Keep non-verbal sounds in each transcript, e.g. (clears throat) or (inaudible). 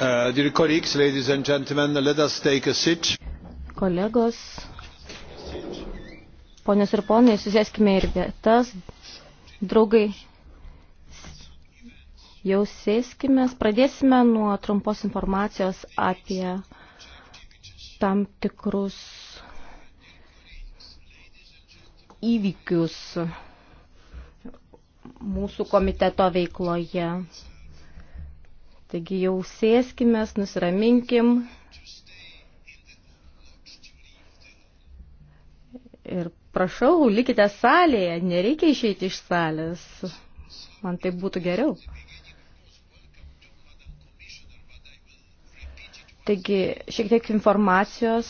Uh, dear colleagues, ladies and gentlemen, let us take a seat. Kolegos, ponios ir ponai, susėskime ir vietas. Draugai, jau sėskime. Pradėsime nuo trumpos informacijos apie tam tikrus įvykius mūsų komiteto veikloje. Taigi jau sėskime, nusiraminkim ir prašau, likite salėje, nereikia išeiti iš salės. Man tai būtų geriau. Taigi, šiek tiek informacijos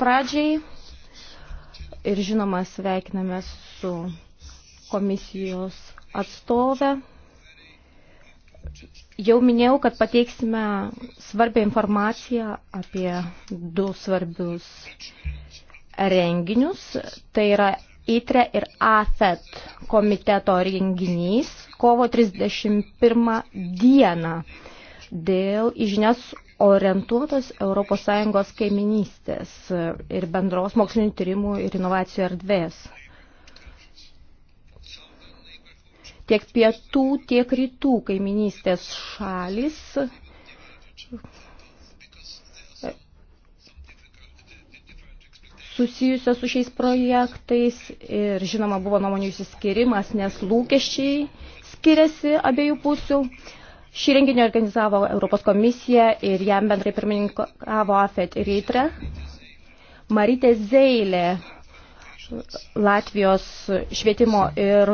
pradžiai. Ir žinoma, sveikiname su komisijos atstovę. Jau minėjau, kad pateiksime svarbią informaciją apie du svarbius renginius. Tai yra ITRE ir AFET e komiteto renginys kovo 31 dieną dėl į žinias orientuotos ES kaiminystės ir bendros mokslinių tyrimų ir inovacijų erdvės. tiek pietų, tiek rytų kaiminystės šalis susijusios su šiais projektais ir žinoma buvo nuomonių įsiskirimas, nes lūkesčiai skiriasi abiejų pusių. Šį renginį organizavo Europos komisija ir jam bendrai pirmininkavo AFET ir ITRE. Marytė Zeilė, Latvijos švietimo ir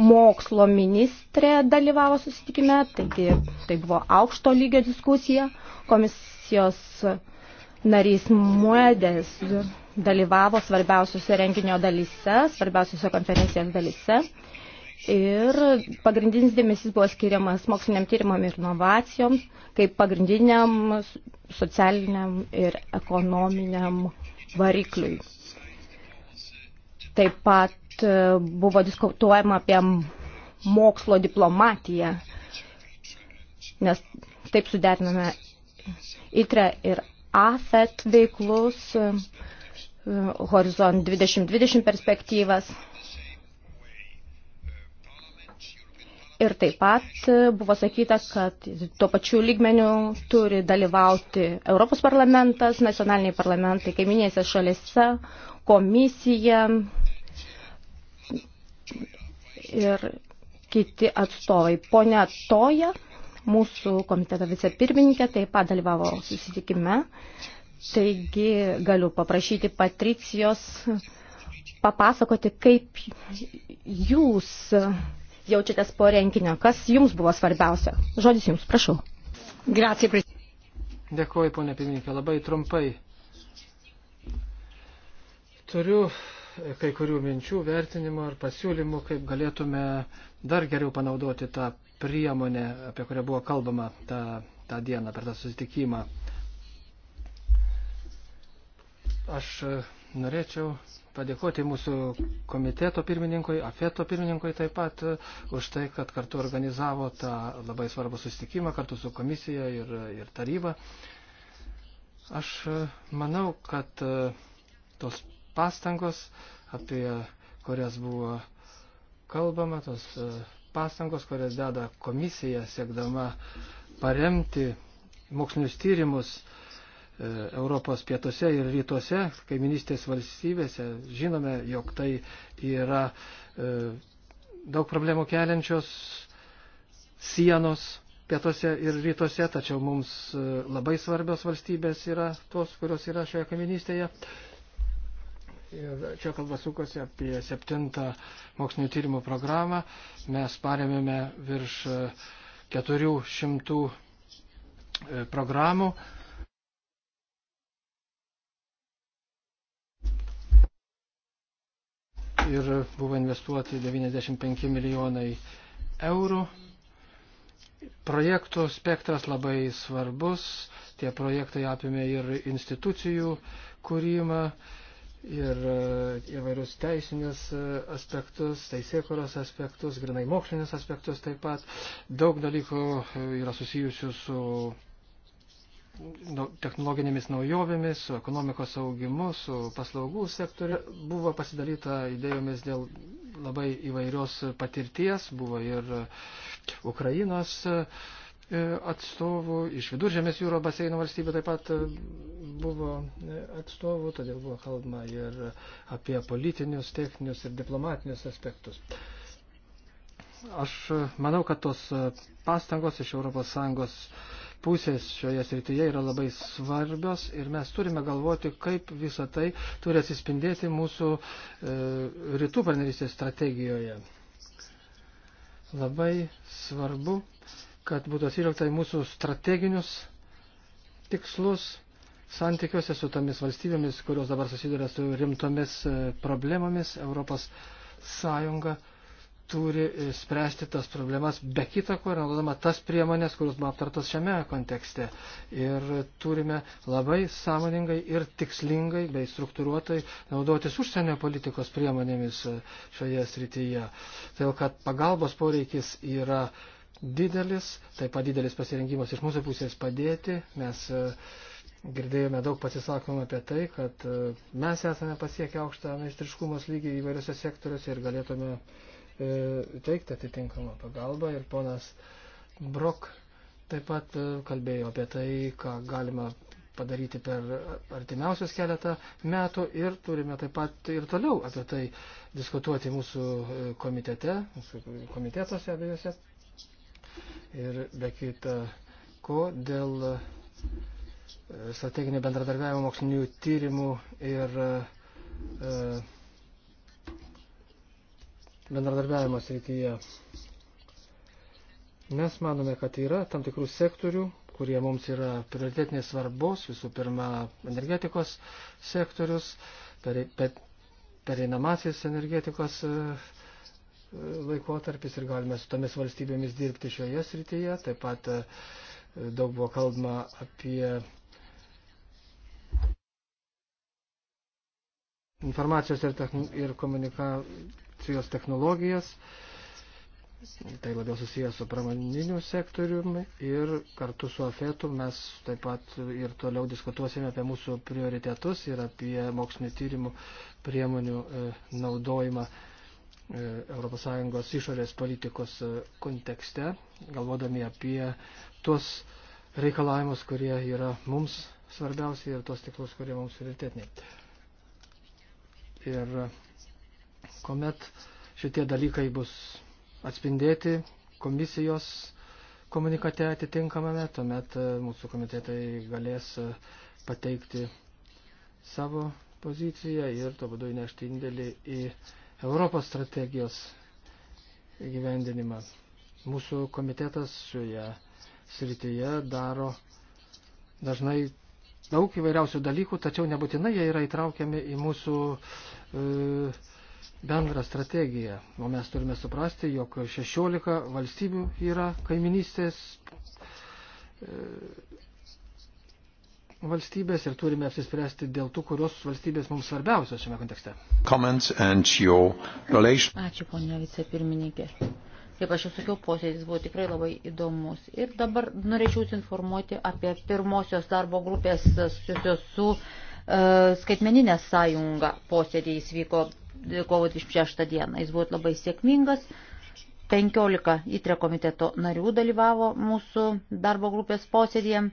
mokslo ministrė dalyvavo susitikime, taigi tai buvo aukšto lygio diskusija, komisijos narys Muedės dalyvavo svarbiausiose renginio dalyse, svarbiausiose konferencijos dalyse. Ir pagrindinis dėmesys buvo skiriamas moksliniam tyrimam ir inovacijoms, kaip pagrindiniam socialiniam ir ekonominiam varikliui. Taip pat E, buvo diskutuojama apie mokslo diplomatiją, nes taip suderiname ITRE ir AFET veiklus, e, Horizon 2020 perspektyvas. Ir taip pat e, buvo sakyta, kad tuo pačiu lygmeniu turi dalyvauti Europos parlamentas, nacionaliniai parlamentai kaiminėse šalise, komisija, ir kiti atstovai. Pone Toja, mūsų komiteto vicepirmininkė, taip pat dalyvavo susitikime. Taigi galiu paprašyti Patricijos papasakoti, kaip jūs jaučiatės po renginio, kas jums buvo svarbiausia. Žodis jums, prašau. Grazie, Dėkuoju, ponė pirmininkė, labai trumpai. Turiu kai kurių minčių, vertinimų ir pasiūlymų, kaip galėtume dar geriau panaudoti tą priemonę, apie kurią buvo kalbama tą, tą dieną per tą susitikimą. Aš e, norėčiau padėkoti mūsų komiteto pirmininkui, afeto pirmininkui taip pat e, už tai, kad kartu organizavo tą labai svarbų susitikimą kartu su komisija ir, ir taryba. Aš e, manau, kad tos pastangos, apie kurias buvo kalbama, tos e, pastangos, kurias deda komisija siekdama paremti mokslinius tyrimus e, Europos pietuose ir rytuose, kaiminystės valstybėse. Žinome, jog tai yra e, daug problemų keliančios sienos pietuose ir rytuose, tačiau mums labai svarbios valstybės yra tos, kurios yra šioje kaiminystėje. Ir čia kalba sukosi apie septintą mokslinio tyrimų programą. Mes paremėme virš 400 e, programų. Ir buvo investuoti 95 milijonai eurų. Projektų spektras labai svarbus. Tie projektai apimė ir institucijų kūrimą, ir e, įvairius teisinius e, aspektus, teisėkuros aspektus, grinai mokslinius aspektus taip pat. Daug dalykų e, yra susijusių su nu, technologinėmis naujovėmis, su ekonomikos augimu, su paslaugų sektoriu. Buvo pasidalyta idėjomis dėl labai įvairios patirties, buvo ir Ukrainos E, atstovų, iš viduržėmės jūro baseino valstybių taip pat e, buvo e, atstovų, todėl buvo kalbama ir apie politinius, techninius ir diplomatinius aspektus. Aš manau, kad tos pastangos iš ES pusės šioje srityje yra labai svarbios ir mes turime galvoti, kaip visa tai turi atsispindėti mūsų e, rytų partnerystės strategijoje. Labai svarbu, e, kad būtų atsižvelgta į mūsų strateginius tikslus santykiuose su tomis valstybėmis, kurios dabar susiduria su rimtomis e, problemomis. Europos Sąjunga turi e, spręsti tas problemas be kita ko ir naudodama tas priemonės, kurios buvo aptartas šiame kontekste. Ir turime labai sąmoningai ir tikslingai bei struktūruotai naudotis užsienio politikos priemonėmis e, šioje srityje. Tai jau, kad pagalbos poreikis yra didelis, taip pat didelis pasirengimas iš mūsų pusės padėti. Mes e, girdėjome daug pasisakymų apie tai, kad e, mes esame pasiekę aukštą meistriškumos lygį įvairiose sektoriuose ir galėtume e, teikti atitinkamą pagalbą. Ir ponas Brok taip pat kalbėjo apie tai, ką galima padaryti per artimiausius keletą metų ir turime taip pat ir toliau apie tai diskutuoti mūsų komitete, mūsų komitetuose abiejose ir be kita ko dėl e, strateginio bendradarbiavimo mokslinių tyrimų ir e, bendradarbiavimo srityje. Mes manome, kad yra tam tikrų sektorių, kurie mums yra prioritetinės svarbos, visų pirma, energetikos sektorius, pereinamasis per, per energetikos sektorius laikotarpis ir galime su tomis valstybėmis dirbti šioje srityje. Taip pat e, daug buvo kalbama apie informacijos ir, techn ir komunikacijos technologijas. Tai labiau susijęs su pramoniniu sektoriumi ir kartu su AFETu mes taip pat ir toliau diskutuosime apie mūsų prioritetus ir apie mokslinio tyrimų priemonių e, naudojimą ES išorės politikos e, kontekste, galvodami apie tuos reikalavimus, kurie yra mums svarbiausi ir tuos tiklus, kurie mums prioritetiniai. Ir kuomet šitie dalykai bus atspindėti komisijos komunikate atitinkamame, tuomet e, mūsų komitetai galės e, pateikti savo poziciją ir to būdu įnešti indėlį į Europos strategijos įgyvendinimą. Mūsų komitetas šioje srityje daro dažnai daug įvairiausių dalykų, tačiau nebūtinai jie yra įtraukiami į mūsų e, bendrą strategiją. O mes turime suprasti, jog 16 valstybių yra kaiminystės e, valstybės ir turime apsispręsti dėl tų, kurios valstybės mums svarbiausios šiame kontekste. Ačiū, ponia vicepirmininkė. Kaip aš jau sakiau, posėdis buvo tikrai labai įdomus. Ir dabar norėčiau jūs informuoti apie pirmosios darbo grupės susijusios su uh, skaitmeninė sąjunga. Posėdį jis vyko kovo 26 dieną. Jis buvo labai sėkmingas. 15 įtre komiteto narių dalyvavo mūsų darbo grupės posėdėje.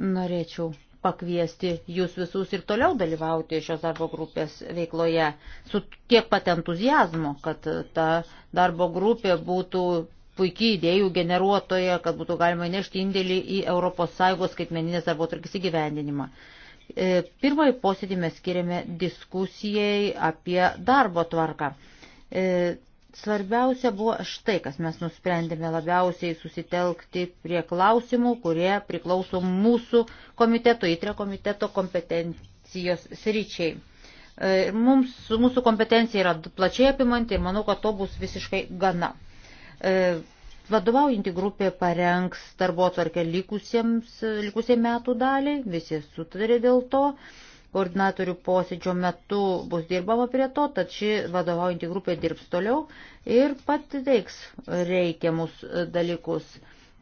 Norėčiau pakviesti jūs visus ir toliau dalyvauti šios darbo grupės veikloje su tiek pat entuzijazmu, kad ta darbo grupė būtų puikiai idėjų generuotoja, kad būtų galima nešti indėlį į ES skaitmeninės darbo tvarkės įgyvendinimą. E, pirmąjį posėdį mes skiriame diskusijai apie darbo tvarką. E, Svarbiausia buvo štai, kas mes nusprendėme labiausiai susitelkti prie klausimų, kurie priklauso mūsų komiteto, įtrio komiteto kompetencijos sričiai. E, ir mums, mūsų kompetencija yra plačiai apimanti ir manau, kad to bus visiškai gana. E, vadovaujanti grupė parengs darbo atvarkę likusiai metų daliai, visi sutarė dėl to. Koordinatorių posėdžio metu bus dirbama prie to, tad ši vadovaujanti grupė dirbs toliau ir pateiks reikiamus dalykus.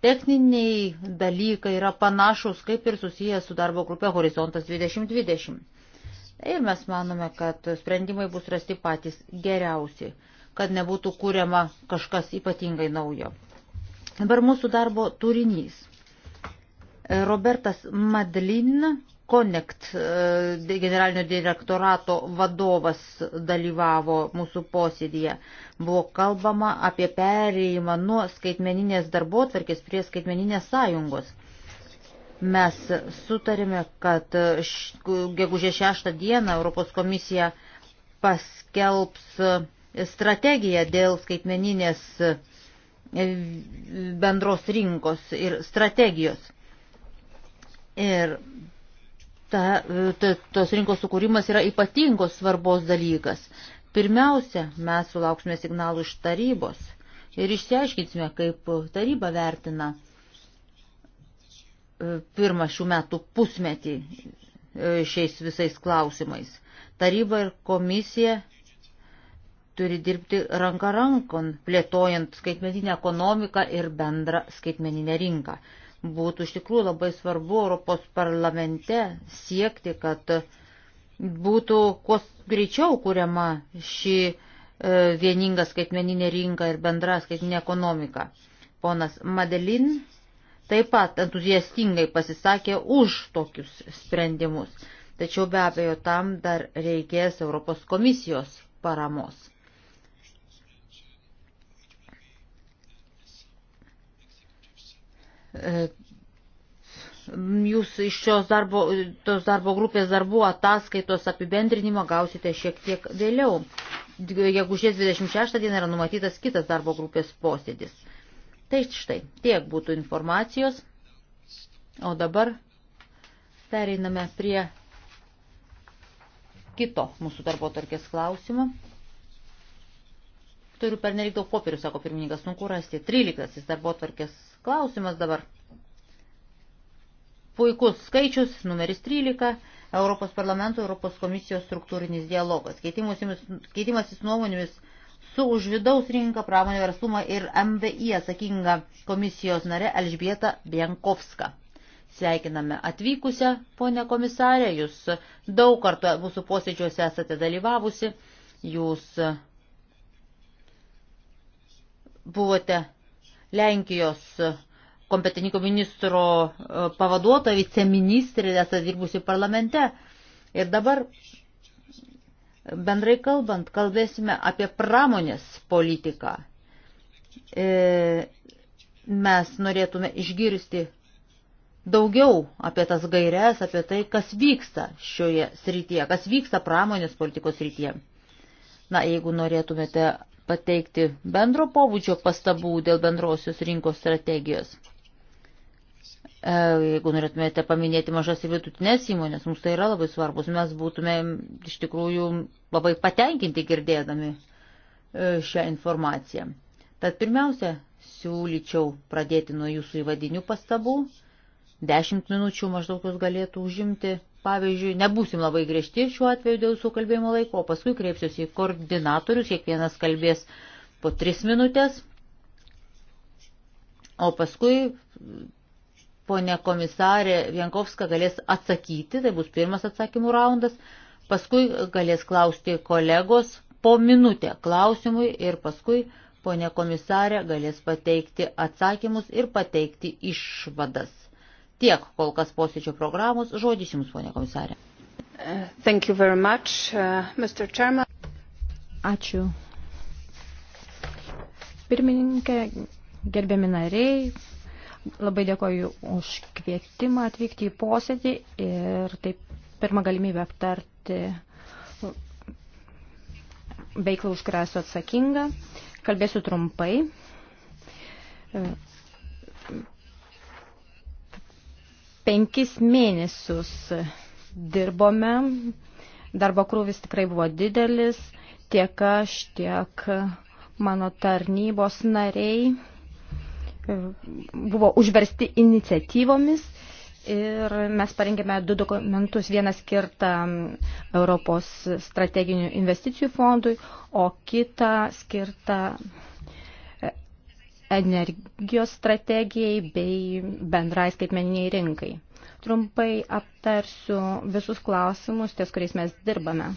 Techniniai dalykai yra panašus, kaip ir susijęs su darbo grupė Horizontas 2020. Ir mes manome, kad sprendimai bus rasti patys geriausi, kad nebūtų kūriama kažkas ypatingai naujo. Dabar mūsų darbo turinys. Robertas Madlin Connect e, generalinio direktorato vadovas dalyvavo mūsų posėdėje. Buvo kalbama apie perėjimą nuo skaitmeninės darbotvarkės prie skaitmeninės sąjungos. Mes sutarėme, kad gegužė 6 dieną Europos komisija paskelbs strategiją dėl skaitmeninės e, bendros rinkos ir strategijos. Ir ta, ta, tos rinkos sukūrimas yra ypatingos svarbos dalykas. Pirmiausia, mes sulauksime signalų iš tarybos ir išsiaiškinsime, kaip taryba vertina e, pirmą šių metų pusmetį e, šiais visais klausimais. Taryba ir komisija turi dirbti ranka rankon, plėtojant skaitmeninę ekonomiką ir bendrą skaitmeninę rinką. Būtų iš tikrųjų labai svarbu Europos parlamente siekti, kad būtų kuo greičiau kuriama ši e, vieninga skaitmeninė rinka ir bendra skaitmeninė ekonomika. Ponas Madelin taip pat entuziastingai pasisakė už tokius sprendimus, tačiau be abejo tam dar reikės Europos komisijos paramos. E, jūs iš šios darbo, tos darbo grupės darbų ataskaitos apibendrinimo gausite šiek tiek vėliau. Gegužės 26 dieną yra numatytas kitas darbo grupės posėdis. Tai štai, tiek būtų informacijos. O dabar pereiname prie kito mūsų darbo tarkės klausimo. Turiu per nereik daug popierių, sako pirmininkas, sunku rasti. 13 darbo tarkės Klausimas dabar. Puikus skaičius, numeris 13, Europos parlamento, Europos komisijos struktūrinis dialogas. Keitimasis nuomonėmis su už vidaus rinką, pramonę verslumą ir MVI atsakinga komisijos nare Elžbieta Bienkovska. Sveikiname atvykusią, ponė komisarė, jūs daug kartų mūsų posėdžiuose esate dalyvavusi, jūs buvote Lenkijos kompetentingo ministro e, pavaduotoja, viceministrė, esate dirbusi parlamente. Ir dabar bendrai kalbant, kalbėsime apie pramonės politiką. E, mes norėtume išgirsti daugiau apie tas gairias, apie tai, kas vyksta šioje srityje, kas vyksta pramonės politikos srityje. Na, jeigu norėtumėte pateikti bendro pobūdžio pastabų dėl bendrosios rinkos strategijos. E, jeigu norėtumėte paminėti mažas ir vidutinės įmonės, mums tai yra labai svarbus, mes būtume iš tikrųjų labai patenkinti girdėdami e, šią informaciją. Tad pirmiausia, siūlyčiau pradėti nuo jūsų įvadinių pastabų. Dešimt minučių maždaug jūs galėtų užimti pavyzdžiui, nebūsim labai griežti šiuo atveju dėl jūsų kalbėjimo laiko, o paskui kreipsiuosi į koordinatorius, kiekvienas kalbės po tris minutės, o paskui ponė komisarė Vienkovska galės atsakyti, tai bus pirmas atsakymų raundas, paskui galės klausti kolegos po minutę klausimui ir paskui ponė komisarė galės pateikti atsakymus ir pateikti išvadas. Tiek kol kas posėdžio programos. Žodis Jums, ponė komisarė. Thank you very much, uh, Mr. Chairman. Ačiū. Pirmininkė, gerbiami nariai, labai dėkoju už kvietimą atvykti į posėdį ir taip pirmą galimybę aptarti veiklą, už kurią esu atsakinga. Kalbėsiu trumpai. penkis mėnesius dirbome, darbo krūvis tikrai buvo didelis, tiek aš, tiek mano tarnybos nariai e, buvo užversti iniciatyvomis ir mes parengėme du dokumentus, vieną skirtą Europos strateginių investicijų fondui, o kitą skirtą energijos strategijai bei bendrai skaitmeniniai rinkai. Trumpai aptarsiu visus klausimus, ties kuriais mes dirbame.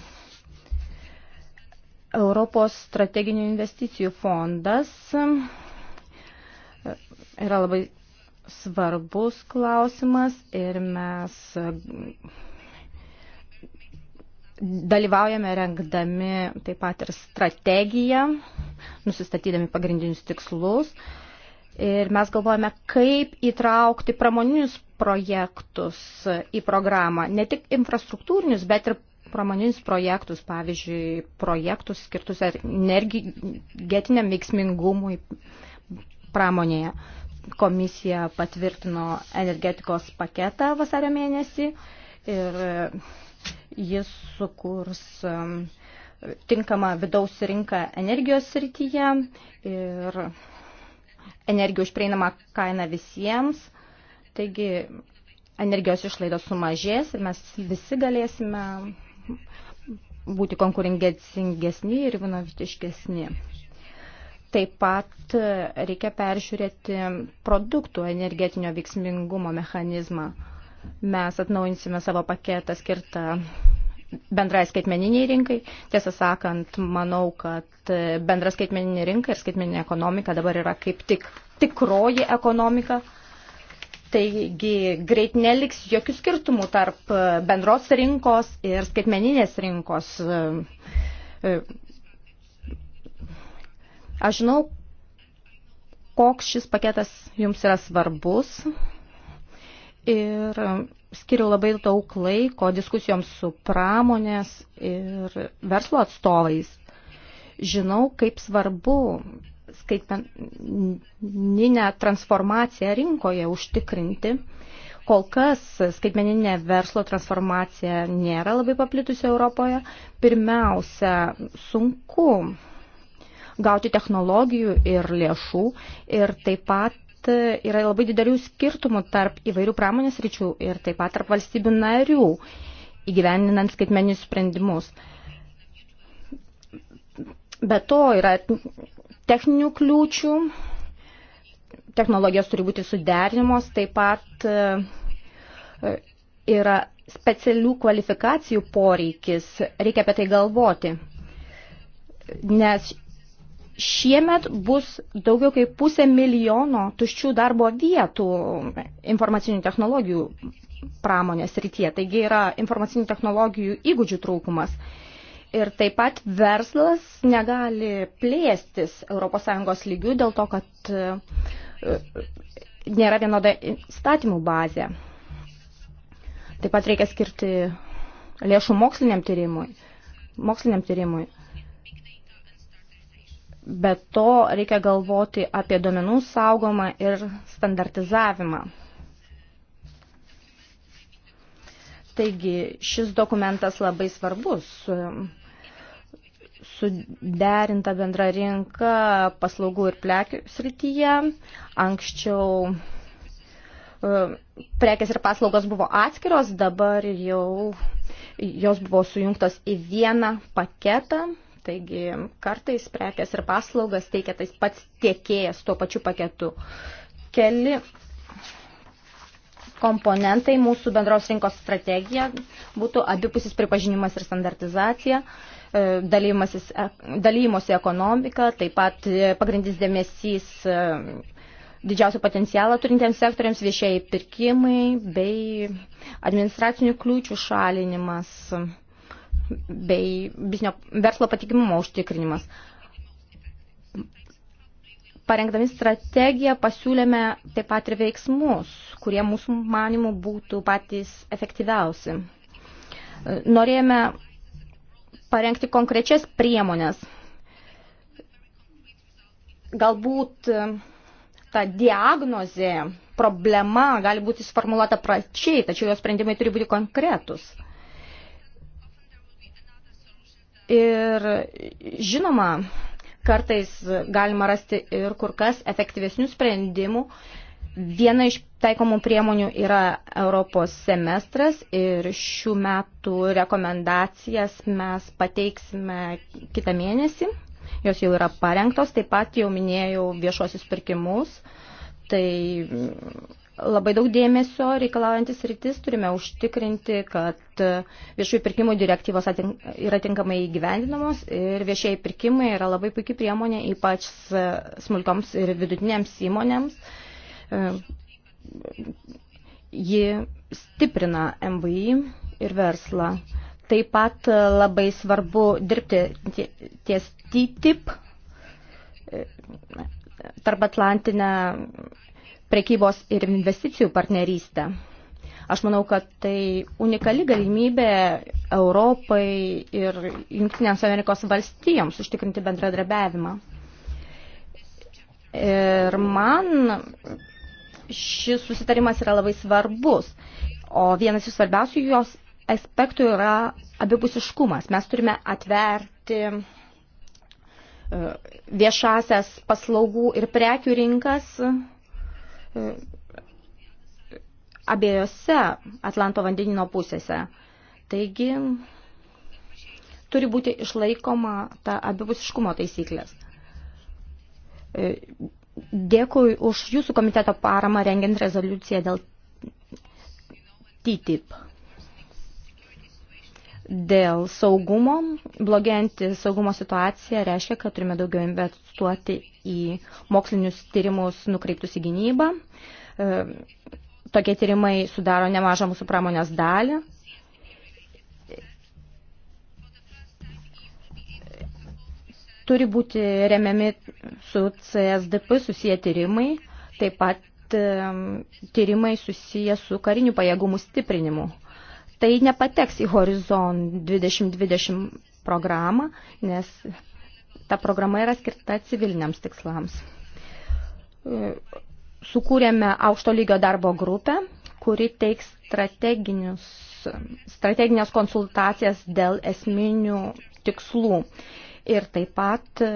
Europos strateginių investicijų fondas yra labai svarbus klausimas ir mes Dalyvaujame rengdami taip pat ir strategiją, nusistatydami pagrindinius tikslus. Ir mes galvojame, kaip įtraukti pramoninius projektus į programą. Ne tik infrastruktūrinius, bet ir pramoninius projektus, pavyzdžiui, projektus skirtus energetiniam veiksmingumui pramonėje. Komisija patvirtino energetikos paketą vasario mėnesį ir Jis sukurs um, tinkamą vidaus rinką energijos srityje ir energiją užprieinamą kainą visiems. Taigi energijos išlaidos sumažės ir mes visi galėsime būti konkurencingesni ir vienoviškesni. Taip pat reikia peržiūrėti produktų energetinio veiksmingumo mechanizmą mes atnaujinsime savo paketą skirtą bendrai skaitmeniniai rinkai. Tiesą sakant, manau, kad bendra skaitmeninė rinka ir skaitmeninė ekonomika dabar yra kaip tik tikroji ekonomika. Taigi greit neliks jokių skirtumų tarp bendros rinkos ir skaitmeninės rinkos. Aš žinau, koks šis paketas jums yra svarbus ir skiriau labai daug laiko diskusijoms su pramonės ir verslo atstovais. Žinau, kaip svarbu skaitmeninę transformaciją rinkoje užtikrinti. Kol kas skaitmeninė verslo transformacija nėra labai paplitusi Europoje. Pirmiausia, sunku gauti technologijų ir lėšų ir taip pat yra labai didelių skirtumų tarp įvairių pramonės ryčių ir taip pat tarp valstybių narių įgyvendinant skaitmeninius sprendimus. Be to yra techninių kliūčių, technologijos turi būti suderinimos, taip pat e, yra specialių kvalifikacijų poreikis, reikia apie tai galvoti, nes Šiemet bus daugiau kaip pusė milijono tuščių darbo vietų informacinių technologijų pramonės rytie. Taigi yra informacinių technologijų įgūdžių trūkumas. Ir taip pat verslas negali plėstis ES lygių dėl to, kad e, nėra vienoda statymų bazė. Taip pat reikia skirti lėšų moksliniam tyrimui. Moksliniam tyrimui. Be to reikia galvoti apie duomenų saugomą ir standartizavimą. Taigi šis dokumentas labai svarbus. Suderinta bendra rinka paslaugų ir plekių srityje. Anksčiau e, prekės ir paslaugos buvo atskiros, dabar jau jos buvo sujungtos į vieną paketą Taigi kartais prekes ir paslaugas teikia tais pats tiekėjas tuo pačiu paketu. Keli komponentai mūsų bendros rinkos strategija būtų abipusis pripažinimas ir standartizacija, e, e, dalymosi ekonomika, taip pat e, pagrindis dėmesys didžiausią potencialą turintiems sektoriams viešieji pirkimai bei administracinių kliūčių šalinimas bei biznio, verslo patikimumo užtikrinimas. Parengdami strategiją pasiūlėme taip pat ir veiksmus, kurie mūsų manimų būtų patys efektyviausi. Norėjome parengti konkrečias priemonės. Galbūt e, ta diagnozė, problema gali būti sformuluota pračiai, tačiau jos sprendimai turi būti konkretus. Ir žinoma, kartais galima rasti ir kur kas efektyvesnių sprendimų. Viena iš taikomų priemonių yra Europos semestras ir šių metų rekomendacijas mes pateiksime kitą mėnesį. Jos jau yra parengtos, taip pat jau minėjau viešuosius pirkimus. Tai labai daug dėmesio reikalaujantis rytis, turime užtikrinti, kad viešųjų pirkimų direktyvos yra tinkamai įgyvendinamos ir viešieji pirkimai yra labai puikia priemonė, ypač smulkoms ir vidutinėms įmonėms. E, ji stiprina MVI ir verslą. Taip pat labai svarbu dirbti ties TTIP e, tarp Atlantinę prekybos ir investicijų partnerystę. Aš manau, kad tai unikali galimybė Europai ir Junktinėms Amerikos valstijoms užtikrinti bendradarbiavimą. Ir man šis susitarimas yra labai svarbus, o vienas iš svarbiausių jos aspektų yra abipusiškumas. Mes turime atverti e, viešasias paslaugų ir prekių rinkas abiejose Atlanto vandenino pusėse. Taigi turi būti išlaikoma ta abipusiškumo taisyklės. E, dėkui už jūsų komiteto paramą rengiant rezoliuciją dėl TTIP dėl saugumo. Blogianti saugumo situacija reiškia, kad turime daugiau investuoti į mokslinius tyrimus nukreiptus į gynybą. E, tokie tyrimai sudaro nemažą mūsų pramonės dalį. Turi būti remiami su CSDP susiję tyrimai, taip pat e, tyrimai susiję su karinių pajėgumų stiprinimu tai nepateks į Horizon 2020 programą, nes ta programa yra skirta civiliniams tikslams. Sukūrėme aukšto lygio darbo grupę, kuri teiks strateginės konsultacijas dėl esminių tikslų. Ir taip pat e,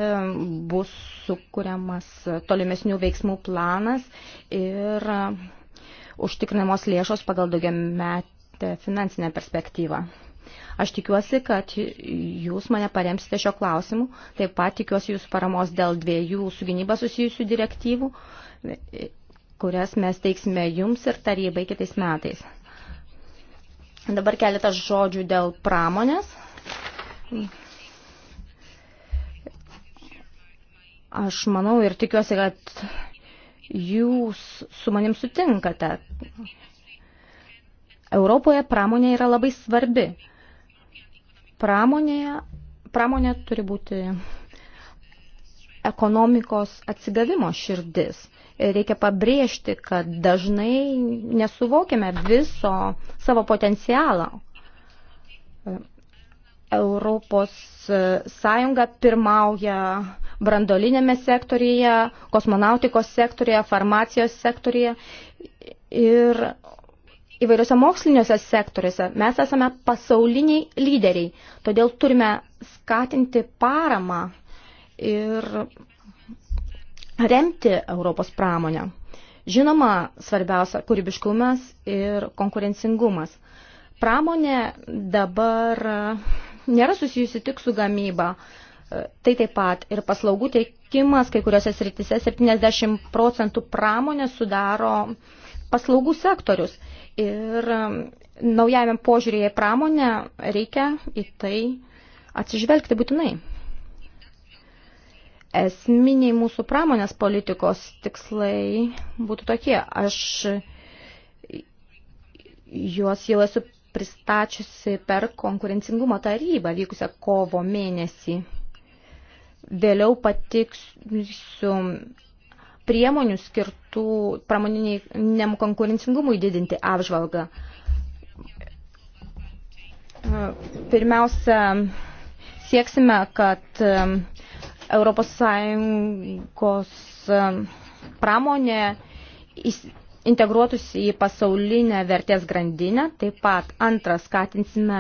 bus sukūriamas tolimesnių veiksmų planas ir e, užtikrinamos lėšos pagal daugiametį finansinę perspektyvą. Aš tikiuosi, kad jūs mane paremsite šio klausimu. Taip pat tikiuosi jūsų paramos dėl dviejų su gynyba susijusių direktyvų, kurias mes teiksime jums ir tarybai kitais metais. Dabar keletas žodžių dėl pramonės. Aš manau ir tikiuosi, kad jūs su manim sutinkate, Europoje pramonė yra labai svarbi. Pramonėje, pramonė turi būti ekonomikos atsigavimo širdis. Reikia pabrėžti, kad dažnai nesuvokiame viso savo potencialą. Europos Sąjunga pirmauja brandolinėme sektorija, kosmonautikos sektorija, farmacijos sektorija ir įvairiuose moksliniuose sektoriuose mes esame pasauliniai lyderiai, todėl turime skatinti paramą ir remti Europos pramonę. Žinoma, svarbiausia kūrybiškumas ir konkurencingumas. Pramonė dabar nėra susijusi tik su gamyba. Tai taip pat ir paslaugų teikimas kai kuriuose srityse 70 procentų pramonės sudaro paslaugų sektorius. Ir um, naujame požiūrėje pramonę reikia į tai atsižvelgti būtinai. Esminiai mūsų pramonės politikos tikslai būtų tokie. Aš juos jau esu pristačiusi per konkurencingumo tarybą vykusią kovo mėnesį. Vėliau patiksiu priemonių skirtų pramoniniam konkurencingumui didinti apžvalgą. Pirmiausia, sieksime, kad um, Europos Sąjungos um, pramonė integruotųsi į pasaulinę vertės grandinę. Taip pat antras skatinsime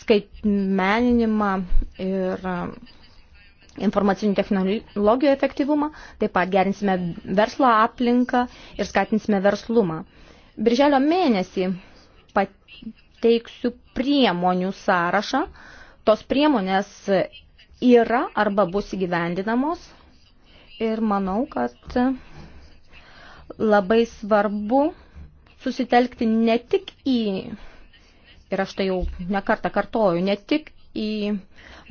skaitmeninimą ir um, informacinių technologijų efektyvumą, taip pat gerinsime verslo aplinką ir skatinsime verslumą. Birželio mėnesį pateiksiu priemonių sąrašą. Tos priemonės yra arba bus įgyvendinamos ir manau, kad labai svarbu susitelkti ne tik į, ir aš tai jau nekartą kartoju, ne tik į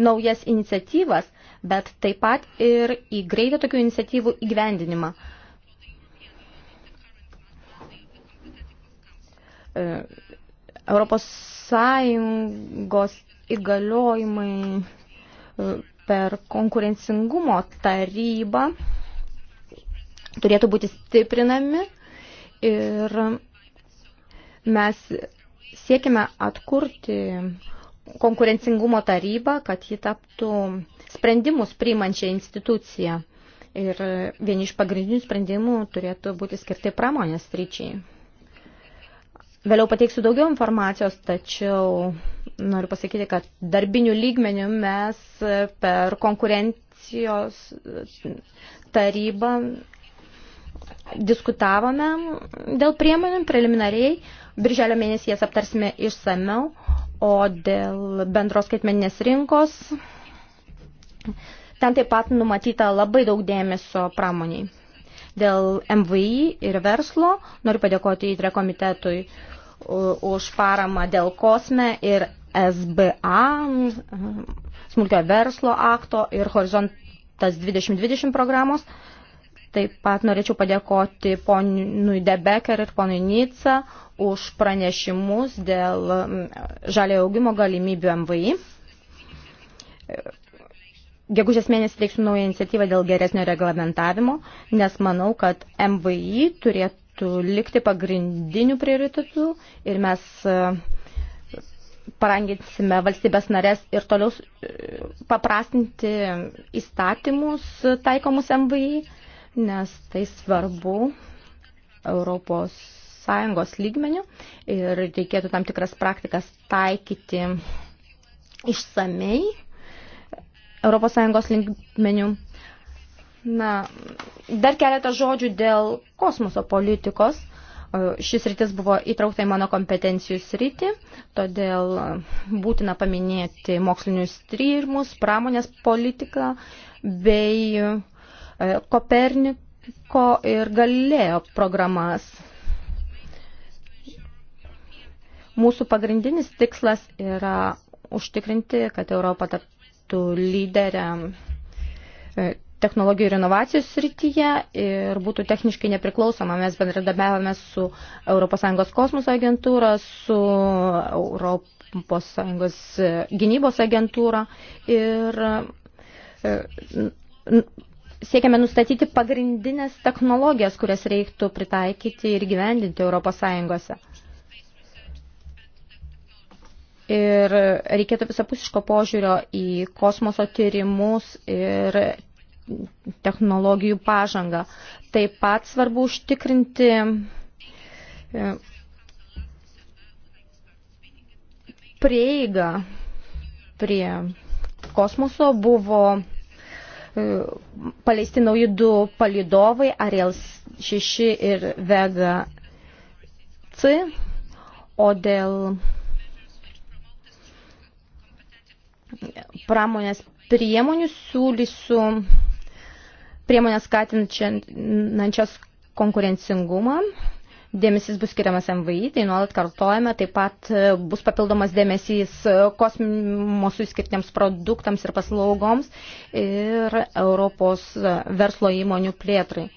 naujas iniciatyvas, bet taip pat ir į greitą tokių iniciatyvų įgyvendinimą. E, Europos Sąjungos įgaliojimai e, per konkurencingumo tarybą turėtų būti stiprinami ir mes siekime atkurti uh, konkurencingumo tarybą, kad ji taptų sprendimus priimančią instituciją. Ir vieni iš pagrindinių sprendimų turėtų būti skirti pramonės ryčiai. Vėliau pateiksiu daugiau informacijos, tačiau noriu pasakyti, kad darbinių lygmenių mes per konkurencijos tarybą diskutavome dėl priemonių preliminariai. Birželio mėnesį jas aptarsime išsameu, O dėl bendros skaitmeninės rinkos, ten taip pat numatyta labai daug dėmesio pramoniai. Dėl MVI ir verslo noriu padėkoti įtre komitetui už paramą dėl kosme ir SBA, smulkio verslo akto ir horizontas 2020 programos. Taip pat norėčiau padėkoti ponui Debeker ir ponui Nica už pranešimus dėl mm, žaliojo augimo galimybių MVI. Gegužės mėnesį teiksiu naują iniciatyvą dėl geresnio reglamentavimo, nes manau, kad MVI turėtų likti pagrindinių prioritetų ir mes e, paranginsime valstybės narės ir toliau e, paprastinti įstatymus taikomus MVI nes tai svarbu Europos Sąjungos lygmenių ir reikėtų tam tikras praktikas taikyti išsamei Europos Sąjungos lygmenių. Na, dar keletą žodžių dėl kosmoso politikos. Šis rytis buvo įtraukta į mano kompetencijų sritį, todėl būtina paminėti mokslinius tyrimus, pramonės politiką bei uh, E, Koperniko ir Galilėjo programas. Mūsų pagrindinis tikslas yra užtikrinti, kad Europa taptų lyderę e, technologijų ir inovacijų srityje ir būtų techniškai nepriklausoma. Mes bendradarbiavame su ES kosmoso agentūra, su ES gynybos agentūra ir e, siekiame nustatyti pagrindinės technologijas, kurias reiktų pritaikyti ir gyvendinti Europos Sąjungose. Ir reikėtų visapusiško požiūrio į kosmoso tyrimus ir technologijų pažangą. Taip pat svarbu užtikrinti e, prieigą prie kosmoso. Buvo E, paleisti nauji du palidovai Ariel 6 ir Vega C, o dėl pramonės priemonių siūlysiu priemonės skatinančias konkurencingumą dėmesys bus skiriamas MVI, tai nuolat kartojame, taip pat e, bus papildomas dėmesys e, kosmosui skirtiems produktams ir paslaugoms ir Europos e, verslo įmonių plėtrai.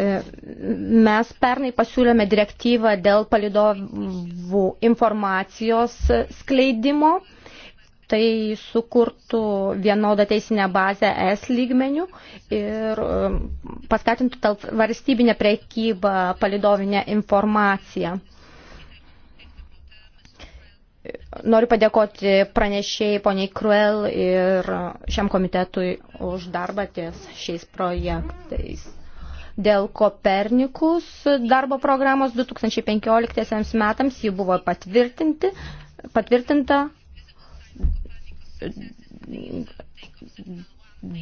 Mes pernai pasiūlėme direktyvą dėl palidovų informacijos skleidimo tai sukurtų vienodą teisinę bazę S lygmenių ir um, paskatintų valstybinę prekybą palidovinę informaciją. Noriu padėkoti pranešėjai poniai Kruel ir šiam komitetui už darbą ties šiais projektais. Dėl Kopernikus darbo programos 2015 metams ji buvo patvirtinti, patvirtinta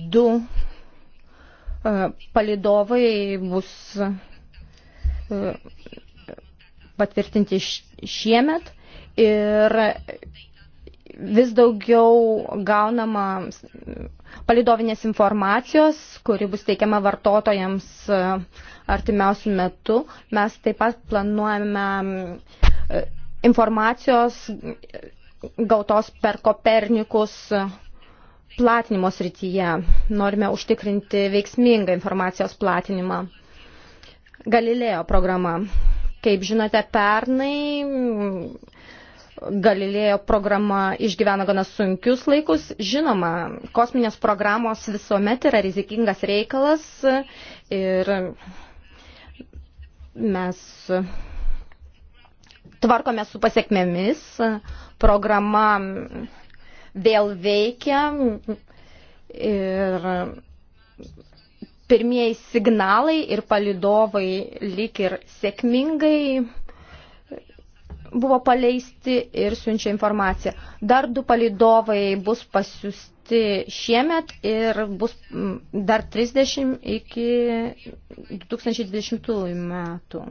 du e, palidovai bus e, patvirtinti šiemet ir vis daugiau gaunama palidovinės informacijos, kuri bus teikiama vartotojams e, artimiausių metų. Mes taip pat planuojame informacijos gautos per Kopernikus platinimo srityje. Norime užtikrinti veiksmingą informacijos platinimą. Galilėjo programa. Kaip žinote, pernai Galilėjo programa išgyveno gana sunkius laikus. Žinoma, kosminės programos visuomet yra rizikingas reikalas ir mes tvarkome su pasiekmėmis, programa vėl veikia ir pirmieji signalai ir palidovai lyg ir sėkmingai buvo paleisti ir siunčia informaciją. Dar du palidovai bus pasiūsti šiemet ir bus dar 30 iki 2020 metų.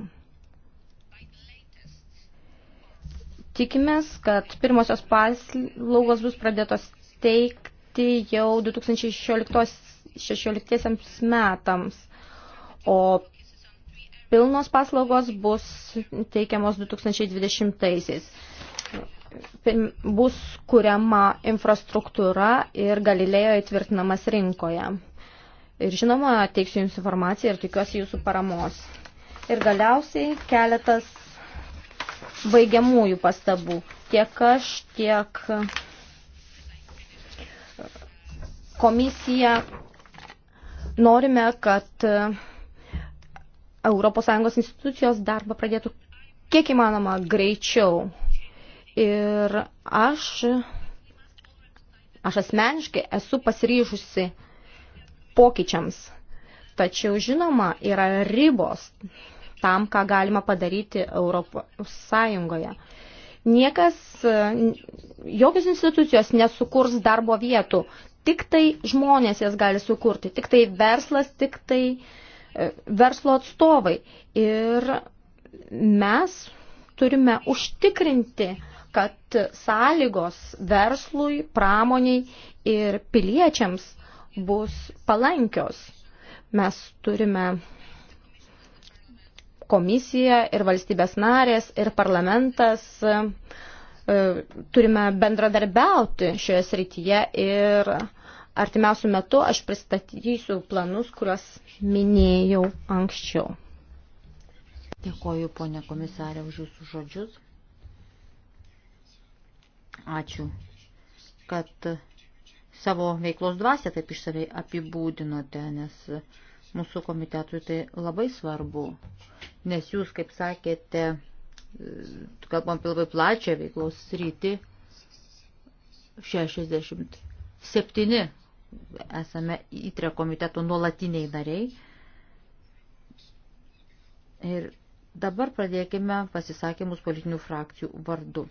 Tikimės, kad pirmosios paslaugos bus pradėtos teikti jau 2016 metams, o pilnos paslaugos bus teikiamos 2020-aisiais. Bus kuriama infrastruktūra ir Galilėjo įtvirtinamas rinkoje. Ir žinoma, teiksiu Jums informaciją ir tikiuosi Jūsų paramos. Ir galiausiai keletas baigiamųjų pastabų. Tiek aš, tiek e, komisija norime, kad ES institucijos darbą pradėtų kiek įmanoma greičiau. Ir aš, aš asmeniškai esu pasiryžusi pokyčiams. Tačiau, žinoma, yra ribos tam, ką galima padaryti Europos Sąjungoje. Niekas, jokios institucijos nesukurs darbo vietų, tik tai žmonės jas gali sukurti, tik tai verslas, tik tai e, verslo atstovai. Ir mes turime užtikrinti, kad sąlygos verslui, pramoniai ir piliečiams bus palankios. Mes turime komisija ir valstybės narės ir parlamentas e, turime bendradarbiauti šioje srityje ir artimiausių metų aš pristatysiu planus, kuriuos minėjau anksčiau. Dėkoju, ponė komisarė, už jūsų žodžius. Ačiū, kad savo veiklos dvasę taip išsavei apibūdinote, nes Mūsų komitetui tai labai svarbu, nes jūs, kaip sakėte, kalbam apie labai plačią veiklos sritį, 67 esame įtre komiteto nuolatiniai nariai. Ir dabar pradėkime pasisakymus politinių frakcijų vardu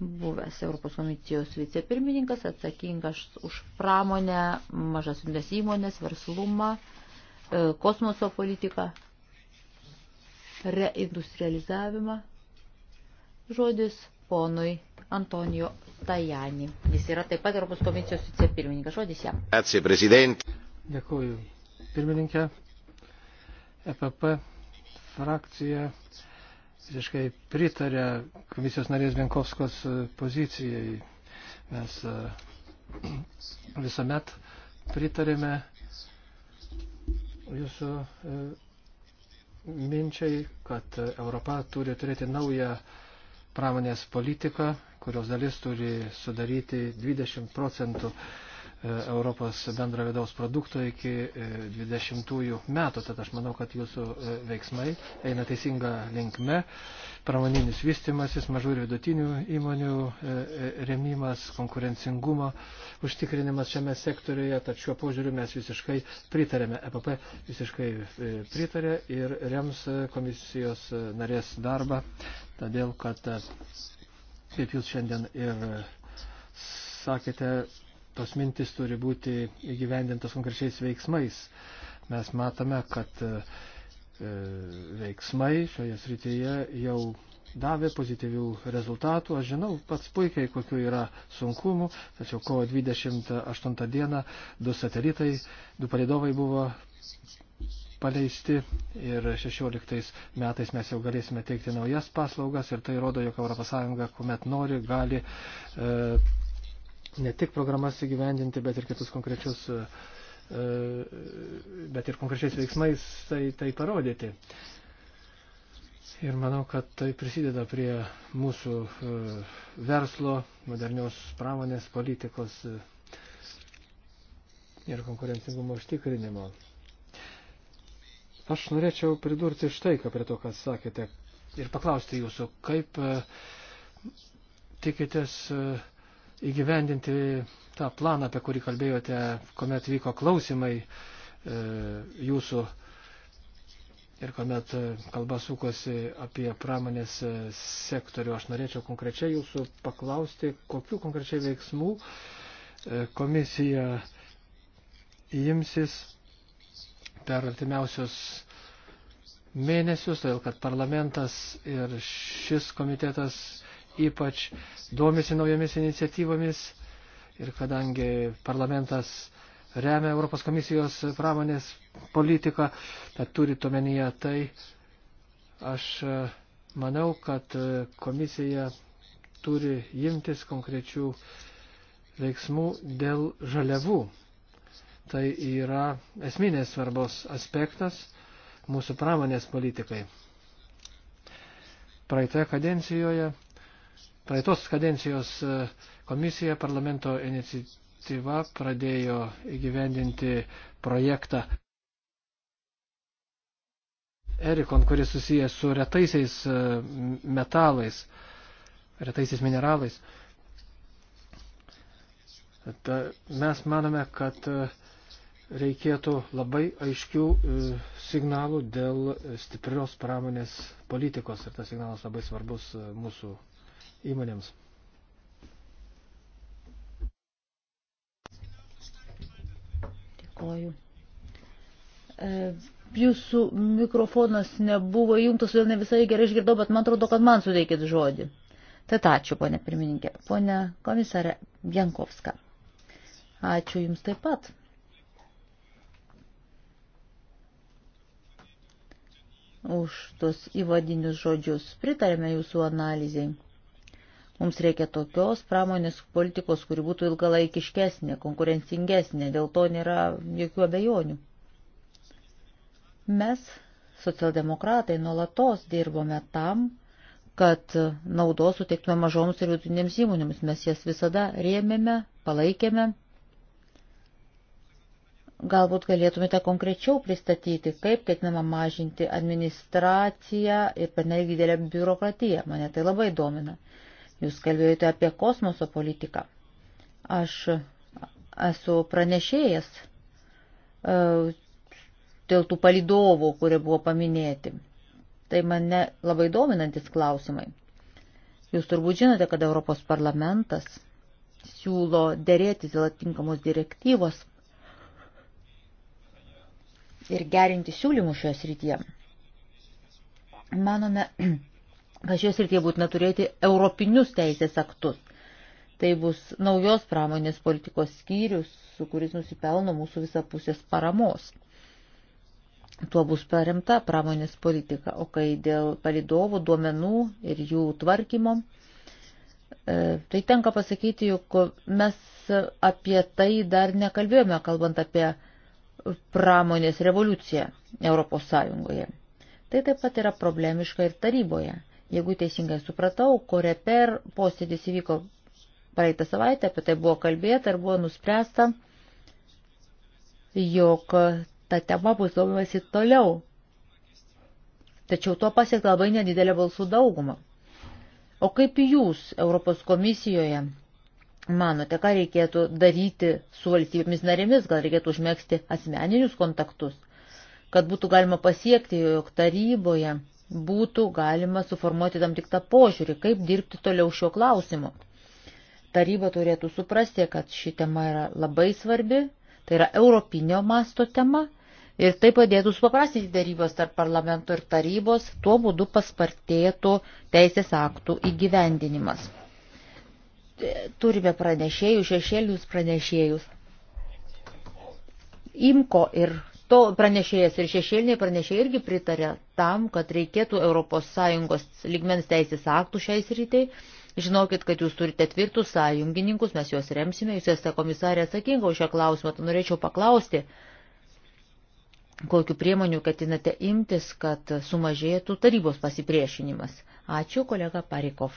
buvęs Europos komisijos vicepirmininkas, atsakingas už pramonę, mažas jungtas įmonės, verslumą, e, kosmoso politiką, reindustrializavimą. Žodis ponui Antonijo Tajani. Jis yra taip pat Europos komisijos vicepirmininkas. Žodis jam. Ačiū, prezidentė. Dėkuoju, pirmininkė. EPP frakcija visiškai pritarė komisijos narės Vienkovskos e, pozicijai. Mes e, (clears throat) visuomet pritarėme jūsų e, minčiai, kad Europa turi turėti naują pramonės politiką, kurios dalis turi sudaryti 20 procentų E, Europos bendro vidaus produkto iki 20 e, metų. Tad aš manau, kad jūsų e, veiksmai eina teisinga linkme. Pramoninis vystimasis, mažų ir vidutinių įmonių remimas, konkurencingumo užtikrinimas šiame sektoriuje. Tad šiuo požiūriu mes visiškai pritarėme. EPP visiškai pritarė ir rems komisijos narės darbą. Todėl, kad, kaip jūs šiandien ir sakėte, tos mintis turi būti įgyvendintos konkrečiais veiksmais. Mes matome, kad e, e, veiksmai šioje srityje jau davė pozityvių rezultatų. Aš žinau pats puikiai, kokiu yra sunkumų, tačiau kovo 28 dieną du satelitai, du palidovai buvo paleisti ir 16 metais mes jau galėsime teikti naujas paslaugas ir tai rodo, jog ES, kuomet nori, gali e, ne tik programas įgyvendinti, bet ir kitus konkrečius, e, e, bet ir konkrečiais veiksmais tai, tai parodyti. Ir manau, kad tai prisideda prie mūsų e, verslo, modernios pramonės, politikos ir konkurencingumo užtikrinimo. Aš norėčiau pridurti štai, ką prie to, ką sakėte, ir paklausti jūsų, kaip tikitės uh, įgyvendinti tą planą, apie kurį kalbėjote, kuomet vyko klausimai e, jūsų ir kuomet e, kalba sukosi apie pramonės e, sektorių. Aš norėčiau konkrečiai jūsų paklausti, kokiu konkrečiai veiksmų komisija imsis per artimiausius mėnesius, todėl kad parlamentas ir šis komitetas ypač domisi naujomis iniciatyvomis ir kadangi parlamentas remia Europos komisijos pramonės politiką, tad turi tomenyje tai, aš e, manau, kad e, komisija turi imtis konkrečių veiksmų dėl žaliavų. Tai yra esminės svarbos aspektas mūsų pramonės politikai. Praeitoje kadencijoje praeitos kadencijos e, komisija parlamento iniciatyva pradėjo įgyvendinti projektą Erikon, kuris susijęs su retaisiais e, metalais, retaisiais mineralais. Ta, mes manome, kad e, reikėtų labai aiškių signalų dėl stiprios pramonės politikos ir tas signalas labai svarbus mūsų įmonėms. Dėkoju. E, jūsų mikrofonas nebuvo įjungtas, todėl ne visai gerai išgirdau, bet man atrodo, kad man suteikit žodį. Tad ačiū, ponė pirmininkė. Pone komisarė Jankovska. Ačiū Jums taip pat. Už tos įvadinius žodžius pritarėme Jūsų analizai. Mums reikia tokios pramonės politikos, kuri būtų ilgalaikiškesnė, konkurencingesnė, dėl to nėra jokių abejonių. Mes, socialdemokratai, nuolatos dirbome tam, kad naudos suteiktume mažoms ir vidutinėms įmonėms. Mes jas visada rėmėme, palaikėme. Galbūt galėtumėte konkrečiau pristatyti, kaip ketinama mažinti administraciją ir pernelyg didelę biurokratiją. Mane tai labai domina. Jūs kalbėjote apie kosmoso politiką. Aš esu pranešėjas e, dėl tų palidovų, kurie buvo paminėti. Tai mane labai dominantis klausimai. Jūs turbūt žinote, kad Europos parlamentas siūlo dėrėti dėl atinkamos direktyvos ir gerinti siūlymus šioje srityje. Manome, (clears throat) kad šios rytie būtina turėti europinius teisės aktus. Tai bus naujos pramonės politikos skyrius, su kuris nusipelno mūsų visapusės paramos. Tuo bus paremta pramonės politika, o kai dėl palidovų duomenų ir jų tvarkymo, e, tai tenka pasakyti, jog mes apie tai dar nekalbėjome, kalbant apie pramonės revoliuciją Europos Sąjungoje. Tai taip pat yra problemiška ir taryboje. Jeigu teisingai supratau, koreper posėdis įvyko praeitą savaitę, apie tai buvo kalbėta ir buvo nuspręsta, jog ta tema bus domimasi toliau. Tačiau to pasiekta labai nedidelė balsų dauguma. O kaip jūs Europos komisijoje manote, ką reikėtų daryti su valstybėmis narėmis, gal reikėtų užmėgsti asmeninius kontaktus, kad būtų galima pasiekti, jog taryboje būtų galima suformuoti tam tiktą požiūrį, kaip dirbti toliau šiuo klausimu. Taryba turėtų suprasti, kad ši tema yra labai svarbi, tai yra europinio masto tema ir tai padėtų supaprastinti darybos tarp parlamento ir tarybos, tuo būdu paspartėtų teisės aktų įgyvendinimas. Turime pranešėjus, šešėlius pranešėjus. Imko ir to pranešėjas ir šešėliniai pranešėjai irgi pritarė tam, kad reikėtų ES lygmens teisės aktų šiais rytai. Žinokit, kad jūs turite tvirtus sąjungininkus, mes juos remsime, jūs esate komisarė atsakinga už šią klausimą, tai norėčiau paklausti, kokiu priemoniu ketinate imtis, kad sumažėtų tarybos pasipriešinimas. Ačiū, kolega Parikov,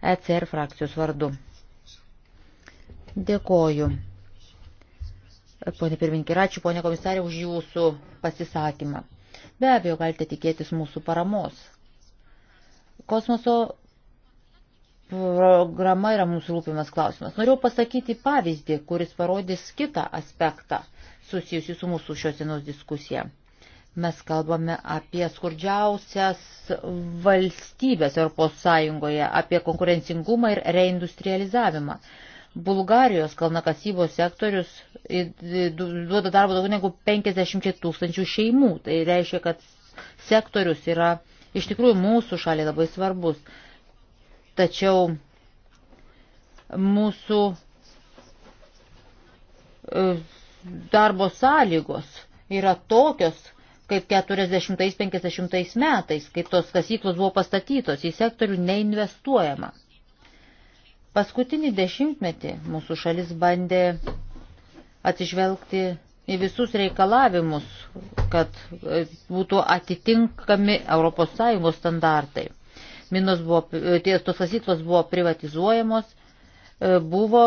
ECR frakcijos vardu. Dėkoju. Pone pirmininkė, ačiū, pone komisarė, už jūsų pasisakymą. Be abejo, galite tikėtis mūsų paramos. Kosmoso programa yra mūsų rūpimas klausimas. Noriu pasakyti pavyzdį, kuris parodys kitą aspektą susijusi su mūsų šios dienos diskusija. Mes kalbame apie skurdžiausias valstybės Europos Sąjungoje, apie konkurencingumą ir reindustrializavimą. Bulgarijos kalnakasybos sektorius duoda darbo daugiau negu 50 tūkstančių šeimų. Tai reiškia, kad sektorius yra iš tikrųjų mūsų šaliai labai svarbus. Tačiau mūsų e, darbo sąlygos yra tokios, kaip 40-50 metais, kai tos kasyklos buvo pastatytos, į sektorių neinvestuojama. Paskutinį dešimtmetį mūsų šalis bandė atsižvelgti į visus reikalavimus, kad e, būtų atitinkami ES standartai. Minos buvo, e, ties tos kasyklos buvo privatizuojamos, e, buvo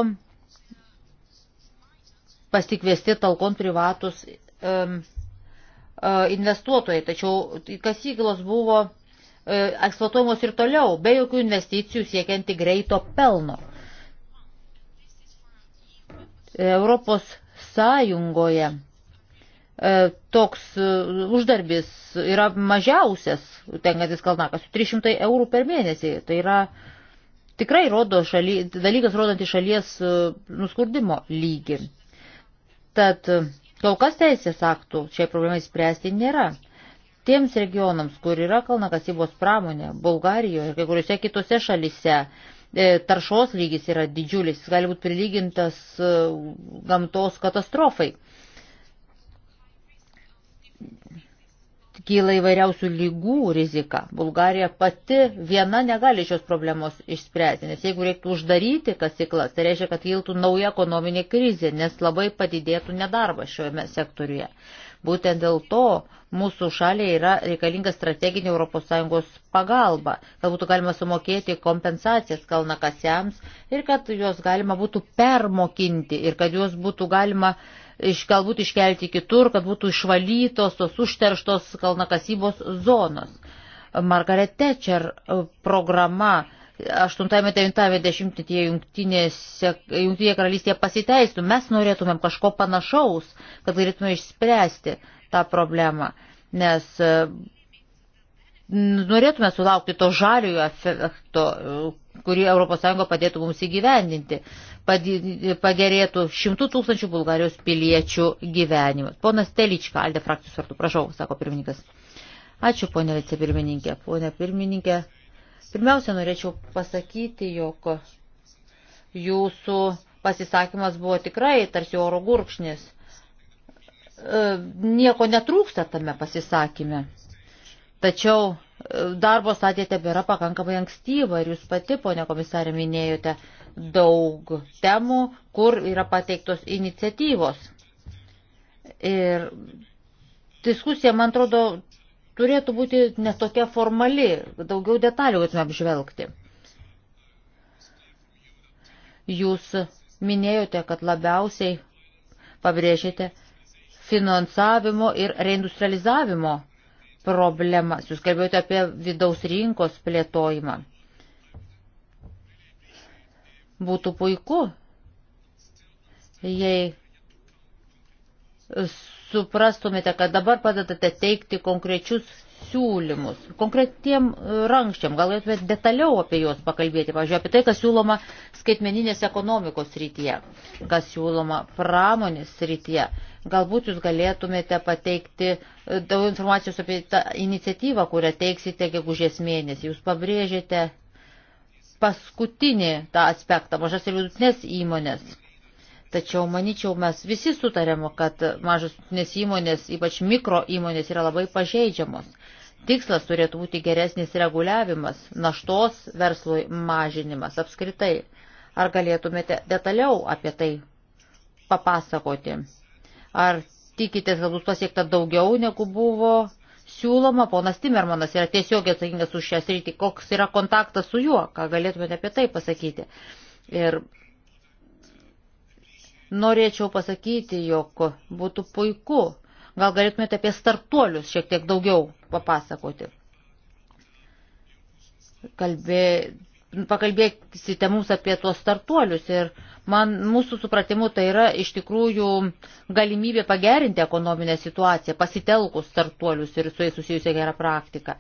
pasikviesti talkon privatus um, investuotojai, tačiau kasyklos buvo E, eksploatuojamos ir toliau, be jokių investicijų siekianti greito pelno. Europos Sąjungoje e, toks e, uždarbis yra mažiausias tenkantis kalnakas - 300 eurų per mėnesį. Tai yra tikrai rodo šaly, dalykas rodantis šalies nuskurdimo lygį. Tad kol kas teisės aktų šiai problemai spręsti nėra tiems regionams, kur yra kalnakasybos pramonė, Bulgarijoje ir kai kuriuose kitose šalise, e, taršos lygis yra didžiulis, jis gali būti prilygintas e, gamtos katastrofai. Kyla įvairiausių lygų rizika. Bulgarija pati viena negali šios problemos išspręsti, nes jeigu reiktų uždaryti kasyklas, tai reiškia, kad kiltų nauja ekonominė krizė, nes labai padidėtų nedarbas šiame sektoriuje. Būtent dėl to mūsų šaliai yra reikalinga strateginė ES pagalba, kad būtų galima sumokėti kompensacijas kalnakasiams ir kad juos galima būtų permokinti ir kad juos būtų galima iš, galbūt iškelti kitur, kad būtų išvalytos tos užterštos kalnakasybos zonos. Margaret Thatcher e, programa 8-9 dešimtmetyje Jungtinėje karalystėje pasiteistų. Mes norėtumėm kažko panašaus, kad galėtume išspręsti tą problemą, nes e, norėtume sulaukti to žaliojo efekto, kurį ES padėtų mums įgyvendinti, pagerėtų šimtų tūkstančių Bulgarijos piliečių gyvenimas. Ponas Telička, Alde frakcijos vartų, prašau, sako pirmininkas. Ačiū, ponė vicepirmininkė. Ponė pirmininkė, Pirmiausia, norėčiau pasakyti, jog jūsų pasisakymas buvo tikrai tarsi oro gurkšnis. E, nieko netrūksta tame pasisakyme. Tačiau e, darbo stadija tebėra pakankamai ankstyva ir jūs pati, ponė komisarė, minėjote daug temų, kur yra pateiktos iniciatyvos. Ir diskusija, man atrodo, turėtų būti netokia formali, daugiau detalių galėtume apžvelgti. Jūs minėjote, kad labiausiai pabrėžėte finansavimo ir reindustrializavimo problemas. Jūs kalbėjote apie vidaus rinkos plėtojimą. Būtų puiku, jei suprastumėte, kad dabar padedate teikti konkrečius siūlymus, konkretiem e, rankščiam, galėtumėte detaliau apie juos pakalbėti, pavyzdžiui, apie tai, kas siūloma skaitmeninės ekonomikos rytyje, kas siūloma pramonės rytyje. Galbūt jūs galėtumėte pateikti e, daug informacijos apie tą iniciatyvą, kurią teiksite gegužės mėnesį. Jūs pabrėžėte paskutinį tą aspektą, mažas ir vidutinės įmonės Tačiau, manyčiau, mes visi sutarėme, kad mažos įmonės, ypač mikro įmonės, yra labai pažeidžiamos. Tikslas turėtų būti geresnis reguliavimas, naštos verslui mažinimas apskritai. Ar galėtumėte detaliau apie tai papasakoti? Ar tikitės, kad bus pasiekta daugiau negu buvo siūloma? Ponas Timermanas yra tiesiog atsakingas už šią sritį. Koks yra kontaktas su juo? Ką galėtumėte apie tai pasakyti? Ir norėčiau pasakyti, jog būtų puiku. Gal galėtumėte apie startuolius šiek tiek daugiau papasakoti. Kalbė, pakalbėsite mums apie tuos startuolius ir man mūsų supratimu tai yra iš tikrųjų galimybė pagerinti ekonominę situaciją, pasitelkus startuolius ir su jais susijusią gerą praktiką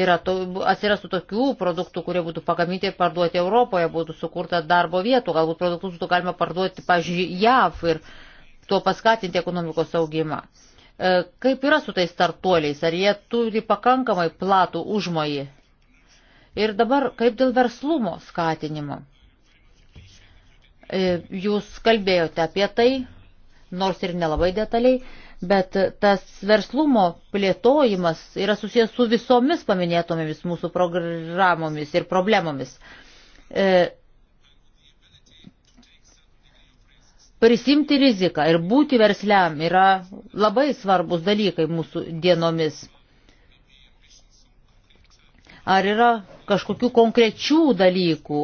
yra to, atsirastų tokių produktų, kurie būtų pagaminti ir parduoti Europoje, būtų sukurta darbo vietų, galbūt produktus būtų galima parduoti, pažiūrėjau, JAV ir tuo paskatinti ekonomikos augimą. E, kaip yra su tais startuoliais, ar jie turi pakankamai platų užmojį? Ir dabar kaip dėl verslumo skatinimo? E, jūs kalbėjote apie tai, nors ir nelabai detaliai, bet tas verslumo plėtojimas yra susijęs su visomis paminėtomis mūsų programomis ir problemomis. E, prisimti riziką ir būti versliam yra labai svarbus dalykai mūsų dienomis. Ar yra kažkokių konkrečių dalykų,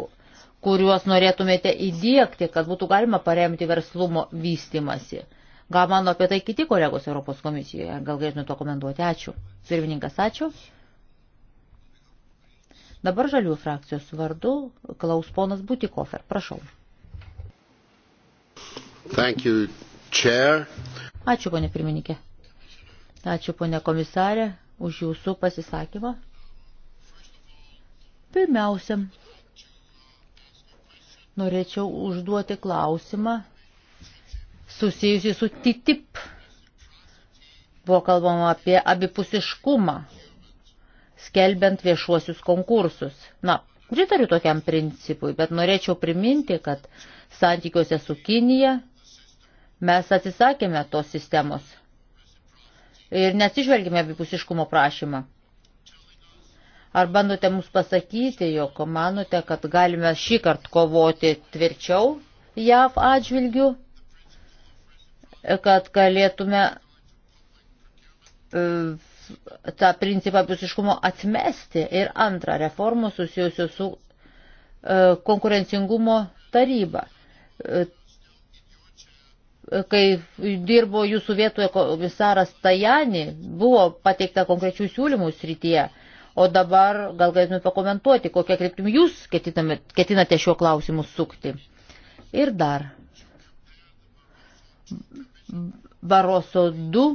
kuriuos norėtumėte įdėkti, kad būtų galima paremti verslumo vystimasi? Gal mano apie tai kiti kolegos Europos komisijoje, gal galėtume to komentuoti. Ačiū. Sirvininkas, ačiū. Dabar žalių frakcijos vardu klaus ponas Butikofer. Prašau. Thank you, chair. Ačiū, ponė pirmininkė. Ačiū, ponė komisarė, už jūsų pasisakymą. Pirmiausia, norėčiau užduoti klausimą susijusi su TTIP. Buvo kalbama apie abipusiškumą, skelbiant viešuosius konkursus. Na, pritariu tokiam principui, bet norėčiau priminti, kad santykiuose su Kinija mes atsisakėme tos sistemos ir nesižvelgėme abipusiškumo prašymą. Ar bandote mums pasakyti, jog manote, kad galime šį kartą kovoti tvirčiau JAV atžvilgių kad galėtume e, tą principą pusiškumo atmesti. Ir antra, reformų susijusių su e, konkurencingumo taryba. E, kai dirbo jūsų vietoje komisaras Tajani, buvo pateikta konkrečių siūlymų srityje, o dabar gal galėtume pakomentuoti, kokią kryptimį jūs ketinate šiuo klausimu sukti. Ir dar Baroso 2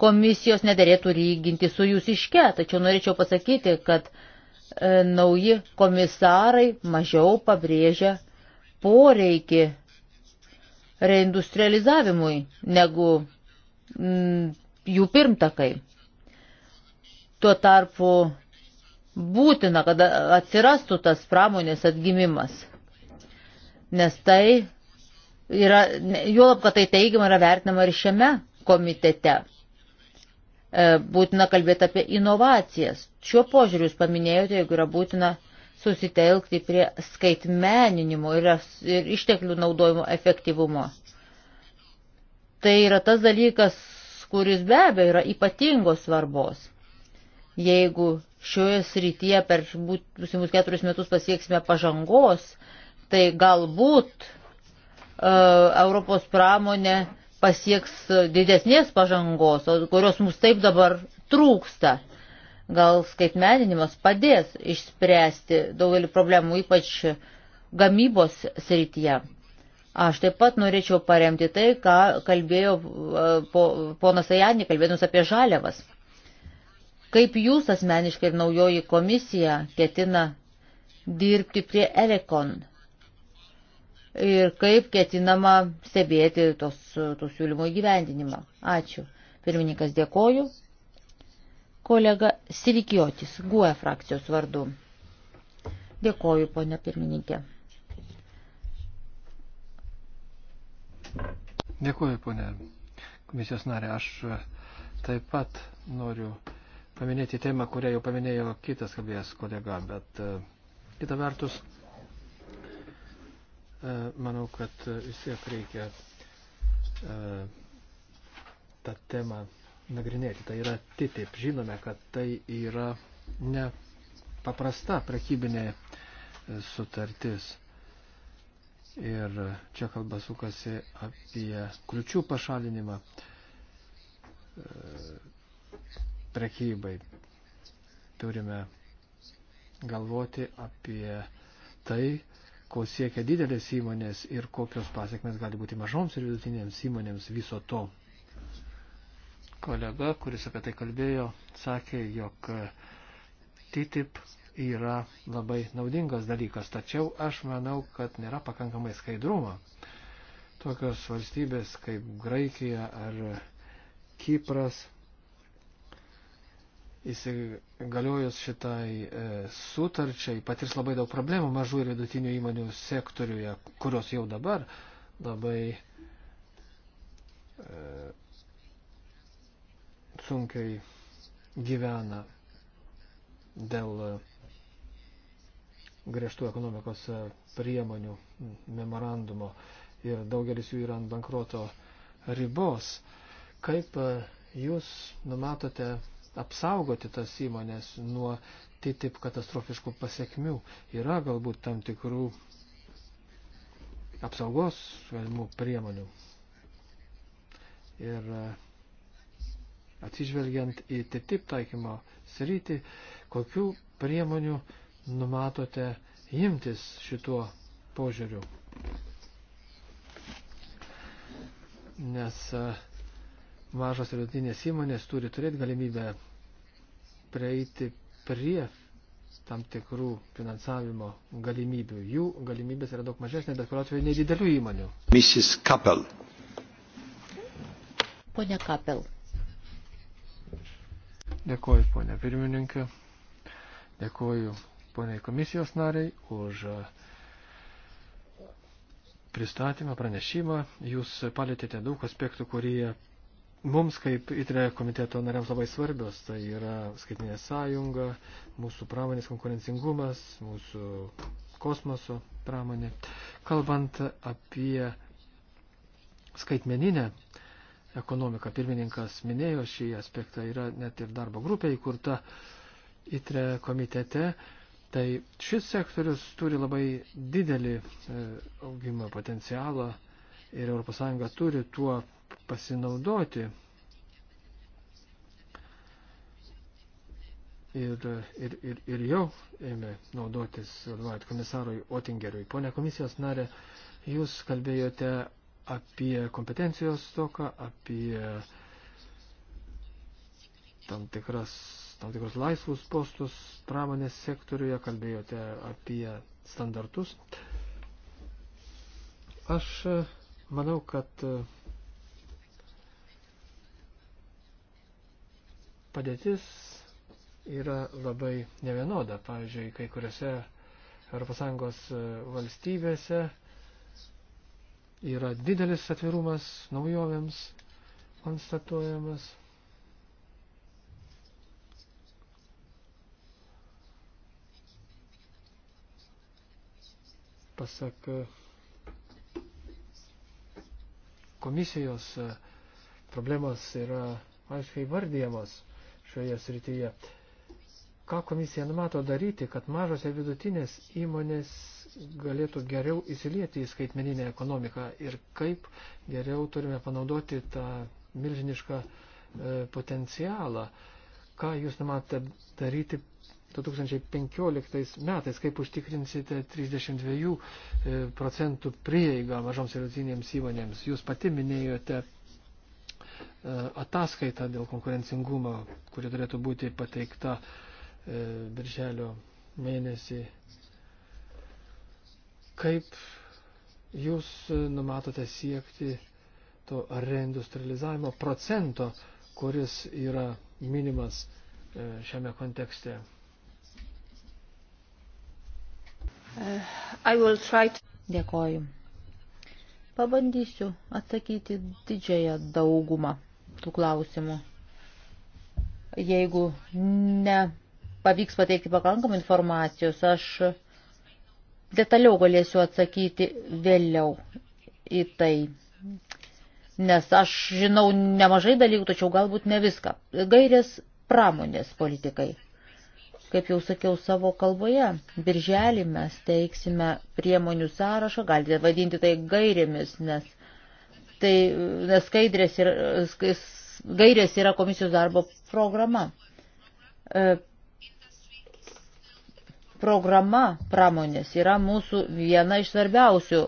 komisijos nedarėtų lyginti su jūs iške, tačiau norėčiau pasakyti, kad e, nauji komisarai mažiau pabrėžia poreikį reindustrializavimui negu m, mm, jų pirmtakai. Tuo tarpu būtina, kad atsirastų tas pramonės atgimimas, nes tai yra, juolab, kad tai teigiamai yra vertinama ir šiame komitete. E, būtina kalbėti apie inovacijas. Šiuo požiūriu jūs paminėjote, jeigu yra būtina susitelkti prie skaitmeninimo ir, ir išteklių naudojimo efektyvumo. Tai yra tas dalykas, kuris be abejo yra ypatingos svarbos. Jeigu šioje srityje per būsimus keturis metus pasieksime pažangos, tai galbūt E, Europos pramonė pasieks didesnės pažangos, kurios mums taip dabar trūksta. Gal skaitmeninimas padės išspręsti daugelį problemų, ypač gamybos srityje. Aš taip pat norėčiau paremti tai, ką kalbėjo e, po, ponas Ajanė, kalbėdamas apie žaliavas. Kaip jūs asmeniškai ir naujoji komisija ketina dirbti prie Elekon ir kaip ketinama stebėti tos, tos siūlymų įgyvendinimą. Ačiū. Pirmininkas dėkoju. Kolega Sirikiotis, GUE frakcijos vardu. Dėkoju, ponė pirmininkė. Dėkuoju, ponė komisijos narė. Aš taip pat noriu paminėti temą, kurią jau paminėjo kitas kalbėjęs kolega, bet e, kita vertus E, manau, kad e, vis tiek reikia e, tą temą nagrinėti. Tai yra TTIP. Žinome, kad tai yra ne paprasta prekybinė sutartis. Ir čia kalba sukasi apie kliučių pašalinimą prekybai. Turime galvoti apie tai, ko siekia didelės įmonės ir kokios pasiekmes gali būti mažoms ir vidutinėms įmonėms viso to. Kolega, kuris apie tai kalbėjo, sakė, jog TTIP yra labai naudingas dalykas, tačiau aš manau, kad nėra pakankamai skaidrumo. Tokios valstybės kaip Graikija ar Kipras įsigaliojus šitai e, sutarčiai patirs labai daug problemų mažų ir vidutinių įmonių sektoriuje, kurios jau dabar labai e, sunkiai gyvena dėl griežtų ekonomikos e, priemonių memorandumo ir daugelis jų yra ant bankroto ribos. Kaip e, jūs numatote apsaugoti tas įmonės nuo TTIP tai katastrofiškų pasiekmių. Yra galbūt tam tikrų apsaugos galimų priemonių. Ir e, atsižvelgiant į TTIP taikymo sritį, kokių priemonių numatote imtis šituo požiūriu. Nes uh, mažos ir vidutinės įmonės turi turėti galimybę prieiti prie tam tikrų finansavimo galimybių. Jų galimybės yra daug mažesnė, bet kuriuo atveju nedidelių įmonių. Mrs. Kapel. Pone Kapel. Dėkuoju, ponė pirmininkė. Dėkuoju, ponė komisijos nariai, už pristatymą, pranešimą. Jūs palėtėte daug aspektų, kurie Mums kaip ITRE komiteto nariams labai svarbios, tai yra skaitinė sąjunga, mūsų pramonės konkurencingumas, mūsų kosmoso pramonė. Kalbant apie skaitmeninę ekonomiką, pirmininkas minėjo šį aspektą, yra net ir darbo grupė įkurta ITRE komitete, tai šis sektorius turi labai didelį e, augimo potencialą ir ES turi tuo pasinaudoti. Ir, ir, ir, ir jau ėmė naudotis vadovaujant komisarui Otingeriui. Pone komisijos narė, jūs kalbėjote apie kompetencijos stoką, apie tam, tikras, tam tikrus laisvus postus pramonės sektoriuje, kalbėjote apie standartus. Aš e, manau, kad e, padėtis yra labai nevienoda. Pavyzdžiui, kai kuriuose ES e, valstybėse yra didelis atvirumas naujovėms konstatuojamas. Pasak e, komisijos e, problemas yra aiškiai vardyjamos šioje srityje. Ką komisija numato daryti, kad mažos ir vidutinės įmonės galėtų geriau įsilieti į skaitmeninę ekonomiką ir kaip geriau turime panaudoti tą milžinišką e, potencialą, ką jūs numatote daryti 2015 metais, kaip užtikrinsite 32 e, procentų prieigą mažoms ir vidutinėms įmonėms. Jūs pati minėjote E, ataskaitą dėl konkurencingumo, kuri turėtų būti pateikta e, birželio mėnesį. Kaip jūs numatote siekti to reindustrializavimo procento, kuris yra minimas e, šiame kontekste? Uh, to... Dėkoju. Pabandysiu atsakyti didžiąją daugumą tų klausimų. Jeigu nepavyks pateikti pakankamai informacijos, aš detaliau galėsiu atsakyti vėliau į tai. Nes aš žinau nemažai dalykų, tačiau galbūt ne viską. Gairės pramonės politikai. Kaip jau sakiau savo kalboje, birželį mes teiksime priemonių sąrašą, galite vadinti tai gairėmis, nes Tai neskaidrės ir e, gairės yra komisijos darbo programa. E, programa pramonės yra mūsų viena iš svarbiausių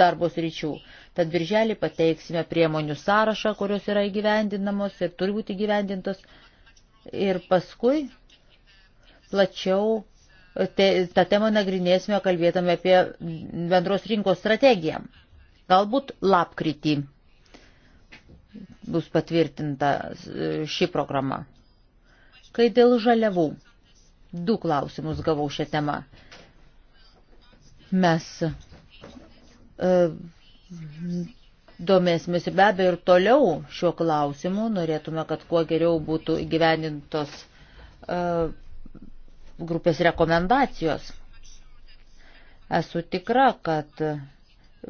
darbos ryčių. Tad birželį pateiksime priemonių sąrašą, kurios yra įgyvendinamos ir turi būti įgyvendintos. Ir paskui plačiau e, te, tą temą nagrinėsime, kalbėtame apie bendros rinkos strategiją. Galbūt lapkritį bus patvirtinta e, ši programa. Kai dėl žaliavų, du klausimus gavau šią temą. Mes e, domėsimės be abejo ir toliau šiuo klausimu. Norėtume, kad kuo geriau būtų įgyvendintos uh, grupės rekomendacijos. Esu tikra, kad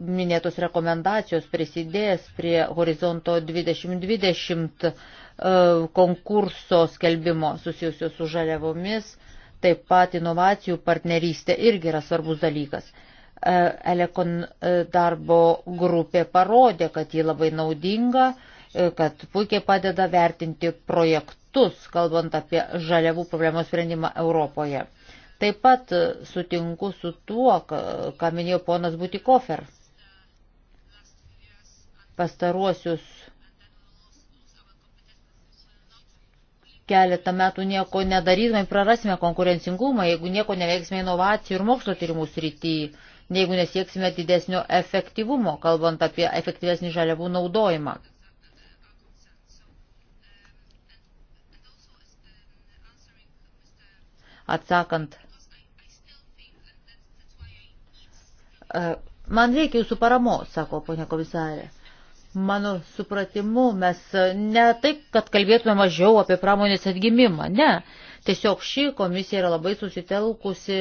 minėtos rekomendacijos prisidės prie horizonto 2020 e, konkurso skelbimo susijusio su žaliavomis, taip pat inovacijų partnerystė irgi yra svarbus dalykas. E, Elekon e, darbo grupė parodė, kad ji labai naudinga, kad puikiai padeda vertinti projektus, kalbant apie žaliavų problemos sprendimą Europoje. Taip pat sutinku su tuo, ką minėjo ponas Butikofer pastaruosius keletą metų nieko nedarydami, prarasime konkurencingumą, jeigu nieko neveiksime inovacijų ir mokslo tyrimų srityje, jeigu nesieksime didesnio efektyvumo, kalbant apie efektyvesnį žaliavų naudojimą. Atsakant, e, man reikia jūsų paramos, sako ponia komisarė. Mano supratimu, mes e, ne taip, kad kalbėtume mažiau apie pramonės atgimimą, ne. Tiesiog ši komisija yra labai susitelkusi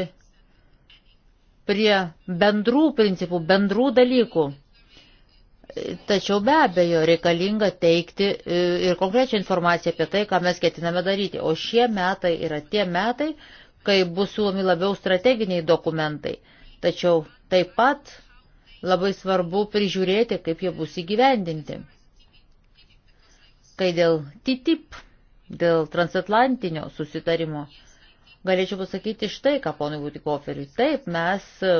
prie bendrų principų, bendrų dalykų. E, tačiau be abejo reikalinga teikti e, ir konkrečią informaciją apie tai, ką mes ketiname daryti. O šie metai yra tie metai, kai bus siūlomi labiau strateginiai dokumentai. Tačiau taip pat Labai svarbu prižiūrėti, kaip jie bus įgyvendinti. Kai dėl TTIP, dėl transatlantinio susitarimo, galėčiau pasakyti štai, ką ponui Butikoferiui. Taip, mes e,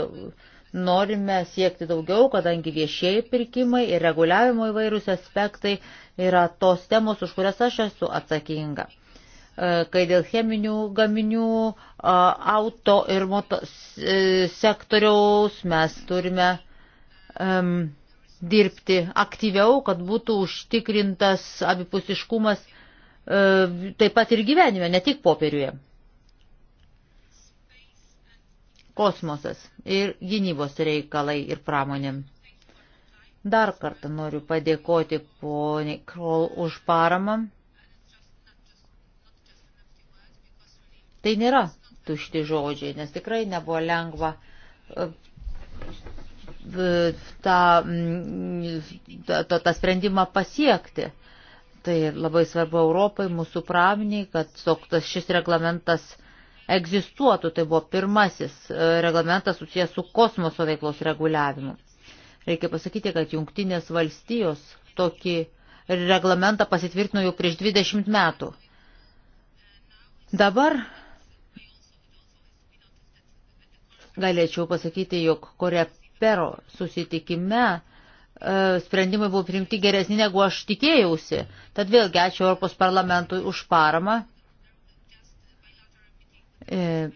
norime siekti daugiau, kadangi viešieji pirkimai ir reguliavimo įvairūs aspektai yra tos temos, už kurias aš esu atsakinga e, kai dėl cheminių gaminių, e, auto ir moto sektoriaus mes turime um, dirbti aktyviau, kad būtų užtikrintas abipusiškumas e, taip pat ir gyvenime, ne tik popieriuje. Kosmosas ir gynybos reikalai ir pramonė. Dar kartą noriu padėkoti poniai Krol už paramą. Tai nėra tušti žodžiai, nes tikrai nebuvo lengva Mm, tą, tą, tą sprendimą pasiekti. Tai labai svarbu Europai, mūsų praminiai, kad tas, šis reglamentas egzistuotų. Tai buvo pirmasis e, reglamentas susijęs su kosmoso veiklos reguliavimu. Reikia pasakyti, kad jungtinės valstijos tokį reglamentą pasitvirtino jau prieš 20 metų. Dabar galėčiau pasakyti, jog Korea Pero susitikime e, sprendimai buvo priimti geresni negu aš tikėjausi. Tad vėlgi ačiū Europos parlamentui už paramą. E,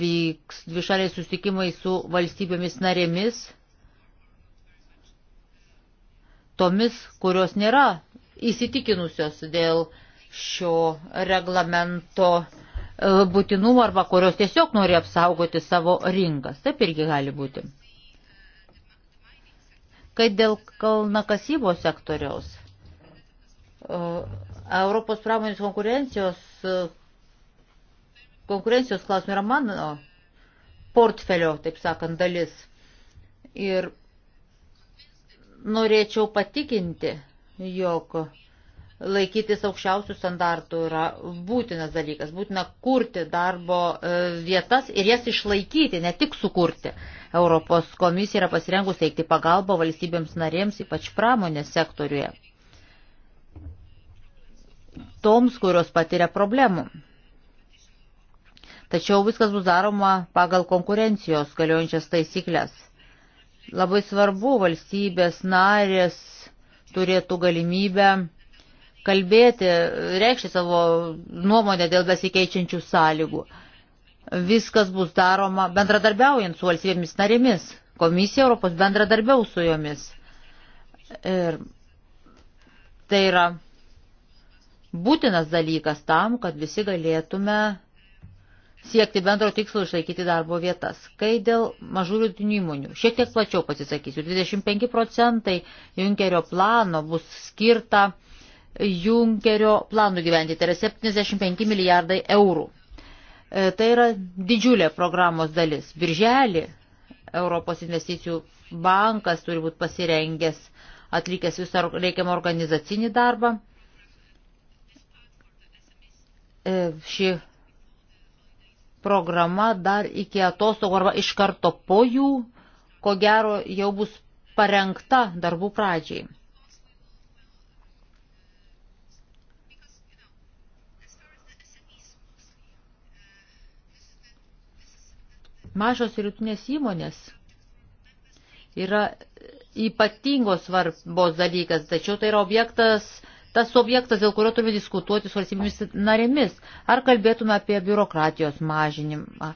vyks dvišaliai susitikimai su valstybėmis narėmis, tomis, kurios nėra įsitikinusios dėl šio reglamento e, būtinumo arba kurios tiesiog nori apsaugoti savo rinkas. Taip irgi gali būti. Kai dėl kalnakasybos sektoriaus e, Europos pramonės konkurencijos, e, konkurencijos klausimai yra mano portfelio, taip sakant, dalis. Ir norėčiau patikinti, jog laikytis aukščiausių standartų yra būtinas dalykas. Būtina kurti darbo e, vietas ir jas išlaikyti, ne tik sukurti. Europos komisija yra pasirengusi teikti pagalbą valstybėms narėms, ypač pramonės sektoriuje. Toms, kurios patiria problemų. Tačiau viskas bus daroma pagal konkurencijos galiojančias taisyklės. Labai svarbu valstybės narės turėtų galimybę kalbėti, reikšti savo nuomonę dėl besikeičiančių sąlygų. Viskas bus daroma bendradarbiaujant su valstybėmis narėmis. Komisija Europos bendradarbiau su jomis. Ir tai yra būtinas dalykas tam, kad visi galėtume siekti bendro tikslo išlaikyti darbo vietas. Kai dėl mažų rytinių įmonių, šiek tiek plačiau pasisakysiu, 25 procentai Junkerio plano bus skirta Junkerio planų gyventi, tai yra 75 milijardai eurų. E, tai yra didžiulė programos dalis. Birželį Europos investicijų bankas turi būti pasirengęs, atlikęs visą reikiamą organizacinį darbą. E, ši programa dar iki atostogų arba iš karto po jų, ko gero, jau bus parengta darbų pradžiai. Mažos ir rytinės įmonės yra ypatingos svarbos dalykas, tačiau tai yra objektas, tas objektas, dėl kurio turime diskutuoti su valstybėmis narėmis. Ar kalbėtume apie biurokratijos mažinimą,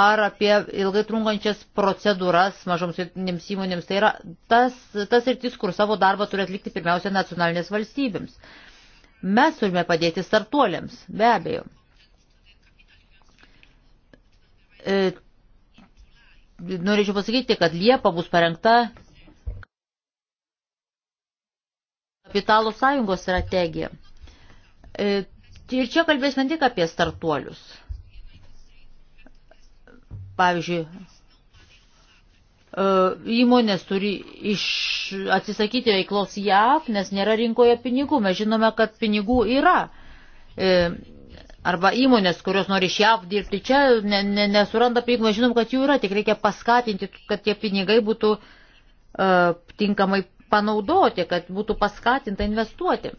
ar apie ilgai trunkančias procedūras mažoms vietinėms įmonėms. Tai yra tas, tas rytis, kur savo darbą turi atlikti pirmiausia nacionalinės valstybėms. Mes turime padėti startuoliams, be abejo. E, norėčiau pasakyti, kad Liepa bus parengta kapitalų sąjungos strategija. E, ir čia kalbėsime tik apie startuolius. Pavyzdžiui, e, įmonės turi iš, atsisakyti veiklos JAV, nes nėra rinkoje pinigų. Mes žinome, kad pinigų yra. E, arba įmonės, kurios nori iš JAV dirbti čia, ne, ne, nesuranda pinigų, žinom, kad jų yra, tik reikia paskatinti, kad tie pinigai būtų uh, tinkamai panaudoti, kad būtų paskatinta investuoti.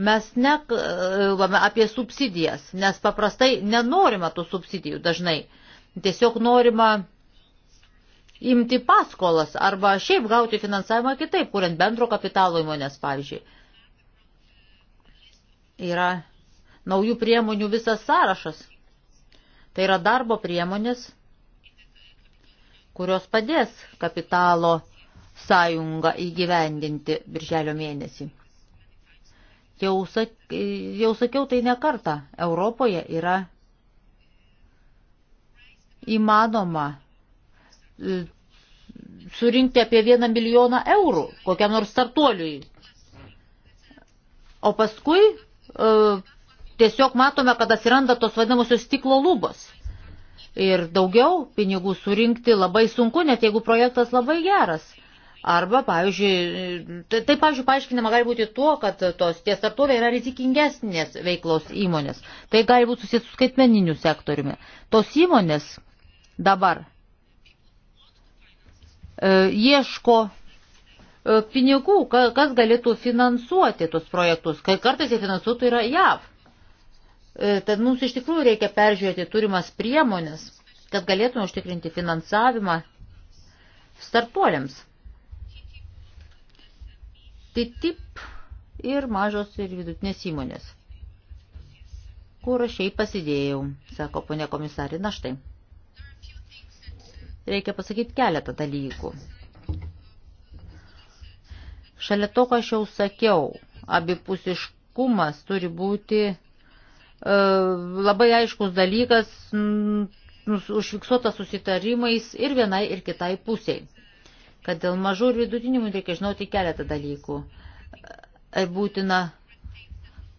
Mes nekalbame apie subsidijas, nes paprastai nenorima tų subsidijų dažnai. Tiesiog norima imti paskolas arba šiaip gauti finansavimą kitaip, kuriant bendro kapitalo įmonės, pavyzdžiui. Yra naujų priemonių visas sąrašas. Tai yra darbo priemonės, kurios padės kapitalo sąjungą įgyvendinti birželio mėnesį. Jau, sak, jau sakiau tai ne kartą, Europoje yra įmanoma e, surinkti apie vieną milijoną eurų kokiam nors startuoliui. O paskui e, tiesiog matome, kad atsiranda tos vadinamosios stiklo lubos. Ir daugiau pinigų surinkti labai sunku, net jeigu projektas labai geras. Arba, pavyzdžiui, tai, tai pavyzdžiui, paaiškinama gali būti tuo, kad tos tie startuoliai yra rizikingesnės veiklos įmonės. Tai gali būti susijęs su skaitmeniniu sektoriumi. Tos įmonės dabar e, ieško e, pinigų, kas galėtų finansuoti tus projektus. Kai kartais jie finansuotų yra JAV. E, tad mums iš tikrųjų reikia peržiūrėti turimas priemonės, kad galėtume užtikrinti finansavimą startuoliams. TTIP tai ir mažos ir vidutinės įmonės. Kur aš jai pasidėjau, sako ponė komisarė, na štai. Reikia pasakyti keletą dalykų. Šalia to, ką aš jau sakiau, abipusiškumas turi būti E, labai aiškus dalykas, užfiksuotas susitarimais ir vienai ir kitai pusiai. Kad dėl mažų ir vidutinių reikia žinoti keletą dalykų. E, būtina,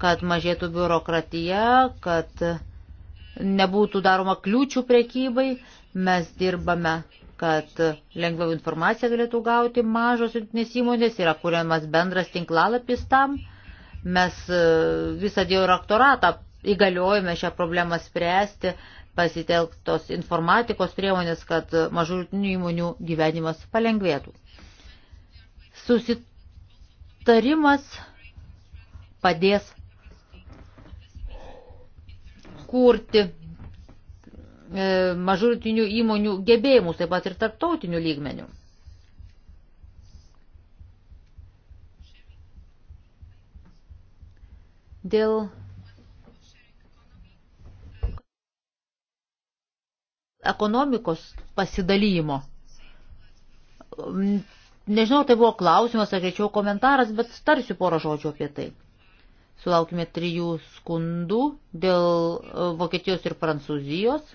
kad mažėtų biurokratija, kad nebūtų daroma kliūčių prekybai. Mes dirbame, kad lengviau informaciją galėtų gauti mažos jungtinės įmonės, yra kuriamas bendras tinklalapis tam. Mes e, visą direktoratą įgaliojome šią problemą spręsti, pasitelktos informatikos priemonės, kad mažutinių įmonių gyvenimas palengvėtų. Susitarimas padės kurti e, mažutinių įmonių gebėjimus, taip pat ir tarptautinių lygmenių. Dėl ekonomikos pasidalymo. Nežinau, tai buvo klausimas, ar greičiau komentaras, bet tarsiu porą žodžių apie tai. Sulaukime trijų skundų dėl e, Vokietijos ir Prancūzijos.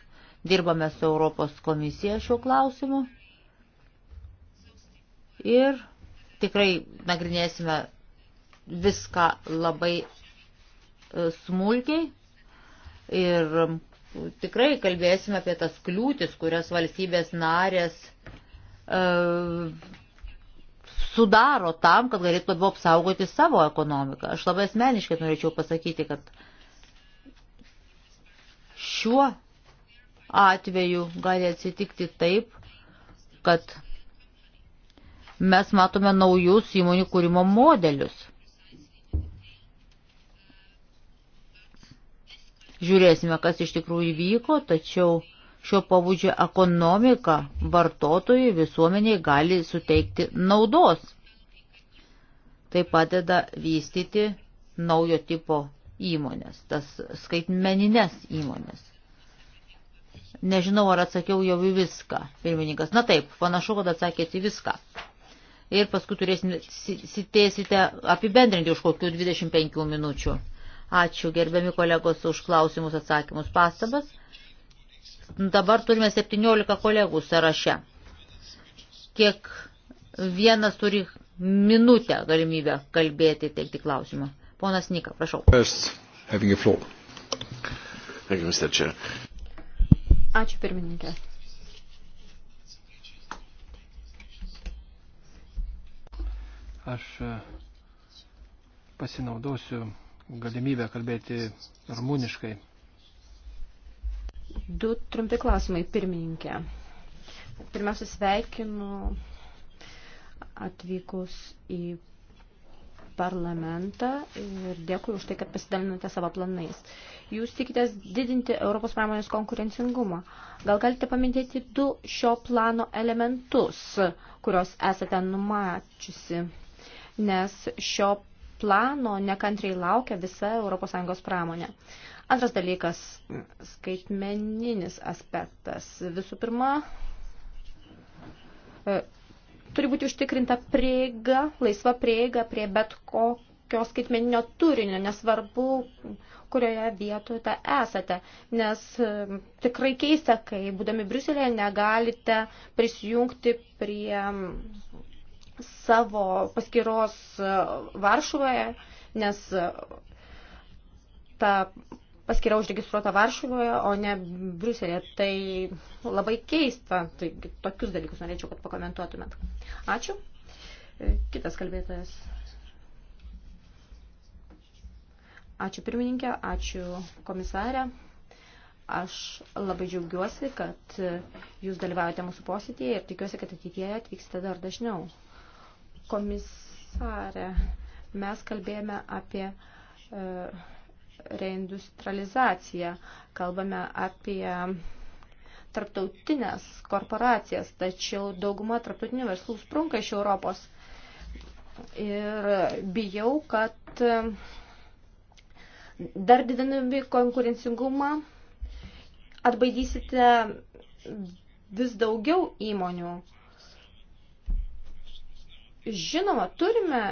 Dirbame su Europos komisija šiuo klausimu. Ir tikrai nagrinėsime viską labai e, smulkiai. Ir tikrai kalbėsime apie tas kliūtis, kurias valstybės narės e, sudaro tam, kad galėtų labiau apsaugoti savo ekonomiką. Aš labai asmeniškai norėčiau pasakyti, kad šiuo atveju gali atsitikti taip, kad mes matome naujus įmonių kūrimo modelius. Žiūrėsime, kas iš tikrųjų vyko, tačiau šio pavudžio ekonomika vartotojai visuomeniai gali suteikti naudos. Tai padeda vystyti naujo tipo įmonės, tas skaitmeninės įmonės. Nežinau, ar atsakiau jau į viską, pirmininkas. Na taip, panašu, kad atsakėte į viską. Ir paskui turėsite apibendrinti už kokių 25 minučių. Ačiū gerbiami kolegos už klausimus, atsakymus, pastabas. Dabar turime 17 kolegų sąraše. Kiek vienas turi minutę galimybę kalbėti, teikti klausimą. Ponas Nika, prašau. Ačiū pirmininkė. Aš e, pasinaudosiu galimybę kalbėti rumuniškai. Du trumpi klausimai, pirmininkė. Pirmiausia, sveikinu atvykus į parlamentą ir dėkui už tai, kad pasidalinote savo planais. Jūs tikitės didinti Europos pramonės konkurencingumą. Gal galite paminėti du šio plano elementus, kurios esate numačiusi, nes šio plano nekantriai laukia visa ES pramonė. Antras dalykas – skaitmeninis aspektas. Visų pirma, e, turi būti užtikrinta prieiga, laisva prieiga prie bet kokio skaitmeninio turinio, nesvarbu, kurioje vietoje esate. Nes e, tikrai keista, kai būdami Briuselėje negalite prisijungti prie savo paskyros e, Varšuvoje, nes e, ta paskyra užregistruota Varšuvoje, o ne Briuselėje. Tai labai keista. Tai tokius dalykus norėčiau, kad pakomentuotumėt. Ačiū. E, kitas kalbėtojas. Ačiū pirmininkė, ačiū komisarė. Aš labai džiaugiuosi, kad jūs dalyvaujate mūsų posėdėje ir tikiuosi, kad ateityje atvyksite dar dažniau. Komisarė, mes kalbėjome apie e, reindustrializaciją, kalbame apie tarptautinės korporacijas, tačiau dauguma tarptautinių verslų sprunka iš Europos. Ir bijau, kad e, dar didinami konkurencingumą atbaidysite vis daugiau įmonių. Žinoma, turime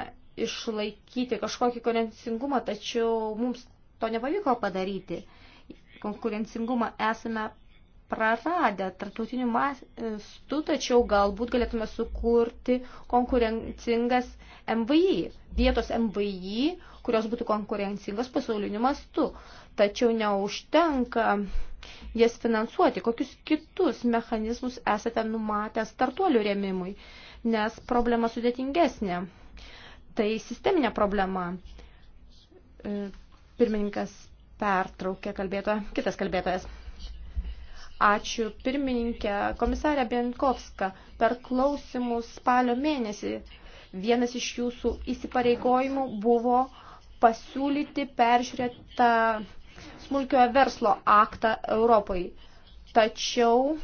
išlaikyti kažkokį konkurencingumą, tačiau mums to nepavyko padaryti. Konkurencingumą esame praradę tarptautinių mastų, tačiau galbūt galėtume sukurti konkurencingas MVI, vietos MVI, kurios būtų konkurencingas pasauliniu mastu. Tačiau neužtenka jas finansuoti. Kokius kitus mechanizmus esate numatę startuolių rėmimui? Uh, nes problema sudėtingesnė. Tai sisteminė problema. E, pirmininkas pertraukė kalbėtoją, kitas kalbėtojas. Ačiū pirmininkė, komisarė Bienkovska, per klausimus spalio mėnesį vienas iš jūsų įsipareigojimų buvo pasiūlyti peržiūrėtą smulkiojo verslo aktą Europai. Tačiau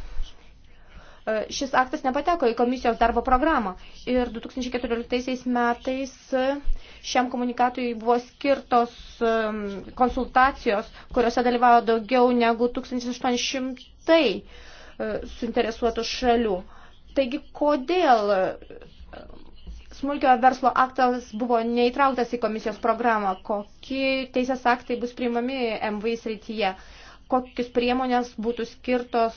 E, šis aktas nepateko į komisijos darbo programą. Ir 2014 metais šiam komunikatui buvo skirtos konsultacijos, kuriuose dalyvavo daugiau negu 1800 e, suinteresuotų šalių. Taigi, kodėl e, smulkiojo verslo aktas buvo neįtrauktas į komisijos programą? Kokie teisės aktai bus priimami MVI srityje? kokius priemonės būtų skirtos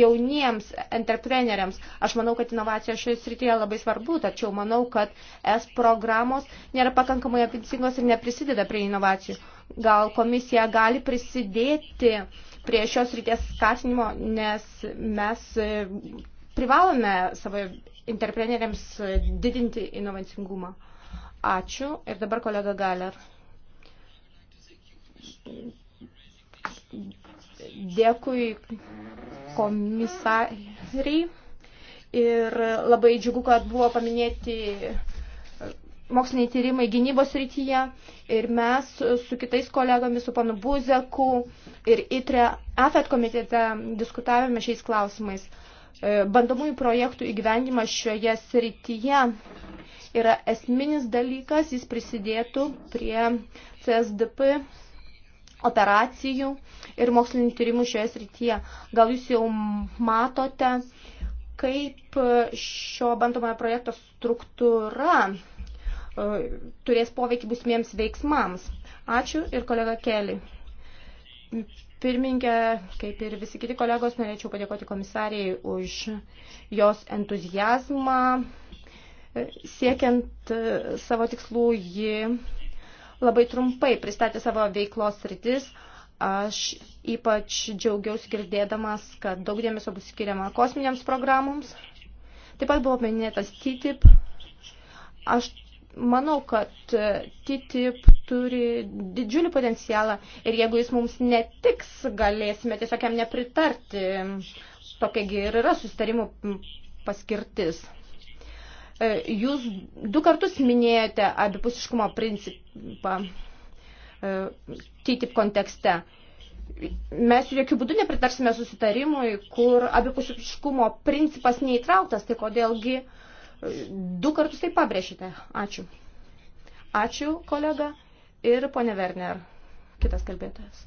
jauniems entrepreneriams. Aš manau, kad inovacijos šioje srityje labai svarbu, tačiau manau, kad S programos nėra pakankamai apicingos ir neprisideda prie inovacijų. Gal komisija gali prisidėti prie šios ryties skatinimo, nes mes e, privalome savo entrepreneriams didinti inovacingumą. Ačiū ir dabar kolega Galer Dėkui komisariai. Ir labai džiugu, kad buvo paminėti moksliniai tyrimai gynybos rytyje. Ir mes su kitais kolegomis, su panu Buzeku ir ITRE AFET komitete diskutavome šiais klausimais. E, bandomųjų projektų įgyvendimas šioje srityje yra esminis dalykas, jis prisidėtų prie CSDP operacijų ir mokslinių tyrimų šioje srityje. Gal jūs jau matote, kaip šio bandomojo projekto struktūra e, turės poveikį būsimiems veiksmams. Ačiū ir kolega Keli. Pirmininkė, kaip ir visi kiti kolegos, norėčiau padėkoti komisarijai už jos entuzijazmą. E, siekiant e, savo tikslų, ji labai trumpai pristatė savo veiklos rytis. Aš ypač džiaugiausi girdėdamas, kad daug dėmesio bus skiriama kosminėms programoms. Taip pat buvo minėtas TTIP. Aš manau, kad TTIP turi didžiulį potencialą ir jeigu jis mums netiks, galėsime tiesiog jam nepritarti. Tokiagi ir yra sustarimų paskirtis. E, jūs du kartus minėjote abipusiškumo principą e, TTIP kontekste. Mes jokių būdų nepritarsime susitarimui, kur abipusiškumo principas neįtrauktas, tai kodėlgi e, du kartus tai pabrėšite. Ačiū. Ačiū, kolega. Ir ponė Werner, kitas kalbėtojas.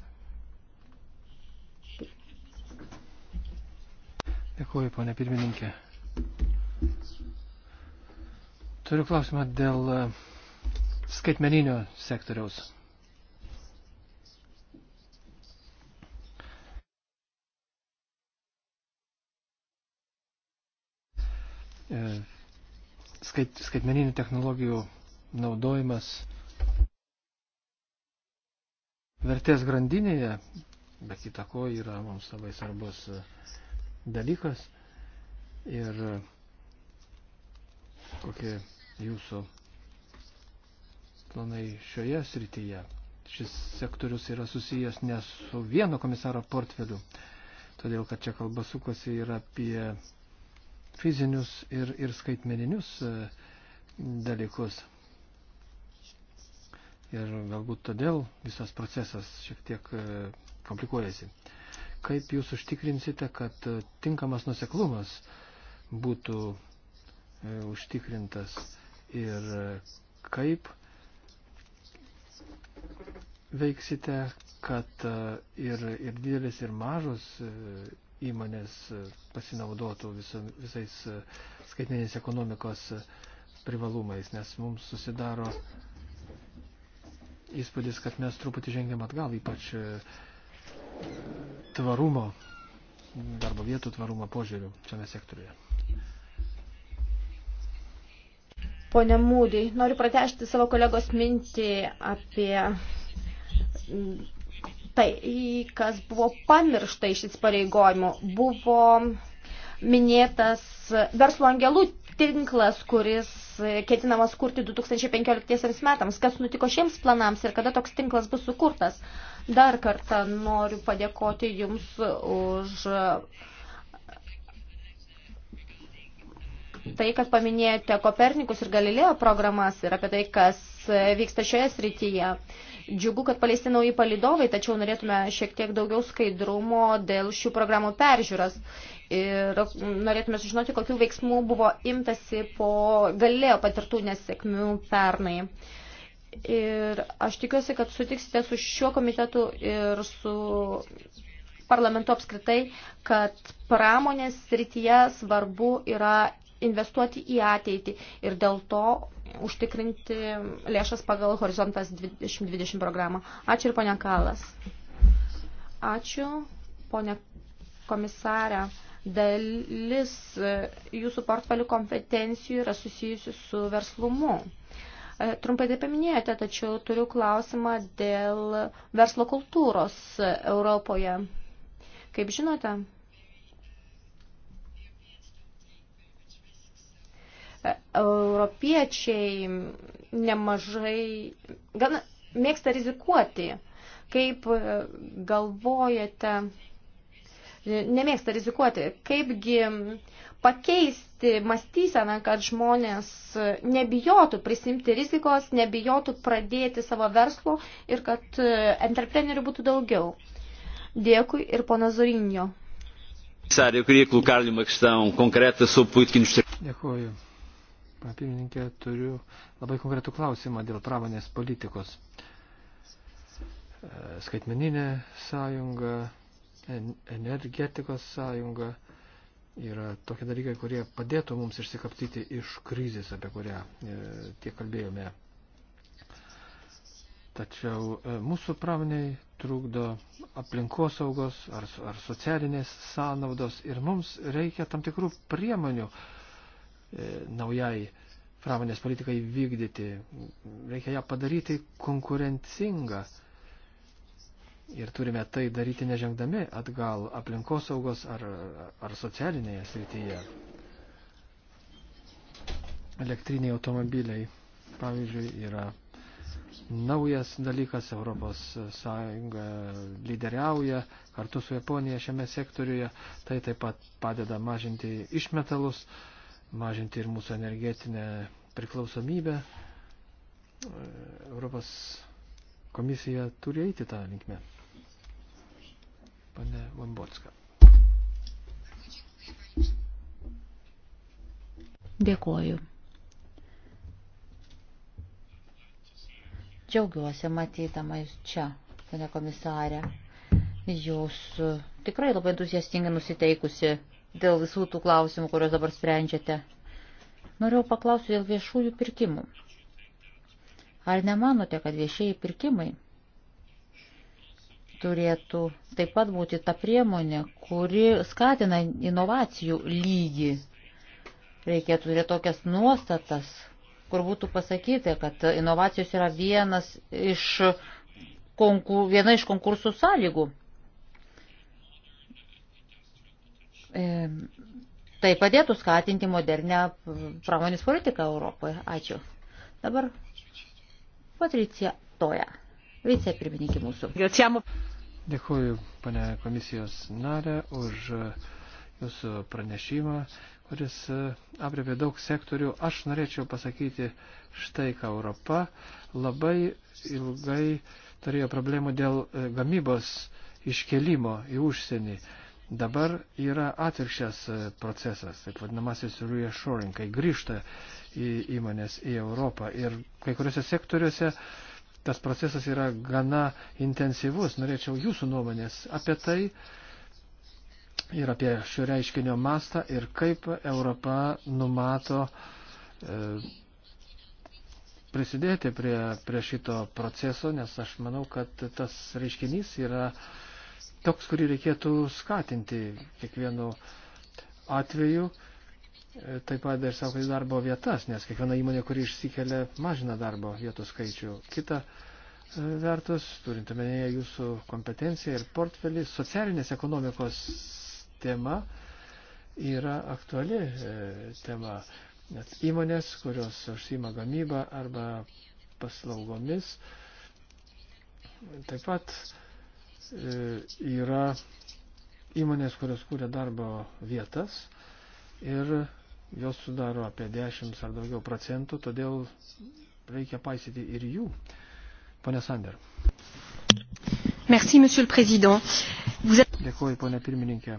Dėkuoju, ponė pirmininkė. Turiu klausimą dėl e, skaitmeninio sektoriaus. E, skait, skaitmeninių technologijų naudojimas vertės grandinėje, be kita ko, yra mums labai svarbus e, dalykas. Ir kokie jūsų planai šioje srityje. Šis sektorius yra susijęs ne su vieno komisaro portfeliu, todėl kad čia kalba sukosi ir apie fizinius ir, ir skaitmeninius e, dalykus. Ir galbūt todėl visas procesas šiek tiek e, komplikuojasi. Kaip jūs užtikrinsite, kad e, tinkamas nuseklumas būtų užtikrintas ir e, kaip veiksite, kad e, ir, ir didelis, ir mažos e, įmonės pasinaudotų viso, visais skaitmenės ekonomikos privalumais, nes mums susidaro įspūdis, kad mes truputį žengėm atgal, ypač tvarumo, darbo vietų tvarumo požiūrių šiame sektoriuje. Pone Mūdį, noriu pratešti savo kolegos mintį apie mm, tai, kas buvo pamiršta iš įsipareigojimų. Buvo minėtas verslo angelų tinklas, kuris ketinamas kurti 2015 metams. Kas nutiko šiems planams ir kada toks tinklas bus sukurtas? Dar kartą noriu padėkoti Jums už tai, kad paminėjote Kopernikus ir Galilėjo programas ir apie tai, kas vyksta šioje srityje. Džiugu, kad paleisti nauji palidovai, tačiau norėtume šiek tiek daugiau skaidrumo dėl šių programų peržiūros. Ir norėtume sužinoti, kokių veiksmų buvo imtasi po galėjo patirtų nesėkmių pernai. Ir aš tikiuosi, kad sutiksite su šiuo komitetu ir su parlamentu apskritai, kad pramonės srityje svarbu yra investuoti į ateitį ir dėl to užtikrinti lėšas pagal Horizontas 2020 programą. Ačiū ir ponia Kalas. Ačiū, ponia komisarė. Dalis jūsų portfelių kompetencijų yra susijusi su verslumu. E, trumpai tai paminėjote, tačiau turiu klausimą dėl verslo kultūros Europoje. Kaip žinote, europiečiai nemažai gana mėgsta rizikuoti. Kaip galvojate, nemėgsta rizikuoti, kaipgi pakeisti mąstyseną, kad žmonės nebijotų prisimti rizikos, nebijotų pradėti savo verslo ir kad entreprenerių būtų daugiau. Dėkui ir pona Zorinio. Comissário, eu queria colocar-lhe uma questão concreta sobre política industrial. Dėkuoju. Papirmininkė, turiu labai konkretų klausimą dėl pramonės politikos. E, skaitmeninė sąjunga, energetikos sąjunga yra tokie dalykai, kurie padėtų mums išsikaptyti iš krizės, apie kurią e, tiek kalbėjome. Tačiau e, mūsų pramoniai trukdo aplinkosaugos ar, ar socialinės sąnaudos ir mums reikia tam tikrų priemonių, uh, E, naujai pramonės politikai vykdyti. Reikia ją padaryti konkurencingą. Ir turime tai daryti nežengdami atgal aplinkosaugos ar, ar socialinėje srityje. Elektriniai automobiliai, pavyzdžiui, yra naujas dalykas. Europos Sąjunga lyderiauja kartu su Japonija šiame sektoriuje. Tai taip pat padeda mažinti išmetalus. metalus mažinti ir mūsų energetinę priklausomybę. Europos komisija turi eiti tą linkmę. Pane Vambotska. Dėkoju. Džiaugiuosi matydama jūs čia, pane komisarė. Jūs tikrai labai entuziastingai nusiteikusi dėl visų tų klausimų, kuriuos dabar sprendžiate. Norėjau paklausti dėl viešųjų pirkimų. Ar nemanote, kad viešieji pirkimai turėtų taip pat būti ta priemonė, kuri skatina inovacijų lygį? Reikėtų turėti tokias nuostatas, kur būtų pasakyti, kad inovacijos yra vienas iš, konkur, viena iš konkursų sąlygų. E, tai padėtų skatinti modernę pramonės politiką Europoje. Ačiū. Dabar Patricija Toja, vicepirmininkė mūsų. Dėkuoju, pane komisijos narė, už jūsų pranešimą, kuris e, aprėpė daug sektorių. Aš norėčiau pasakyti štai, ką Europa labai ilgai turėjo problemų dėl e, gamybos iškelimo į užsienį. Dabar yra atvirkščias e, procesas, taip vadinamasis reassuring, kai grįžta į įmonės į Europą. Ir kai kuriuose sektoriuose tas procesas yra gana intensyvus. Norėčiau jūsų nuomonės apie tai ir apie šio reiškinio mastą ir kaip Europa numato e, prisidėti prie, prie šito proceso, nes aš manau, kad tas reiškinys yra e, toks, kurį reikėtų skatinti kiekvienu atveju. E, taip pat ir savo darbo vietas, nes kiekviena įmonė, kuri išsikelia, mažina darbo vietų skaičių. Kita e, vertus, turint omenyje jūsų kompetenciją ir portfelį, socialinės ekonomikos tema yra aktuali e, tema. Nes įmonės, kurios užsima gamybą arba paslaugomis, taip pat E, yra įmonės, kurios kūrė darbo vietas ir jos sudaro apie 10 ar daugiau procentų, todėl reikia paisyti ir jų. Pone Sander. Merci, monsieur le président. Vous... Dėkuoju, ponė pirmininkė.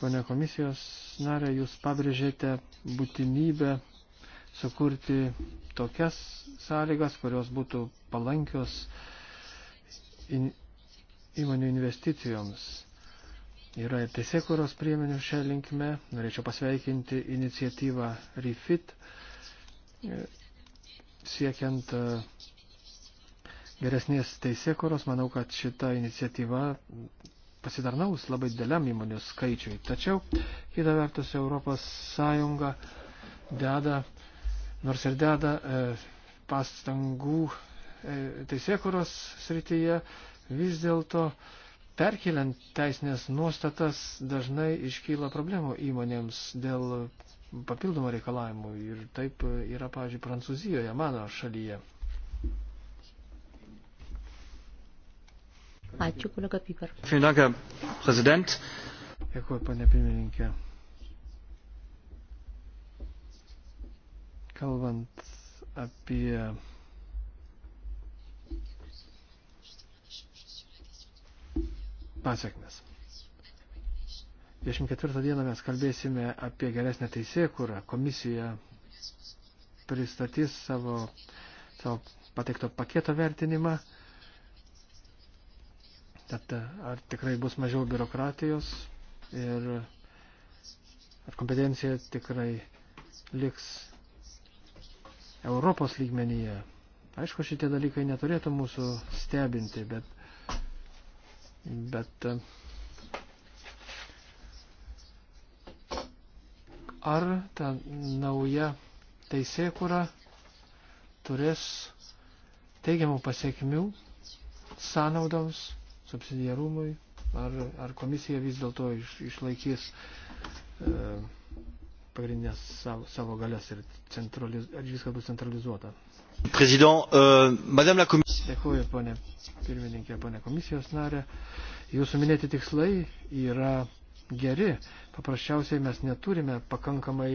Pone komisijos narė, jūs pabrėžėte būtinybę sukurti tokias sąlygas, kurios būtų palankios in įmonių investicijoms. Yra ir tiesiekuros priemonių šią linkme. Norėčiau pasveikinti iniciatyvą REFIT, e, siekiant e, geresnės teisėkuros. Manau, kad šita iniciatyva pasidarnaus labai dėliam įmonių skaičiui. Tačiau, kita vertus, Europos Sąjunga deda, nors ir deda e, pastangų e, teisėkuros srityje, Vis dėlto perkeliant teisinės nuostatas dažnai iškyla problemų įmonėms dėl papildomų reikalavimų ir taip yra, pavyzdžiui, Prancūzijoje, mano šalyje. Ačiū, kolega Piper. Danke, prezident. Dėkuoju, panė pirmininkė. Kalbant apie pasiekmes. 24 dieną mes kalbėsime apie geresnę teisėkurą. Komisija pristatys savo, savo pateikto paketo vertinimą. Tad ar tikrai bus mažiau biurokratijos ir ar kompetencija tikrai liks Europos lygmenyje. Aišku, šitie dalykai neturėtų mūsų stebinti, bet Bet e, ar ta nauja teisėkura turės teigiamų pasiekmių sąnaudoms, subsidiarumui, ar, ar komisija vis dėlto iš, išlaikys e, pagrindinės savo, savo galias ir, centraliz, ir viskas bus centralizuota. Prezident, uh, madame la komisija. Dėkuoju, ponė pirmininkė, ponė komisijos narė. Jūsų minėti tikslai yra geri. Paprasčiausiai mes neturime pakankamai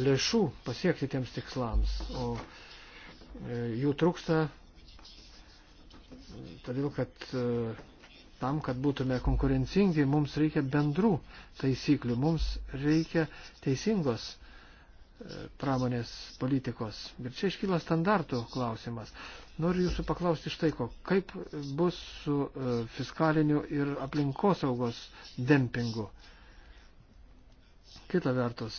lėšų pasiekti tiems tikslams, o e, jų trūksta, todėl kad e, tam, kad būtume konkurencingi, mums reikia bendrų taisyklių, mums reikia teisingos pramonės politikos. Ir čia iškyla standartų klausimas. Noriu jūsų paklausti štai ko. Kaip bus su e, fiskaliniu ir aplinkosaugos dempingu? Kita vertus,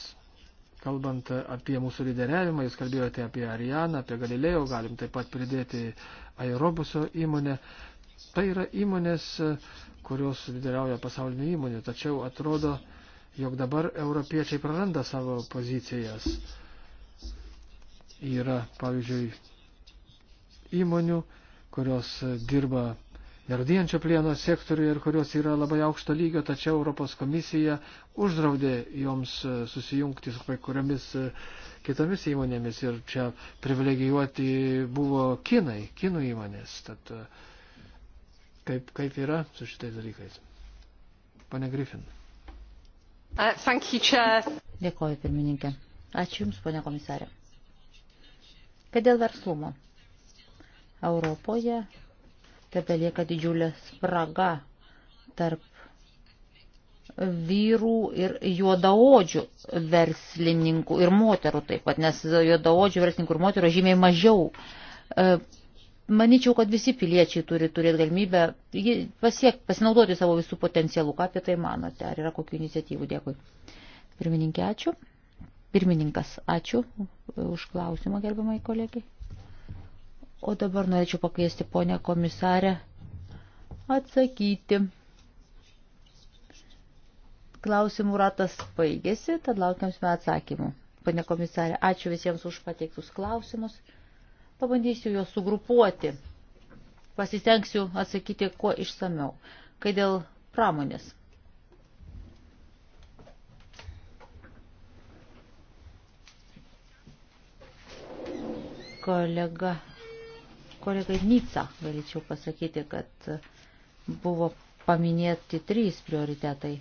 kalbant apie mūsų lyderiavimą, jūs kalbėjote apie Arianą, apie Galilėjo, galim taip pat pridėti Aerobuso įmonę. Tai yra įmonės, kurios lyderiauja pasaulinių įmonių, tačiau atrodo, jog dabar europiečiai praranda savo pozicijas. Yra, pavyzdžiui, įmonių, kurios dirba nerudėjančio plieno sektoriuje ir kurios yra labai aukšto lygio, tačiau Europos komisija uždraudė joms susijungti su kai kuriomis e, kitomis įmonėmis ir čia privilegijuoti buvo kinai, kinų įmonės. Tad e, kaip, kaip yra su šitais dalykais? Pane Griffin. Uh, Dėkoju, pirmininkė. Ačiū Jums, ponė komisarė. Kad dėl verslumo. Europoje tebe lieka didžiulė spraga tarp vyrų ir juodaodžių verslininkų ir moterų taip pat, nes juodaodžių verslininkų ir moterų žymiai mažiau uh, Maničiau, kad visi piliečiai turi turėti galimybę pasiek, pasinaudoti savo visų potencialų. Ką apie tai manote? Ar yra kokių iniciatyvų? Dėkui. Pirmininkė, ačiū. Pirmininkas, ačiū už klausimą, gerbiamai kolegiai. O dabar norėčiau pakviesti ponę komisarę atsakyti. Klausimų ratas baigėsi, tad laukiams atsakymų. Pane komisarė, ačiū visiems už pateiktus klausimus. Pabandysiu juos sugrupuoti. Pasistengsiu atsakyti kuo išsameu, kai dėl pramonės. Kolega, kolega Nica, galėčiau pasakyti, kad buvo paminėti trys prioritetai.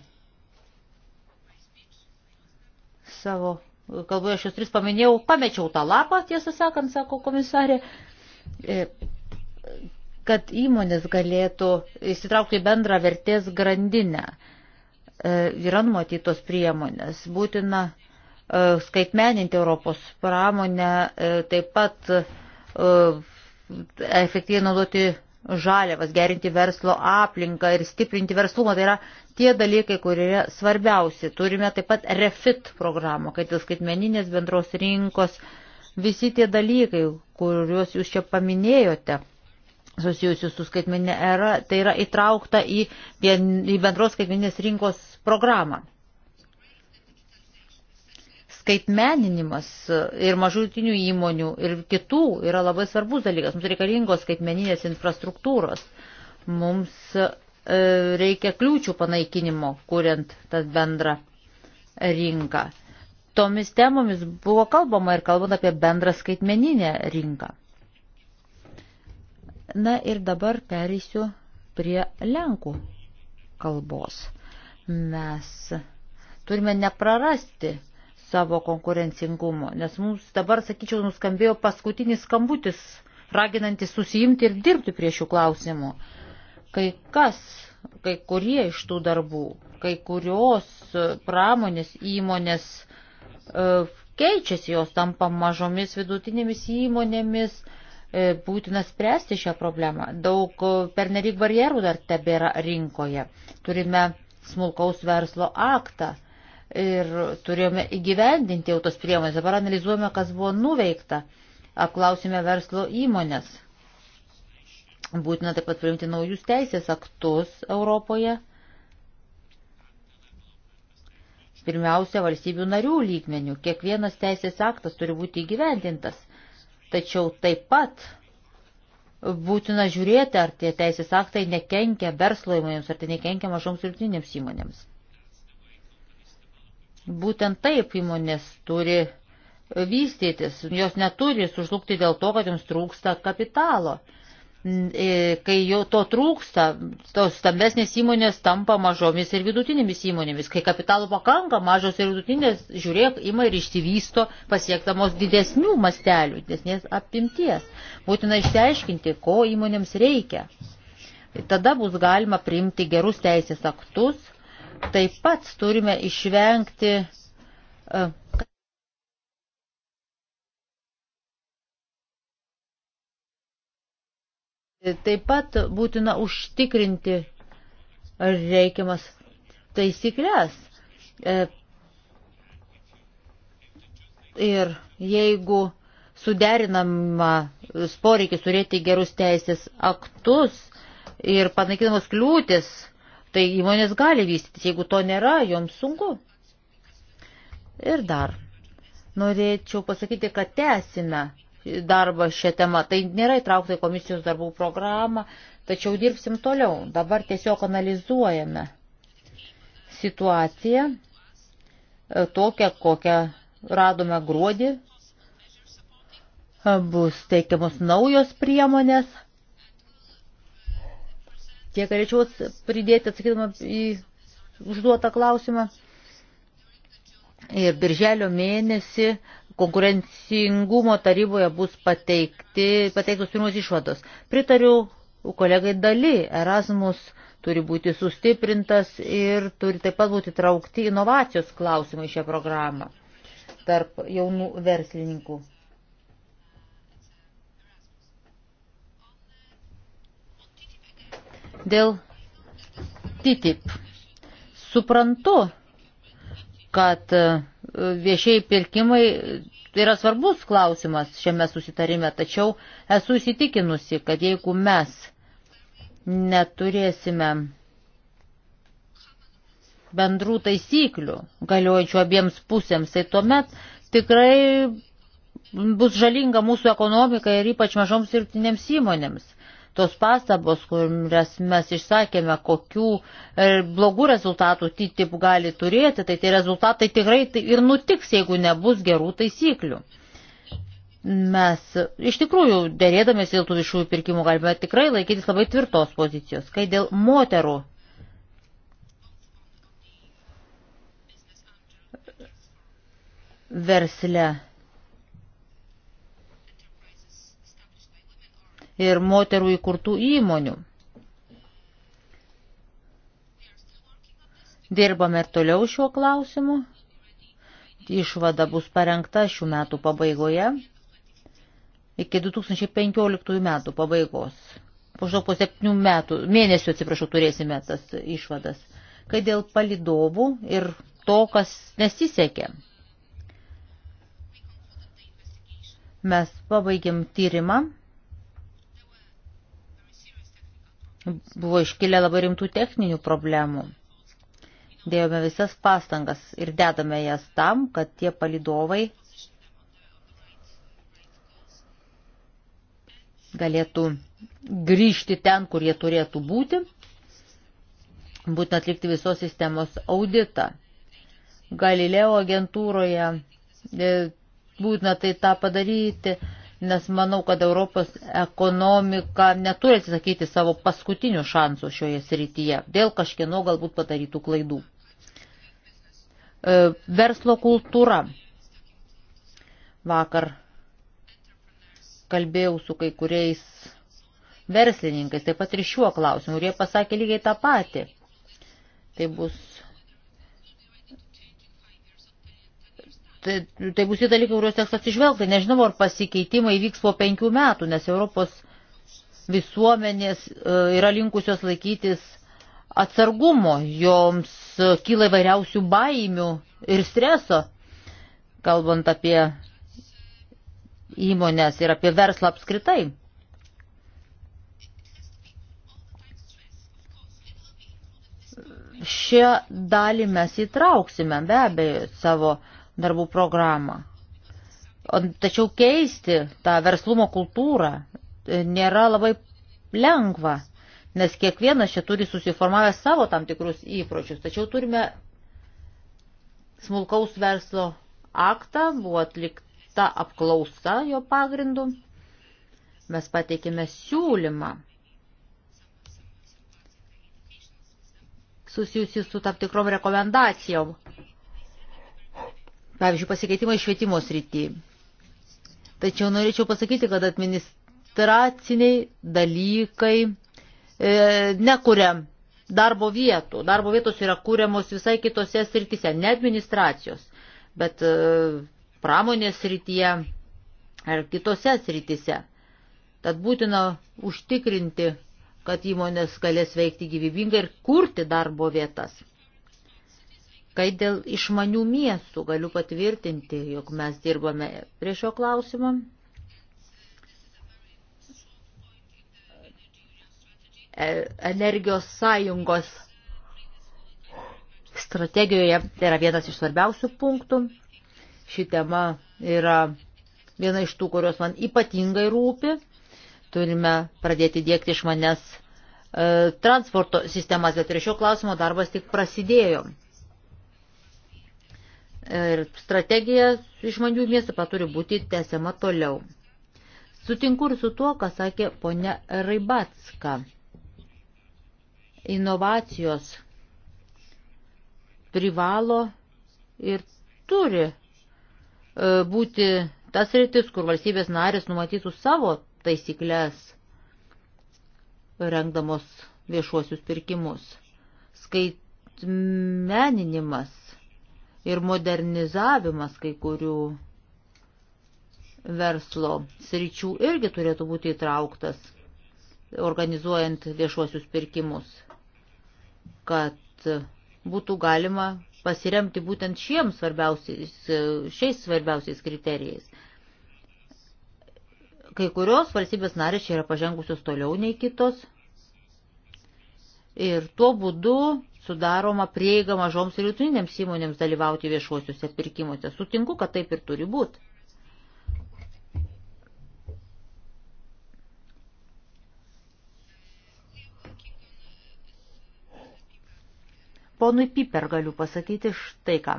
Savo kalboje šios tris paminėjau, pamečiau tą lapą, tiesą sakant, sako komisarė, e, kad įmonės galėtų įsitraukti bendrą vertės grandinę. E, yra numatytos priemonės. Būtina e, skaitmeninti Europos pramonę, taip pat efektyviai naudoti žaliavas, gerinti verslo aplinką ir stiprinti verslumą. Tai yra tie dalykai, kurie yra svarbiausi. Turime taip pat refit programą, kad dėl skaitmeninės bendros rinkos visi tie dalykai, kuriuos jūs čia paminėjote susijusius su skaitmeninė era, tai yra įtraukta į, į bendros skaitmeninės rinkos programą skaitmeninimas e, ir mažutinių įmonių ir kitų yra labai svarbus dalykas. Mums reikalingos skaitmeninės infrastruktūros. Mums e, reikia kliūčių panaikinimo, kuriant tas bendrą rinką. Tomis temomis buvo kalbama ir kalbant apie bendrą skaitmeninę rinką. Na ir dabar pereisiu prie lenkų kalbos. Mes turime neprarasti savo konkurencingumo. Nes mums dabar, sakyčiau, nuskambėjo paskutinis skambutis, raginantis susijimti ir dirbti prie šių klausimų. Kai kas, kai kurie iš tų darbų, kai kurios e, pramonės įmonės e, keičiasi, jos tampa mažomis vidutinėmis įmonėmis, e, būtina spręsti šią problemą. Daug pernelyg barjerų dar tebėra rinkoje. Turime smulkaus verslo aktą ir turėjome įgyvendinti jau tos priemonės. Dabar analizuojame, kas buvo nuveikta. Apklausime verslo įmonės. Būtina taip pat priimti naujus teisės aktus Europoje. Pirmiausia, valstybių narių lygmenių. Kiekvienas teisės aktas turi būti įgyvendintas. Tačiau taip pat būtina žiūrėti, ar tie teisės aktai nekenkia verslo įmonėms, ar tai nekenkia mažoms ir vidutinėms įmonėms. Būtent taip įmonės turi vystytis, jos neturi sužlugti dėl to, kad jums trūksta kapitalo. E, kai jau to trūksta, tos stambesnės įmonės tampa mažomis ir vidutinėmis įmonėmis. Kai kapitalo pakanka, mažos ir vidutinės, žiūrėk, ima ir išsivysto pasiektamos didesnių mastelių, didesnės apimties. Būtina išsiaiškinti, ko įmonėms reikia. Tada bus galima priimti gerus teisės aktus, Taip pat turime išvengti. E, taip pat būtina užtikrinti reikiamas taisyklės. E, ir jeigu suderinama poreikis turėti gerus teisės aktus ir panaikinamos kliūtis tai įmonės gali vystytis. Jeigu to nėra, joms sunku. Ir dar. Norėčiau pasakyti, kad tęsime darbą šią temą. Tai nėra įtraukta į komisijos darbų programą, tačiau dirbsim toliau. Dabar tiesiog analizuojame situaciją e, tokią, kokią radome gruodį. E, bus teikiamos naujos priemonės Tiek galėčiau pridėti atsakydama į užduotą klausimą. Ir birželio mėnesį konkurencingumo taryboje bus pateikti, pateiktos pirmos išvados. Pritariu kolegai dali, Erasmus turi būti sustiprintas ir turi taip pat būti traukti inovacijos klausimai šią programą tarp jaunų verslininkų. Dėl TTIP. Suprantu, kad e, viešiai pirkimai yra svarbus klausimas šiame susitarime, tačiau esu įsitikinusi, kad jeigu mes neturėsime bendrų taisyklių galiojančių abiems pusėms, tai tuomet tikrai bus žalinga mūsų ekonomikai ir ypač mažoms dirbtinėms įmonėms. Tos pastabos, kurias mes išsakėme, kokių e, blogų rezultatų TTIP gali turėti, tai tie rezultatai tikrai tai ir nutiks, jeigu nebus gerų taisyklių. Mes iš tikrųjų, dėrėdamės dėl tų viešųjų pirkimų, galime tikrai laikytis labai tvirtos pozicijos, kai dėl moterų versle ir moterų įkurtų įmonių. Dirbame ir toliau šiuo klausimu. Išvada bus parengta šių metų pabaigoje iki 2015 metų pabaigos. Maždaug po 7 metų, mėnesių, atsiprašau, turėsime tas išvadas. Kai dėl palidovų ir to, kas nesisekė. Mes pabaigėm tyrimą Buvo iškilę labai rimtų techninių problemų. Dėjome visas pastangas ir dedame jas tam, kad tie palidovai galėtų grįžti ten, kur jie turėtų būti, būtent atlikti visos sistemos auditą. Galileo agentūroje e, būtina tai tą padaryti, nes manau, kad Europos ekonomika neturi atsisakyti savo paskutinių šansų šioje srityje dėl kažkieno galbūt padarytų klaidų. E, verslo kultūra. Vakar kalbėjau su kai kuriais verslininkais, taip pat ir šiuo klausimu, ir jie pasakė lygiai tą patį. Tai bus Tai, tai bus tie dalykai, kuriuos teks atsižvelgti. Nežinau, ar pasikeitimai vyks po penkių metų, nes Europos visuomenės e, yra linkusios laikytis atsargumo, joms e, kyla įvairiausių baimių ir streso, kalbant apie įmonės ir apie verslą apskritai. Šią dalį mes įtrauksime be abejo savo uh, darbų programą. Tačiau keisti tą verslumo kultūrą e, nėra labai lengva, nes kiekvienas čia turi susiformavę savo tam tikrus įpročius. Tačiau turime smulkaus verslo aktą, buvo atlikta apklausa jo pagrindu. Mes pateikėme siūlymą susijusi su tam tikrom rekomendacijom pavyzdžiui, pasikeitimai švietimo srity. Tačiau norėčiau pasakyti, kad administraciniai dalykai e, nekuria darbo vietų. Darbo vietos yra kūriamos visai kitose srityse, ne administracijos, bet e, pramonės srityje ar kitose srityse. Tad būtina užtikrinti, kad įmonės galės veikti gyvybingai ir kurti darbo vietas. Kai dėl išmanių miestų galiu patvirtinti, jog mes dirbame prie šio klausimo. E, energijos sąjungos strategijoje tai yra vienas iš svarbiausių punktų. Ši tema yra viena iš tų, kurios man ypatingai rūpi. Turime pradėti dėkti iš manęs e, transporto sistemas, bet ir šio klausimo darbas tik prasidėjo Ir strategija išmanių miestų paturi būti tęsiama toliau. Sutinku ir su tuo, ką sakė ponia Raibatska. Inovacijos privalo ir turi e, būti tas rytis, kur valstybės narės numatytų savo taisyklės, rengdamos viešuosius pirkimus. Skaitmeninimas ir modernizavimas kai kurių verslo sričių irgi turėtų būti įtrauktas, organizuojant viešuosius pirkimus, kad būtų galima pasiremti būtent šiems svarbiausiais, šiais svarbiausiais kriterijais. Kai kurios valstybės narės čia yra pažengusios toliau nei kitos. Ir tuo būdu sudaroma prieiga mažoms ir jūtinėms įmonėms dalyvauti viešuosiuose pirkimuose. Sutinku, kad taip ir turi būti. Ponui Piper galiu pasakyti štai ką.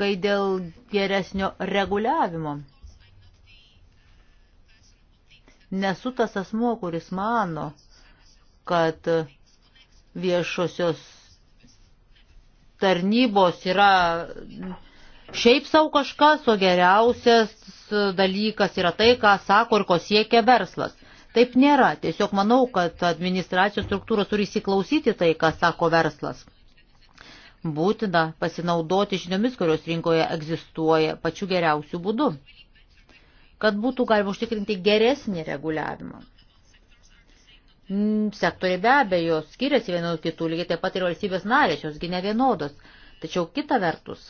Kai dėl geresnio reguliavimo nesu tas asmo, kuris mano, kad viešosios tarnybos yra šiaip savo kažkas, o geriausias dalykas yra tai, ką sako ir ko siekia verslas. Taip nėra. Tiesiog manau, kad administracijos struktūros turi įsiklausyti tai, ką sako verslas. Būtina pasinaudoti žiniomis, kurios rinkoje egzistuoja pačiu geriausiu būdu, kad būtų galima užtikrinti geresnį reguliavimą. Mm, sektoriai be abejo skiriasi vienu kitų, lygiai taip pat ir valstybės narės, josgi ne vienodos. Tačiau kita vertus,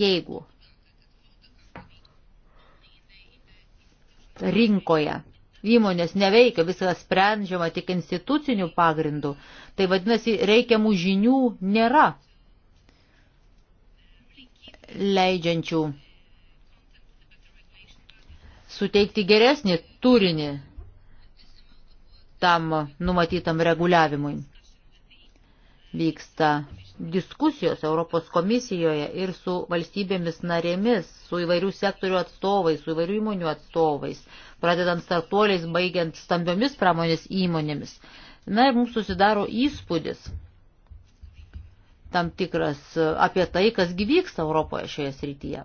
jeigu rinkoje įmonės neveikia, viskas sprendžiama tik institucinių pagrindų, tai vadinasi, reikiamų žinių nėra leidžiančių suteikti geresnį turinį tam numatytam reguliavimui. Vyksta diskusijos Europos komisijoje ir su valstybėmis narėmis, su įvairių sektorių atstovais, su įvairių įmonių atstovais, pradedant startuoliais, baigiant stambiomis pramonės įmonėmis. Na ir mums susidaro įspūdis tam tikras e, apie tai, kas gyvyksta Europoje šioje srityje.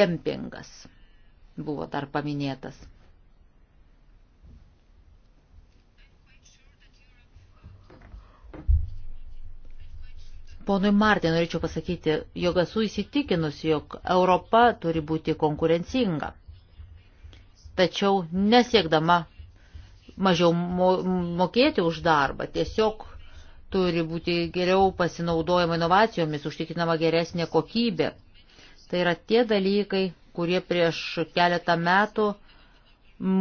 Dempingas buvo dar paminėtas. Ponui Martė norėčiau pasakyti, jog esu įsitikinusi, jog Europa turi būti konkurencinga. Tačiau nesiekdama mažiau mokėti už darbą, tiesiog turi būti geriau pasinaudojama inovacijomis, užtikrinama geresnė kokybė. Tai yra tie dalykai, kurie prieš keletą metų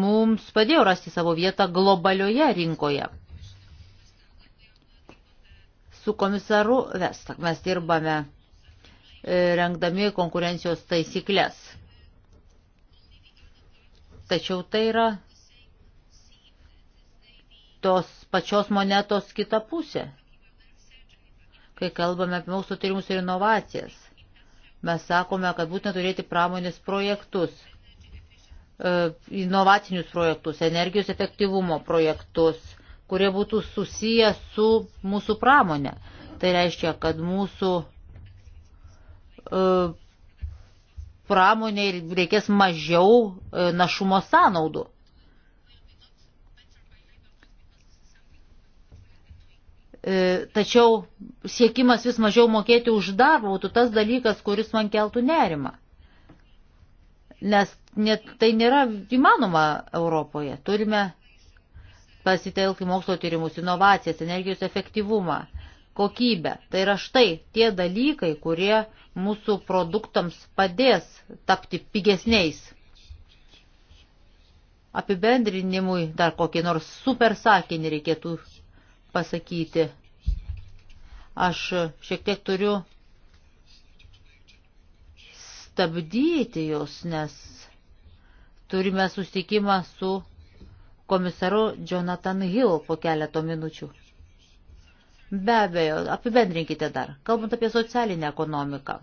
mums padėjo rasti savo vietą globalioje rinkoje. Su komisaru Vestak mes dirbame e, rengdami konkurencijos taisyklės. Tačiau tai yra tos pačios monetos kita pusė, kai kalbame apie mūsų tyrimus ir inovacijas. Mes sakome, kad būtina turėti pramonės projektus, e, inovacinius projektus, energijos efektyvumo projektus, kurie būtų susiję su mūsų pramonė. Tai reiškia, kad mūsų e, pramoniai reikės mažiau e, našumo sąnaudų. E, tačiau siekimas vis mažiau mokėti už darbą būtų tas dalykas, kuris man keltų nerimą. Nes net tai nėra įmanoma Europoje. Turime pasitelkti mokslo tyrimus, inovacijas, energijos efektyvumą, kokybę. Tai yra štai tie dalykai, kurie mūsų produktams padės tapti pigesniais. Apibendrinimui dar kokį nors super sakinį reikėtų pasakyti. Aš šiek tiek turiu stabdyti jūs, nes turime susitikimą su komisaru Jonathan Hill po keleto minučių. Be abejo, apibendrinkite dar, kalbant apie socialinę ekonomiką.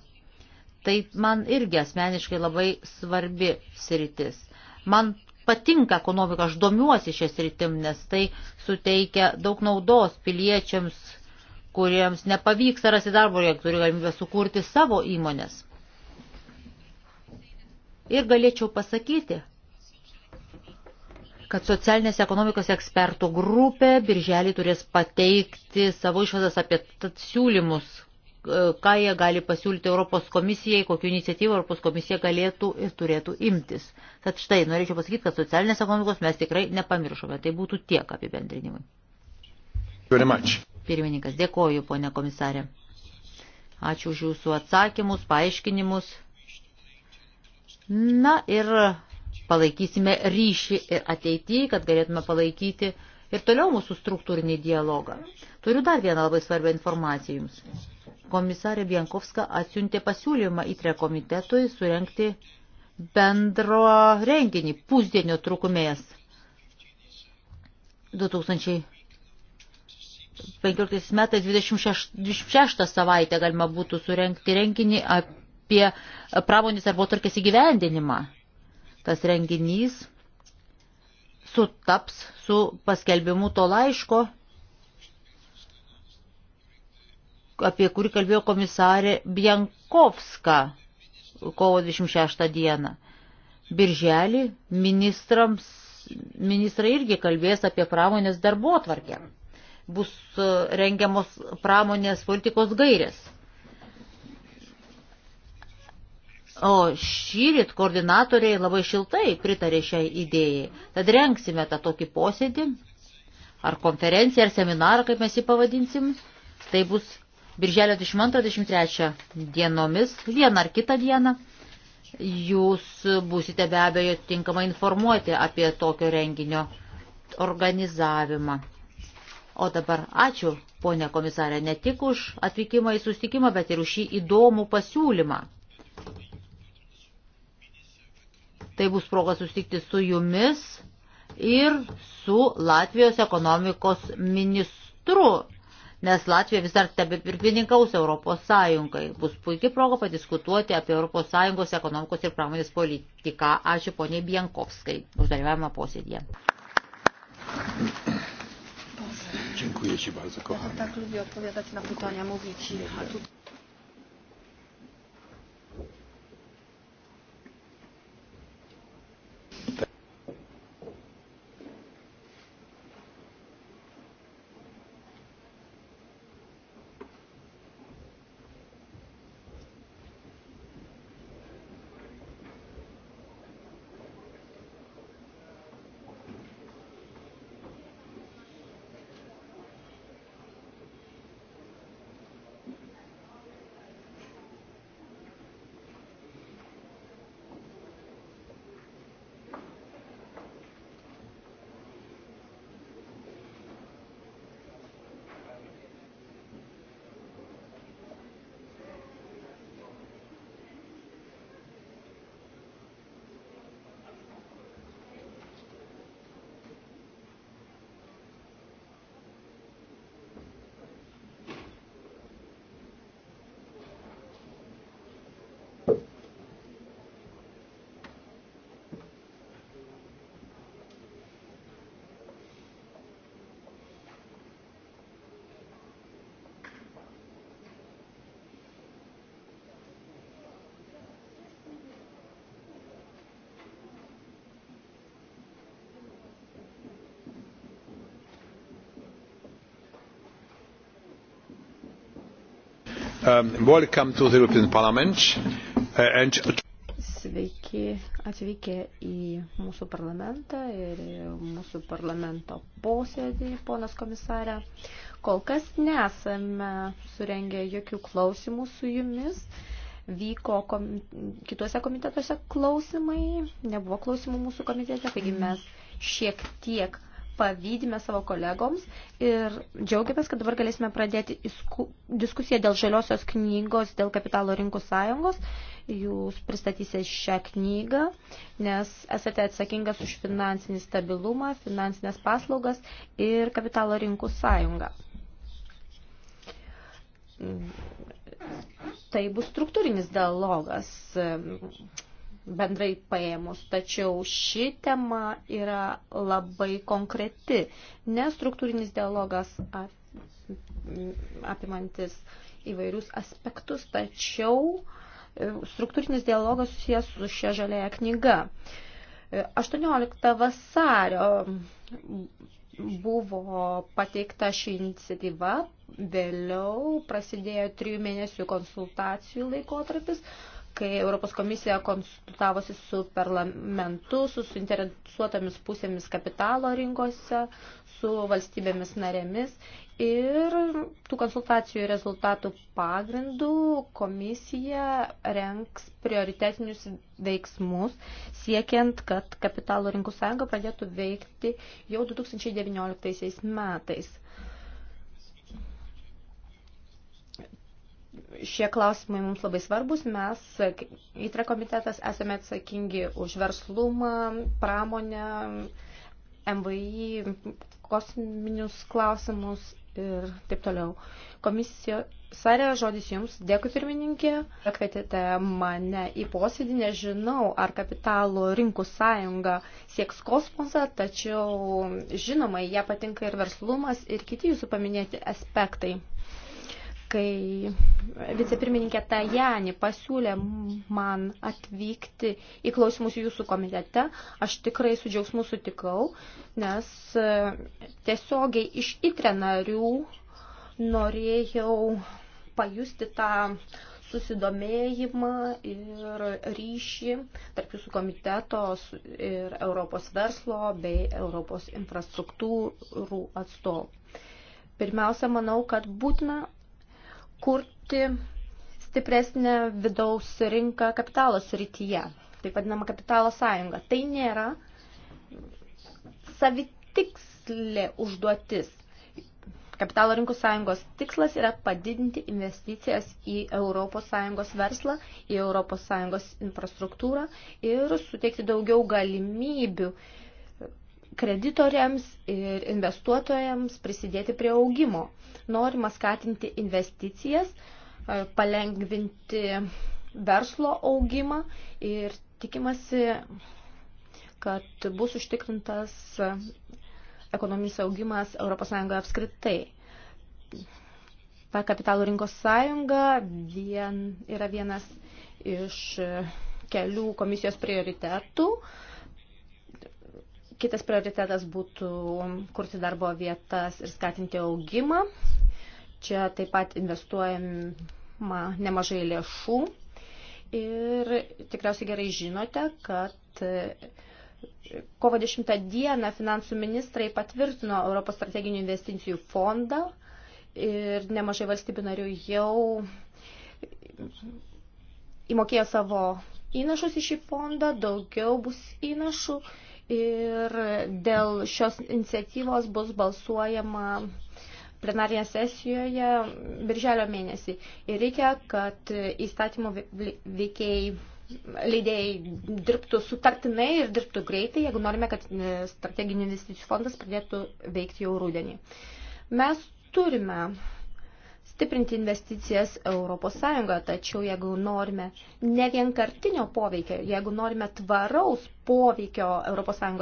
Tai man irgi asmeniškai labai svarbi sritis. Man patinka ekonomika, aš domiuosi šią sritim, nes tai suteikia daug naudos piliečiams, kuriems nepavyksta rasti darbo, jie turi galimybę sukurti savo įmonės. Ir galėčiau pasakyti, kad socialinės ekonomikos ekspertų grupė birželį turės pateikti savo išvadas apie siūlymus, E, ką jie gali pasiūlyti Europos komisijai, kokiu iniciatyvu Europos komisija galėtų ir turėtų imtis. Tad štai, norėčiau pasakyti, kad socialinės ekonomikos mes tikrai nepamiršome. Tai būtų tiek apibendrinimui. Pirmininkas, dėkoju, ponė komisarė. Ačiū už jūsų atsakymus, paaiškinimus. Na ir palaikysime ryšį ir ateityje, kad galėtume palaikyti ir toliau mūsų struktūrinį dialogą. Turiu dar vieną labai svarbią informaciją jums komisarė Bienkovska atsiuntė pasiūlymą įtre komitetui surenkti bendro renginį pusdienio trukumės 2015 metais 26, 26 savaitę galima būtų surenkti renginį apie pramonės arba tarkės įgyvendinimą. Tas renginys sutaps su paskelbimu to laiško apie kurį kalbėjo komisarė Biankovska kovo 26 dieną. Birželį ministrams, ministrai irgi kalbės apie pramonės darbo atvarkę. Bus e, rengiamos pramonės politikos gairės. O šyrit koordinatoriai labai šiltai pritarė šiai idėjai. Tad renksime tą tokį posėdį, ar konferenciją, ar seminarą, kaip mes jį pavadinsim. Tai bus birželio 22-23 dienomis, vieną ar kitą dieną, jūs būsite be abejo tinkamai informuoti apie tokio renginio organizavimą. O dabar ačiū, ponė komisarė, ne tik už atvykimą į sustikimą, bet ir už šį įdomų pasiūlymą. Tai bus proga sustikti su jumis ir su Latvijos ekonomikos ministru nes Latvija vis dar tebe pirmininkaus Europos Sąjungai. Bus puikiai proga padiskutuoti apie Europos Sąjungos ekonomikos ir pramonės politiką. Ačiū poniai Bienkovskai už dalyvavimą posėdėje. Dziękuję Ci bardzo, kochani. Ja tak lubię odpowiadać na pytania, mówić. A tu... Um, welcome to the European Parliament. Uh, and... Sveiki atvykę į mūsų parlamentą ir mūsų parlamento posėdį, ponas komisarė. Kol kas nesame surengę jokių klausimų su jumis. Vyko kom... kituose komitetuose klausimai, nebuvo klausimų mūsų komitete, taigi mes šiek tiek pavydime savo kolegoms ir džiaugiamės, kad dabar galėsime pradėti diskusiją dėl žaliosios knygos, dėl kapitalo rinkų sąjungos. Jūs pristatysite šią knygą, nes esate atsakingas už finansinį stabilumą, finansinės paslaugas ir kapitalo rinkų sąjungą. Tai bus struktūrinis dialogas bendrai paėmus, tačiau ši tema yra labai konkreti, nes struktūrinis dialogas apimantis įvairius aspektus, tačiau e, struktūrinis dialogas susijęs su šia žalėja knyga. 18 e, vasario buvo pateikta ši iniciatyva, vėliau prasidėjo trijų mėnesių konsultacijų laikotarpis, kai Europos komisija konsultavosi su parlamentu, su suinteresuotomis pusėmis kapitalo rinkose, su valstybėmis narėmis. Ir tų konsultacijų rezultatų pagrindų komisija renks prioritetinius veiksmus, siekiant, kad kapitalo rinkų sąjunga pradėtų veikti jau 2019 metais. šie klausimai mums labai svarbus. Mes, įtra komitetas, esame atsakingi už verslumą, pramonę, MVI, kosminius klausimus ir taip toliau. Komisijos Sarė, žodis Jums. Dėkui, pirmininkė. Pakvietėte mane į posėdį. Nežinau, ar kapitalų rinkų sąjunga sieks kosmosą, tačiau žinoma, ją patinka ir verslumas ir kiti Jūsų paminėti aspektai kai vicepirmininkė Tajani pasiūlė man atvykti į klausimus jūsų komitete, aš tikrai su džiausmu sutikau, nes e, tiesiogiai iš itre narių norėjau pajusti tą susidomėjimą ir ryšį tarp jūsų komiteto ir Europos verslo bei Europos infrastruktūrų atstovų. Pirmiausia, manau, kad būtina kurti stipresnę vidaus rinką kapitalo srityje, taip vadinama kapitalo sąjunga. Tai nėra savitikslė užduotis. Kapitalo rinkų sąjungos tikslas yra padidinti investicijas į ES verslą, į ES infrastruktūrą ir suteikti daugiau galimybių uh, kreditoriams ir investuotojams prisidėti prie augimo. Norima skatinti investicijas, e, palengvinti verslo augimą ir tikimasi, kad bus užtikrintas ekonominis augimas ES apskritai. Ta kapitalų rinkos sąjunga vien, yra vienas iš kelių komisijos prioritetų. Uh, Kitas prioritetas būtų kurti darbo vietas ir skatinti augimą. Čia taip pat investuojama nemažai lėšų. Ir tikriausiai gerai žinote, kad kovo 10 dieną finansų ministrai patvirtino Europos strateginių investicijų fondą ir nemažai valstybių narių jau įmokėjo savo įnašus į šį fondą, daugiau bus įnašų ir dėl šios iniciatyvos bus balsuojama plenarinėje sesijoje birželio mėnesį. Ir reikia, kad įstatymų veikėjai leidėjai dirbtų sutartinai ir dirbtų greitai, jeigu norime, kad e, strateginių investicijų fondas pradėtų veikti jau rūdienį. Mes turime stiprinti investicijas ES, tačiau jeigu norime ne vienkartinio poveikio, jeigu norime tvaraus poveikio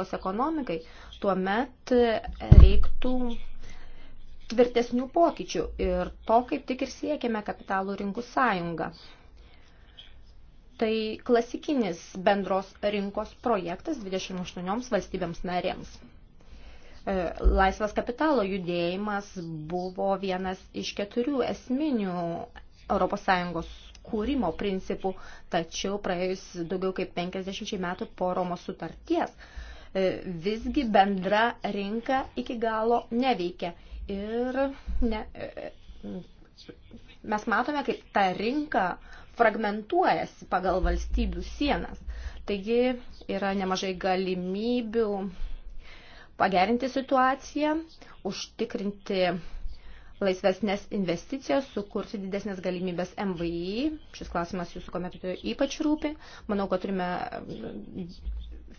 ES ekonomikai, tuomet reiktų tvirtesnių pokyčių ir to kaip tik ir siekiame kapitalų rinkų sąjungą. Tai klasikinis bendros rinkos projektas 28 valstybėms narėms. E, laisvas kapitalo judėjimas buvo vienas iš keturių esminių ES kūrimo principų, tačiau praėjus daugiau kaip 50 metų po Romos sutarties e, visgi bendra rinka iki galo neveikia. Ir ne, e, mes matome, kaip ta rinka fragmentuojasi pagal valstybių sienas. Taigi yra nemažai galimybių pagerinti situaciją, užtikrinti laisvesnės investicijas, sukurti didesnės galimybės MVI. Šis klausimas jūsų komitetui ypač rūpi. Manau, kad turime mm,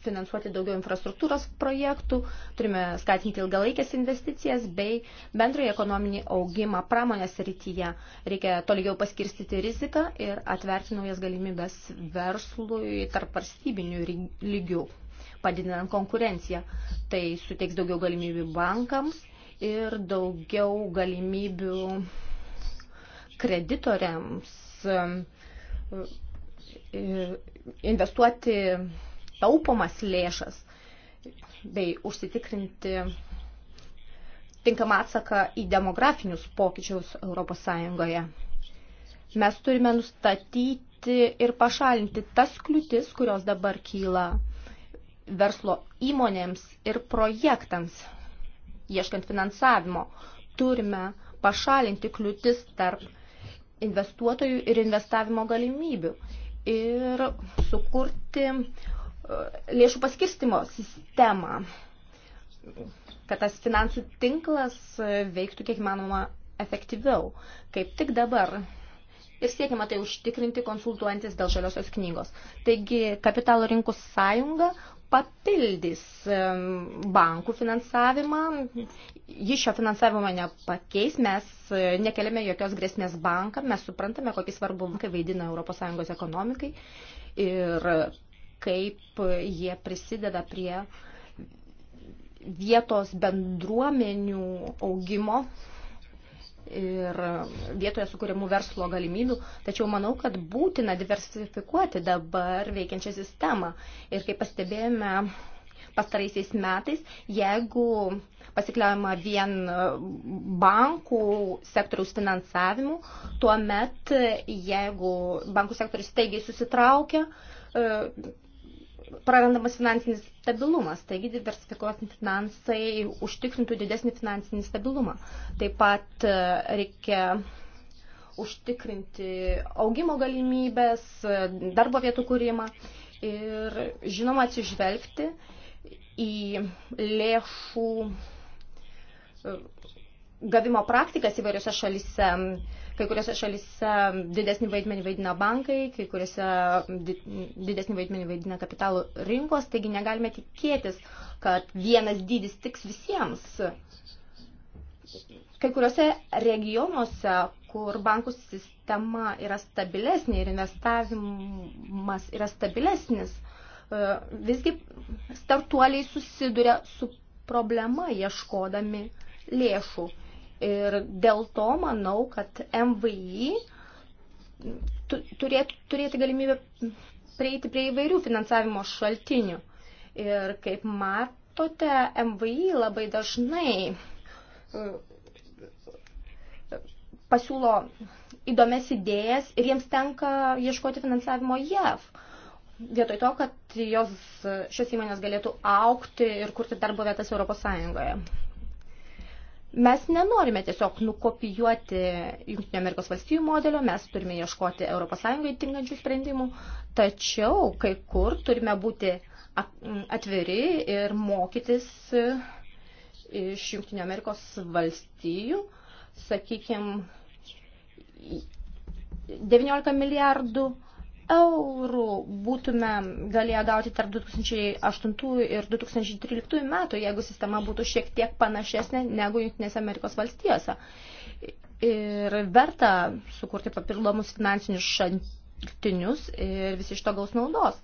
finansuoti daugiau infrastruktūros projektų, turime skatinti ilgalaikės investicijas bei bendrąjį ekonominį augimą pramonės rytyje. Reikia tolygiau paskirstyti riziką ir atverti naujas galimybės verslui tarp varstybinių lygių padidinant konkurenciją. Tai suteiks daugiau galimybių bankams ir daugiau galimybių kreditoriams um, investuoti taupomas lėšas bei užsitikrinti tinkamą atsaką į demografinius pokyčius Europos Sąjungoje. Mes turime nustatyti ir pašalinti tas kliūtis, kurios dabar kyla verslo įmonėms ir projektams, ieškant finansavimo, turime pašalinti kliūtis tarp investuotojų ir investavimo galimybių ir sukurti e, lėšų paskirstimo sistemą, kad tas finansų tinklas e, veiktų kiek manoma efektyviau, kaip tik dabar. Ir siekiama tai užtikrinti konsultuojantis dėl žaliosios knygos. Taigi, kapitalo rinkų sąjunga papildys bankų finansavimą. Jis šio finansavimo nepakeis, mes e, nekeliame jokios grėsmės bankam, mes suprantame, kokį svarbų bankai vaidina ES ekonomikai ir kaip jie prisideda prie vietos bendruomenių augimo ir vietoje sukūrimų verslo galimybių, tačiau manau, kad būtina diversifikuoti dabar veikiančią sistemą. Ir kaip pastebėjome pastaraisiais metais, jeigu pasikliaujama vien bankų sektoriaus finansavimu, tuomet jeigu bankų sektorius taigiai susitraukia, prarandamas finansinis stabilumas, taigi diversifikuoti finansai užtikrintų didesnį finansinį stabilumą. Taip pat e, reikia užtikrinti augimo galimybės, e, darbo vietų kūrimą ir žinoma atsižvelgti į lėšų e, gavimo praktikas įvairiose šalise Kai kuriuose šalise didesnį vaidmenį vaidina bankai, kai kuriuose didesnį vaidmenį vaidina kapitalų rinkos, taigi negalime tikėtis, kad vienas dydis tiks visiems. Kai kuriuose regionuose, kur bankų sistema yra stabilesnė ir investavimas yra stabilesnis, e, visgi startuoliai susiduria su problema ieškodami lėšų. Ir dėl to manau, kad MVI turėtų turėti galimybę prieiti prie įvairių finansavimo šaltinių. Ir kaip matote, MVI labai dažnai uh, pasiūlo įdomias idėjas ir jiems tenka ieškoti finansavimo JAV. Vietoj to, kad jos, šios įmonės galėtų aukti ir kurti darbo vietas Europos Sąjungoje. Mes nenorime tiesiog nukopijuoti Junktinio Amerikos valstybių modelio, mes turime ieškoti ES tinkančių sprendimų, tačiau kai kur turime būti atviri ir mokytis e, iš Junktinio Amerikos valstijų, sakykime, 19 milijardų eurų būtume galėję gauti tarp 2008 ir 2013 metų, jeigu sistema būtų šiek tiek panašesnė negu Junktinėse Amerikos valstijose. Ir verta sukurti papildomus finansinius šaltinius ir visi iš to gaus naudos.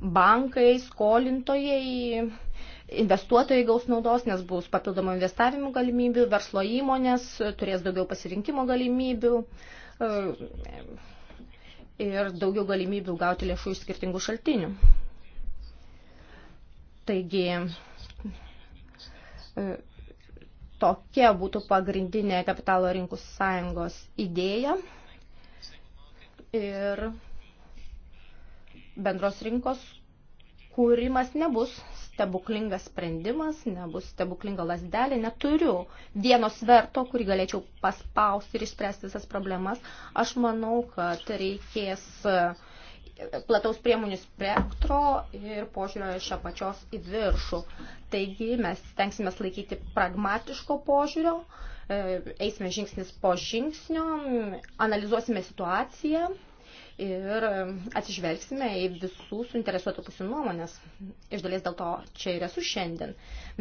Bankai, skolintojai, investuotojai gaus naudos, nes bus papildomų investavimų galimybių, verslo įmonės turės daugiau pasirinkimo galimybių ir daugiau galimybių gauti lėšų iš skirtingų šaltinių. Taigi, e, tokia būtų pagrindinė kapitalo rinkų sąjungos idėja ir bendros rinkos kūrimas nebus stebuklingas sprendimas, nebus stebuklinga lasdelė, neturiu vieno sverto, kurį galėčiau paspausti ir išspręsti visas problemas. Aš manau, kad reikės e, plataus priemonių spektro ir požiūrio iš apačios į viršų. Taigi mes tenksime laikyti pragmatiško požiūrio, e, eisime žingsnis po žingsnio, analizuosime situaciją ir atsižvelgsime į visų suinteresuotų pusių nuomonės. Iš dalies dėl to čia ir esu šiandien.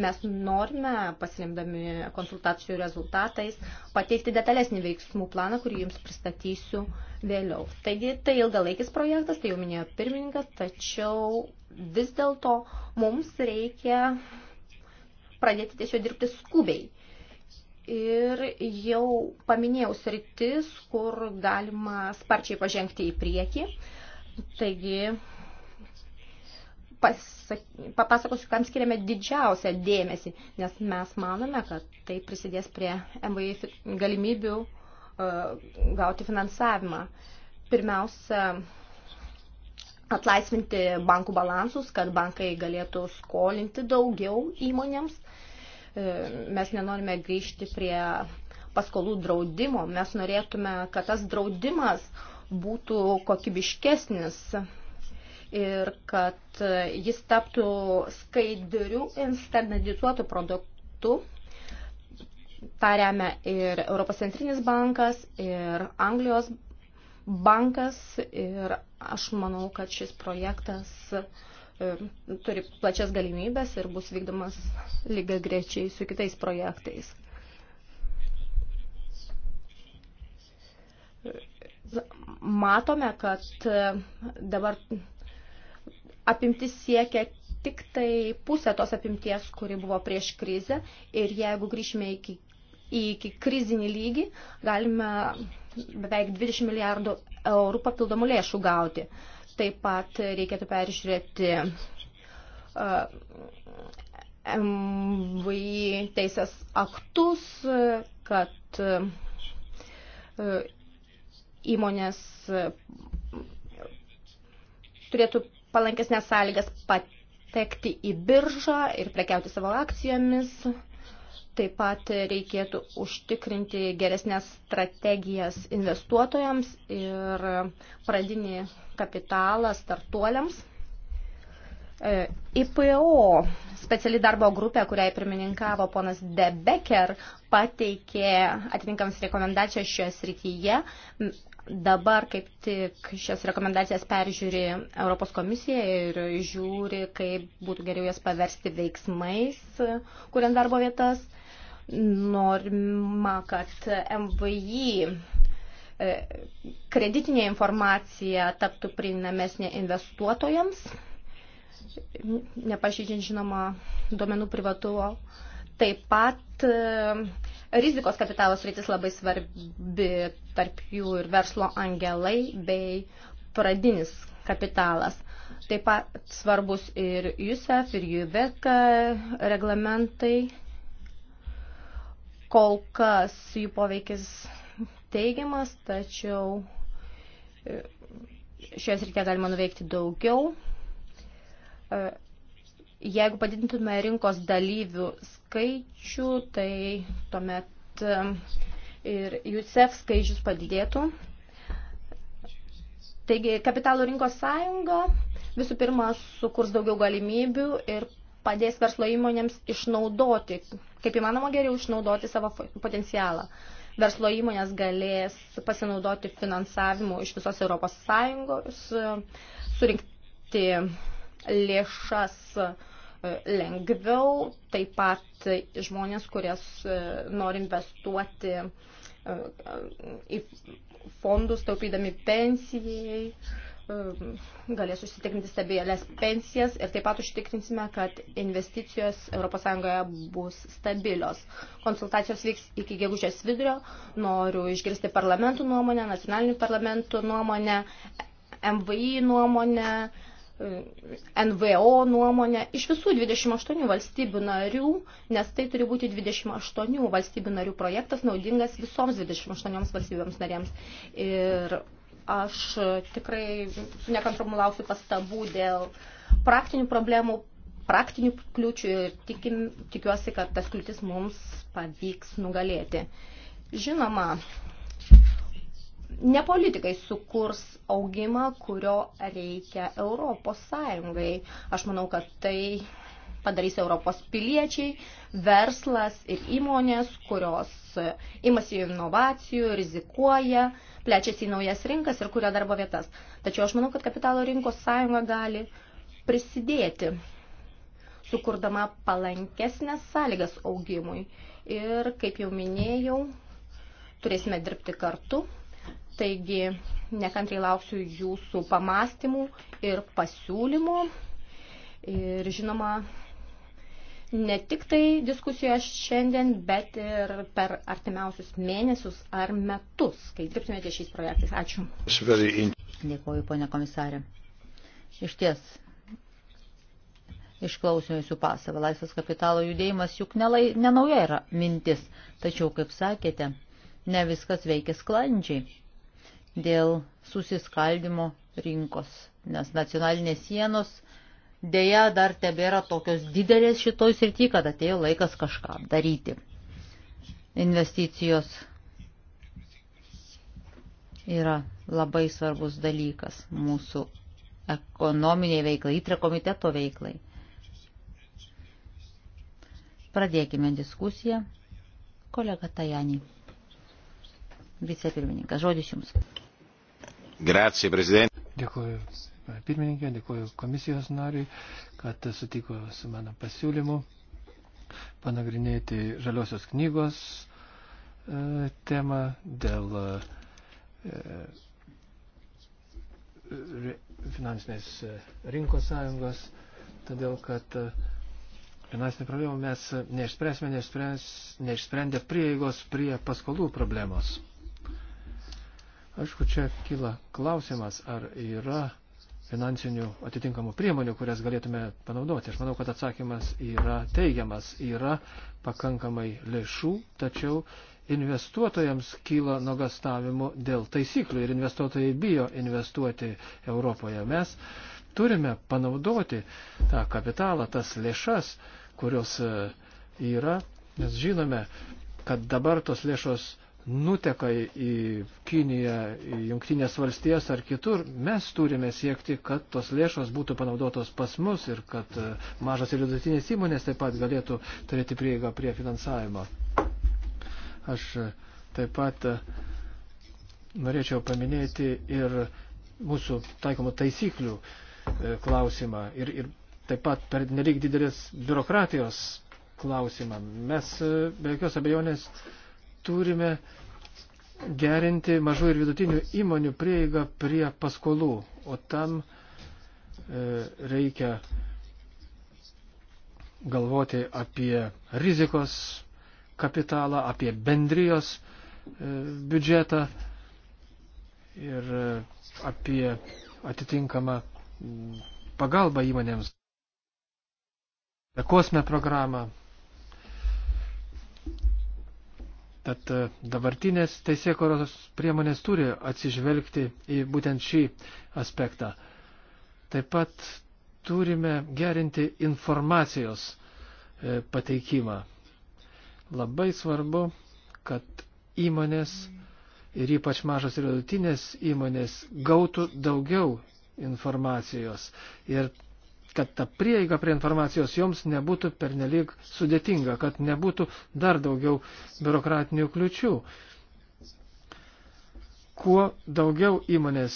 Mes norime, pasilimdami konsultacijų rezultatais, pateikti detalesnį veiksmų planą, kurį jums pristatysiu vėliau. Taigi tai ilgalaikis projektas, tai jau minėjo pirmininkas, tačiau vis dėlto mums reikia pradėti tiesiog dirbti skubiai ir jau paminėjau sritis, kur galima sparčiai pažengti į priekį. Taigi, pasak, papasakosiu, kam skiriame didžiausią dėmesį, nes mes manome, kad tai prisidės prie MVI galimybių e, gauti finansavimą. Pirmiausia, atlaisvinti bankų balansus, kad bankai galėtų skolinti daugiau įmonėms. Uh, E, mes nenorime grįžti prie paskolų draudimo, mes norėtume, kad tas draudimas būtų kokybiškesnis ir kad jis taptų skaidriu ir standardizuotų produktų. Ta remia ir Europos centrinis bankas, ir Anglijos bankas ir aš manau, kad šis projektas uh, turi plačias galimybės ir bus vykdomas lyga grečiai su kitais projektais. Matome, kad dabar apimtis siekia tik tai pusę tos apimties, kuri buvo prieš krizę ir jeigu grįžime iki, iki krizinį lygį, galime beveik 20 milijardų eurų papildomų lėšų gauti. Uh, Taip pat reikėtų peržiūrėti MVI teisės aktus, kad įmonės turėtų palankesnės sąlygas patekti į biržą ir prekiauti savo akcijomis. Taip pat reikėtų užtikrinti geresnės strategijas investuotojams ir pradinį kapitalą startuoliams. E, IPO speciali darbo grupė, kuriai pirmininkavo ponas Debecker, pateikė atitinkams rekomendacijas šioje srityje. Dabar kaip tik šias rekomendacijas peržiūri Europos komisija ir žiūri, kaip būtų geriau jas paversti veiksmais, kuriant darbo vietas norima, kad MVI e, kreditinė informacija taptų prieinamesnė investuotojams, nepažydžiant žinoma duomenų privatumo. Taip pat e, rizikos kapitalos rytis labai svarbi, tarp jų ir verslo angelai bei pradinis kapitalas. Taip pat svarbus ir JUSEF ir JUVEK reglamentai Kol kas jų poveikis teigiamas, tačiau e, šioje srityje galima nuveikti daugiau. E, jeigu padidintume rinkos dalyvių skaičių, tai tuomet e, ir UCF skaičius padidėtų. Taigi, kapitalų rinkos sąjunga visų pirma sukurs daugiau galimybių ir padės verslo įmonėms išnaudoti, kaip įmanoma geriau išnaudoti savo potencialą. Verslo įmonės galės pasinaudoti finansavimu iš visos Europos Sąjungos, surinkti lėšas e, lengviau, taip pat žmonės, kurias e, nori investuoti e, į fondus, taupydami pensijai E, galės užsitikrinti stabilias pensijas ir taip pat užtikrinsime, kad investicijos ES bus stabilios. Konsultacijos vyks iki gegužės vidurio. Noriu išgirsti parlamentų nuomonę, nacionalinių parlamentų nuomonę, MVI nuomonę, e, NVO nuomonę iš visų 28 valstybių narių, nes tai turi būti 28 valstybių narių projektas naudingas visoms 28 valstybėms narėms. Ir Aš e, tikrai su nekantrumu lauksiu pastabų dėl praktinių problemų, praktinių kliūčių ir tikim, tikiuosi, kad tas kliūtis mums pavyks nugalėti. Žinoma, ne politikai sukurs augimą, kurio reikia Europos Sąjungai. Aš manau, kad tai padarys Europos piliečiai, verslas ir įmonės, kurios e, imasi inovacijų, rizikuoja, plečiasi į naujas rinkas ir kuria darbo vietas. Tačiau aš manau, kad kapitalo rinkos sąjunga gali prisidėti, sukurdama palankesnės sąlygas augimui. Ir, kaip jau minėjau, turėsime dirbti kartu. Taigi, nekantriai lauksiu jūsų pamastymų ir pasiūlymų. Ir žinoma, ne tik tai diskusijos šiandien, bet ir per artimiausius mėnesius ar metus, kai dirbtumėte šiais projektais. Ačiū. Dėkuoju, ponia komisarė. Iš ties, išklausiu jūsų pasavą. Laisvas kapitalo judėjimas juk nelai, nenauja yra mintis, tačiau, kaip sakėte, ne viskas veikia sklandžiai dėl susiskaldimo rinkos, nes nacionalinės sienos dėja dar tebėra tokios didelės šitoj srity, kad atėjo laikas kažką daryti. Investicijos yra labai svarbus dalykas mūsų ekonominiai veiklai, įtre komiteto veiklai. Pradėkime diskusiją. Kolega Tajani, vicepirmininkas, žodis jums. Grazie, prezidentė. Dėkuoju, pirmininkė, dėkoju komisijos nariui, kad sutiko su mano pasiūlymu panagrinėti žaliosios knygos e, temą dėl e, finansinės e, rinkos sąjungos, todėl kad e, finansinių problemų mes neišspręsime, neišspręs, neišsprendę prieigos prie paskolų problemos. Aišku, čia kyla klausimas, ar yra finansinių atitinkamų priemonių, kurias galėtume panaudoti. Aš manau, kad atsakymas yra teigiamas, yra pakankamai lėšų, tačiau investuotojams kyla nuogastavimų dėl taisyklių ir investuotojai bijo investuoti Europoje. Mes turime panaudoti tą kapitalą, tas lėšas, kurios e, yra, nes žinome, kad dabar tos lėšos nuteka į Kiniją, į Junktinės valstijas ar kitur, mes turime siekti, kad tos lėšos būtų panaudotos pas mus ir kad e, mažas ir vidutinės įmonės taip pat galėtų turėti prieigą prie finansavimo. Aš e, taip pat e, norėčiau paminėti ir mūsų taikomų taisyklių klausimą ir, ir taip pat per nelik didelės biurokratijos klausimą. Mes be jokios abejonės turime gerinti mažų ir vidutinių įmonių prieigą prie paskolų, o tam e, reikia galvoti apie rizikos kapitalą, apie bendrijos e, biudžetą ir e, apie atitinkamą pagalbą įmonėms. Kosme programą Tad e, dabartinės teisėkoros priemonės turi atsižvelgti į būtent šį aspektą. Taip pat turime gerinti informacijos e, pateikimą. Labai svarbu, kad įmonės ir ypač mažos ir vidutinės įmonės gautų daugiau informacijos. Ir kad ta prieiga prie informacijos joms nebūtų pernelyg sudėtinga, kad nebūtų dar daugiau biurokratinių kliučių. Kuo daugiau įmonės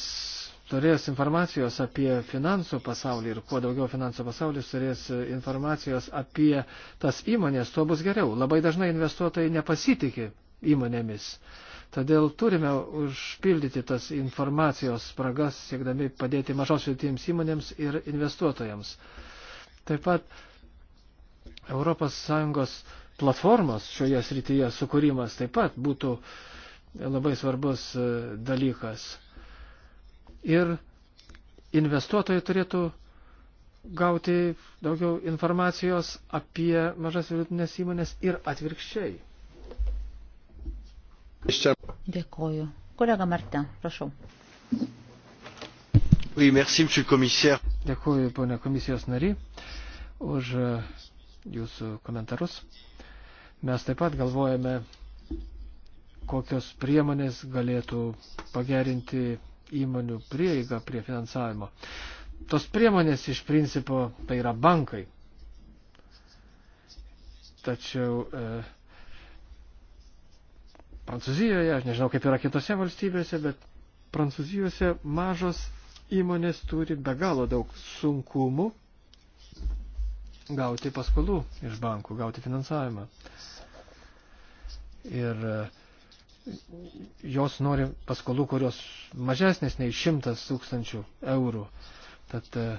turės informacijos apie finansų pasaulį ir kuo daugiau finansų pasaulis turės informacijos apie tas įmonės, tuo bus geriau. Labai dažnai investuotojai nepasitikė įmonėmis. Uh, Todėl turime užpildyti tas informacijos spragas, siekdami padėti mažos vidutėms įmonėms ir investuotojams. Taip pat ES platformos šioje srityje sukūrimas taip pat būtų labai svarbus e, dalykas. Ir investuotojai turėtų gauti daugiau informacijos apie mažas vidutinės įmonės ir atvirkščiai. Dėkoju. Kolega Martin, prašau. Oui, merci, Dėkuoju, ponia komisijos nari, už e, jūsų komentarus. Mes taip pat galvojame, kokios priemonės galėtų pagerinti įmonių prieigą prie finansavimo. Tos priemonės iš principo tai yra bankai. Tačiau e, Prancūzijoje, aš nežinau kaip yra kitose valstybėse, bet Prancūzijose mažos įmonės turi be galo daug sunkumų gauti paskolų iš bankų, gauti finansavimą. Ir e, jos nori paskolų, kurios mažesnės nei 100 tūkstančių eurų. Tad uh,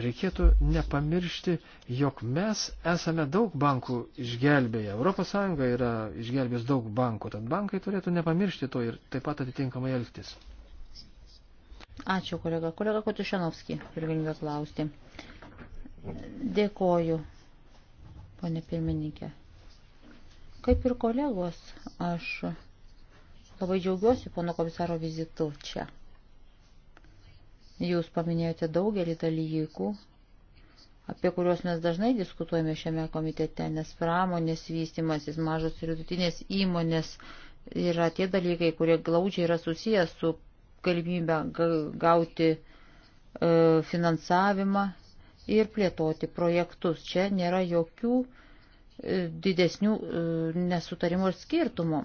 reikėtų nepamiršti, jog mes esame daug bankų išgelbėję. ES yra išgelbės daug bankų, tad bankai turėtų nepamiršti to ir taip pat atitinkamai elgtis. Ačiū, kolega. Kolega Kotušanovski, turiu galimybę klausti. Dėkoju, ponė pirmininkė. Kaip ir kolegos, aš labai džiaugiuosi pono komisaro vizitu čia. Jūs paminėjote daugelį dalykų, apie kuriuos mes dažnai diskutuojame šiame komitete, nes pramonės vystimasis, mažos ir vidutinės įmonės yra tie dalykai, kurie glaudžiai yra susijęs su galimybę gauti e, finansavimą ir plėtoti projektus. Čia nėra jokių e, didesnių e, nesutarimų ir skirtumų.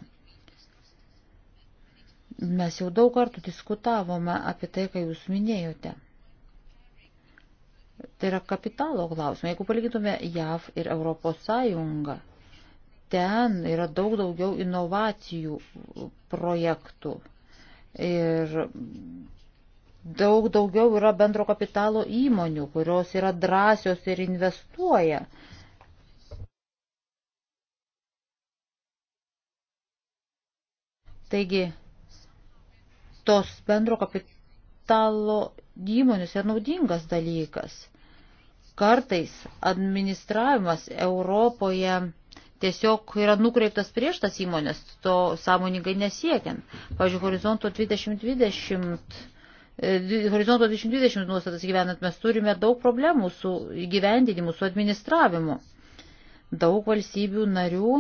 Mes jau daug kartų diskutavome apie tai, ką jūs minėjote. Tai yra kapitalo klausimai. Jeigu palygintume JAV ir Europos Sąjungą, ten yra daug daugiau inovacijų projektų ir daug daugiau yra bendro kapitalo įmonių, kurios yra drąsios ir investuoja. Taigi, tos bendro kapitalo įmonės yra naudingas dalykas. Kartais administravimas Europoje tiesiog yra nukreiptas prieš tas įmonės, to sąmoningai nesiekiant. Pavyzdžiui, horizonto 2020 e, Horizonto 2020 nuostatas gyvenant mes turime daug problemų su gyvendinimu, su administravimu. Daug valstybių narių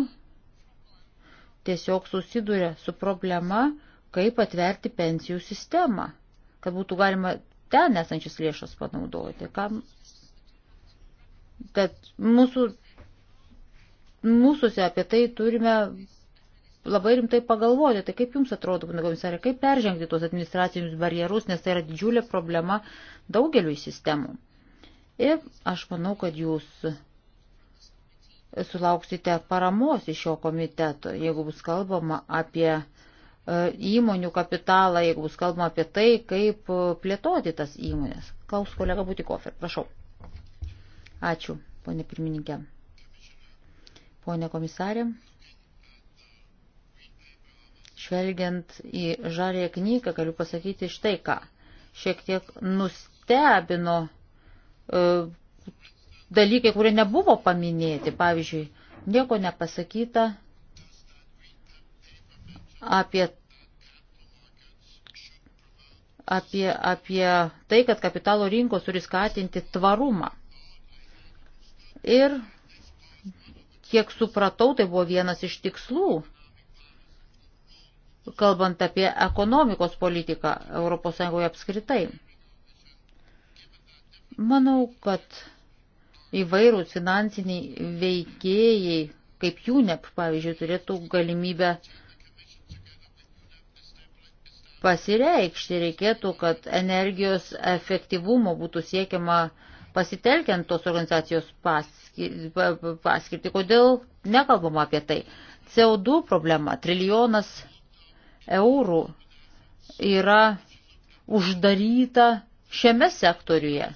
tiesiog susiduria su problema, kaip atverti pensijų sistemą, kad būtų galima ten esančias lėšas panaudoti. Kam? Tad mūsų, mūsųse apie tai turime labai rimtai pagalvoti. Tai kaip jums atrodo, pana komisarė, kaip peržengti tuos administracinius barjerus, nes tai yra didžiulė problema daugeliu sistemų. Ir aš manau, kad jūs sulauksite paramos iš šio komiteto, jeigu bus kalbama apie E, įmonių kapitalą, jeigu bus kalbama apie tai, kaip e, plėtoti tas įmonės. Klaus kolega Butikofer, prašau. Ačiū, ponė pirmininkė. Ponė komisarė, žvelgiant į žalėją knygą, galiu pasakyti štai ką. Šiek tiek nustebino e, dalykai, kurie nebuvo paminėti. Pavyzdžiui, nieko nepasakyta apie, apie, apie tai, kad kapitalo rinkos turi skatinti tvarumą. Ir kiek supratau, tai buvo vienas iš tikslų, kalbant apie ekonomikos politiką ES apskritai. Manau, kad įvairūs finansiniai veikėjai, kaip UNEP, pavyzdžiui, turėtų galimybę uh, pasireikšti. Reikėtų, kad energijos efektyvumo būtų siekiama pasitelkiant tos organizacijos paskirtį. Kodėl nekalbama apie tai? CO2 problema, trilijonas eurų yra uždaryta šiame sektoriuje.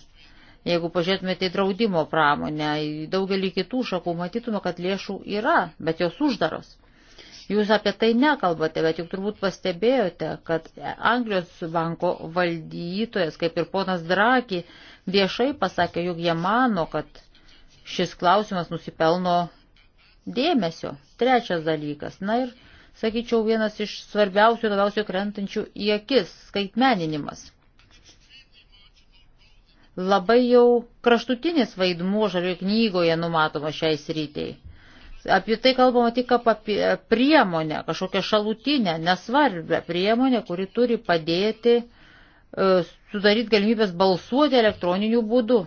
Jeigu pažiūrėtumėte į draudimo pramonę, į daugelį kitų šakų, matytume, kad lėšų yra, bet jos uždaros. Jūs apie tai nekalbate, bet juk turbūt pastebėjote, kad Anglijos banko valdytojas, kaip ir ponas Draki, viešai pasakė, jog jie mano, kad šis klausimas nusipelno dėmesio. Trečias dalykas. Na ir, sakyčiau, vienas iš svarbiausių, labiausiai krentančių į akis - skaitmeninimas labai jau kraštutinis vaidmuo žalioje knygoje numatoma šiai srytei. Apie tai kalbama tik apie priemonę, kažkokią šalutinę, nesvarbę priemonę, kuri turi padėti e, sudaryti galimybės balsuoti elektroniniu būdu.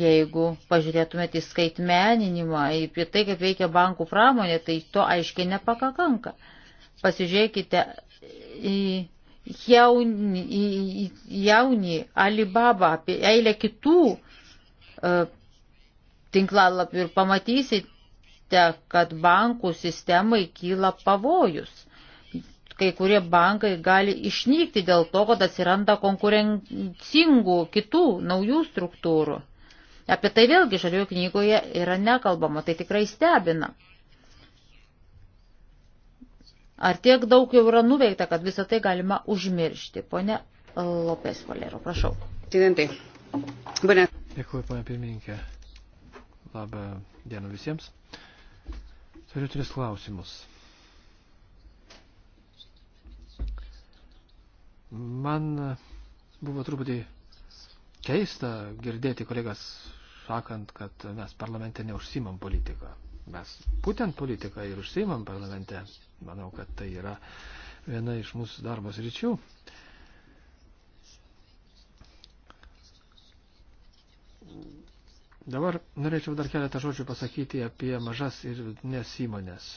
Jeigu pažiūrėtumėte į skaitmeninimą, į tai, kaip veikia bankų pramonė, tai to aiškiai nepakanka. Pasižiūrėkite į jaunį, į jaunį Alibaba, apie eilę kitų e, tinklalapių ir pamatysite, kad bankų sistemai kyla pavojus. Kai kurie bankai gali išnykti dėl to, kad atsiranda konkurencingų kitų naujų struktūrų. Apie tai vėlgi žaliojo knygoje yra nekalbama, tai tikrai stebina. Ar tiek daug jau yra nuveikta, kad visą tai galima užmiršti? Pone Lopes Valero, prašau. Dėkui, pane pirmininkė. Labą dieną visiems. Turiu tris klausimus. Man buvo truputį keista girdėti kolegas sakant, kad mes parlamente neužsimam politiką. Mes būtent politiką ir užsimam parlamente. Manau, kad tai yra viena iš mūsų darbos ryčių. Dabar norėčiau dar keletą žodžių pasakyti apie mažas ir vidutinės įmonės.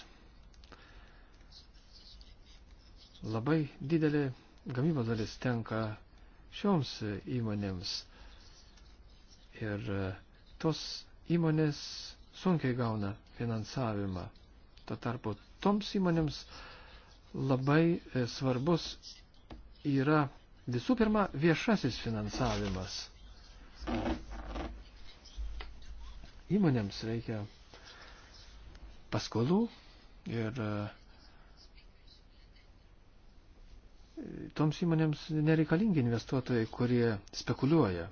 Labai didelė gamybos dalis tenka šioms įmonėms. Ir e, tos įmonės sunkiai gauna finansavimą. Tuo tarpu toms įmonėms labai e, svarbus yra visų pirma viešasis finansavimas. Įmonėms reikia paskolų ir e, toms įmonėms nereikalingi investuotojai, kurie spekuliuoja.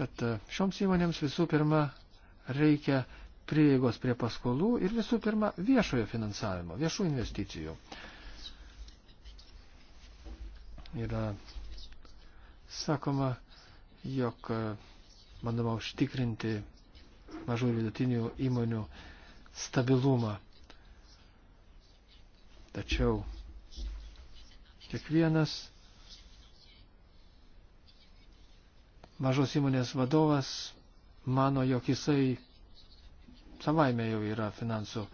Tad e, šioms įmonėms visų pirma reikia prieigos prie paskolų ir visų pirma viešojo finansavimo, viešų investicijų. Yra sakoma, jog e, bandoma užtikrinti mažų ir vidutinių įmonių stabilumą. Tačiau kiekvienas mažos įmonės vadovas mano, jog jisai savaime jau yra finansų e,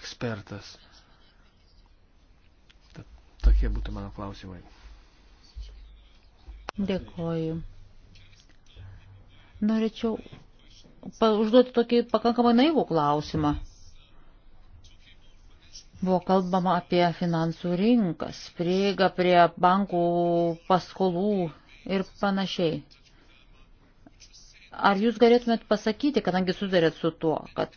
ekspertas. Tad tokie būtų mano klausimai. Dėkoju. Norėčiau užduoti tokį pakankamai naivų klausimą. Buvo kalbama apie finansų rinkas, prieigą prie bankų paskolų ir panašiai. Ar jūs galėtumėt pasakyti, kadangi sudarėt su tuo, kad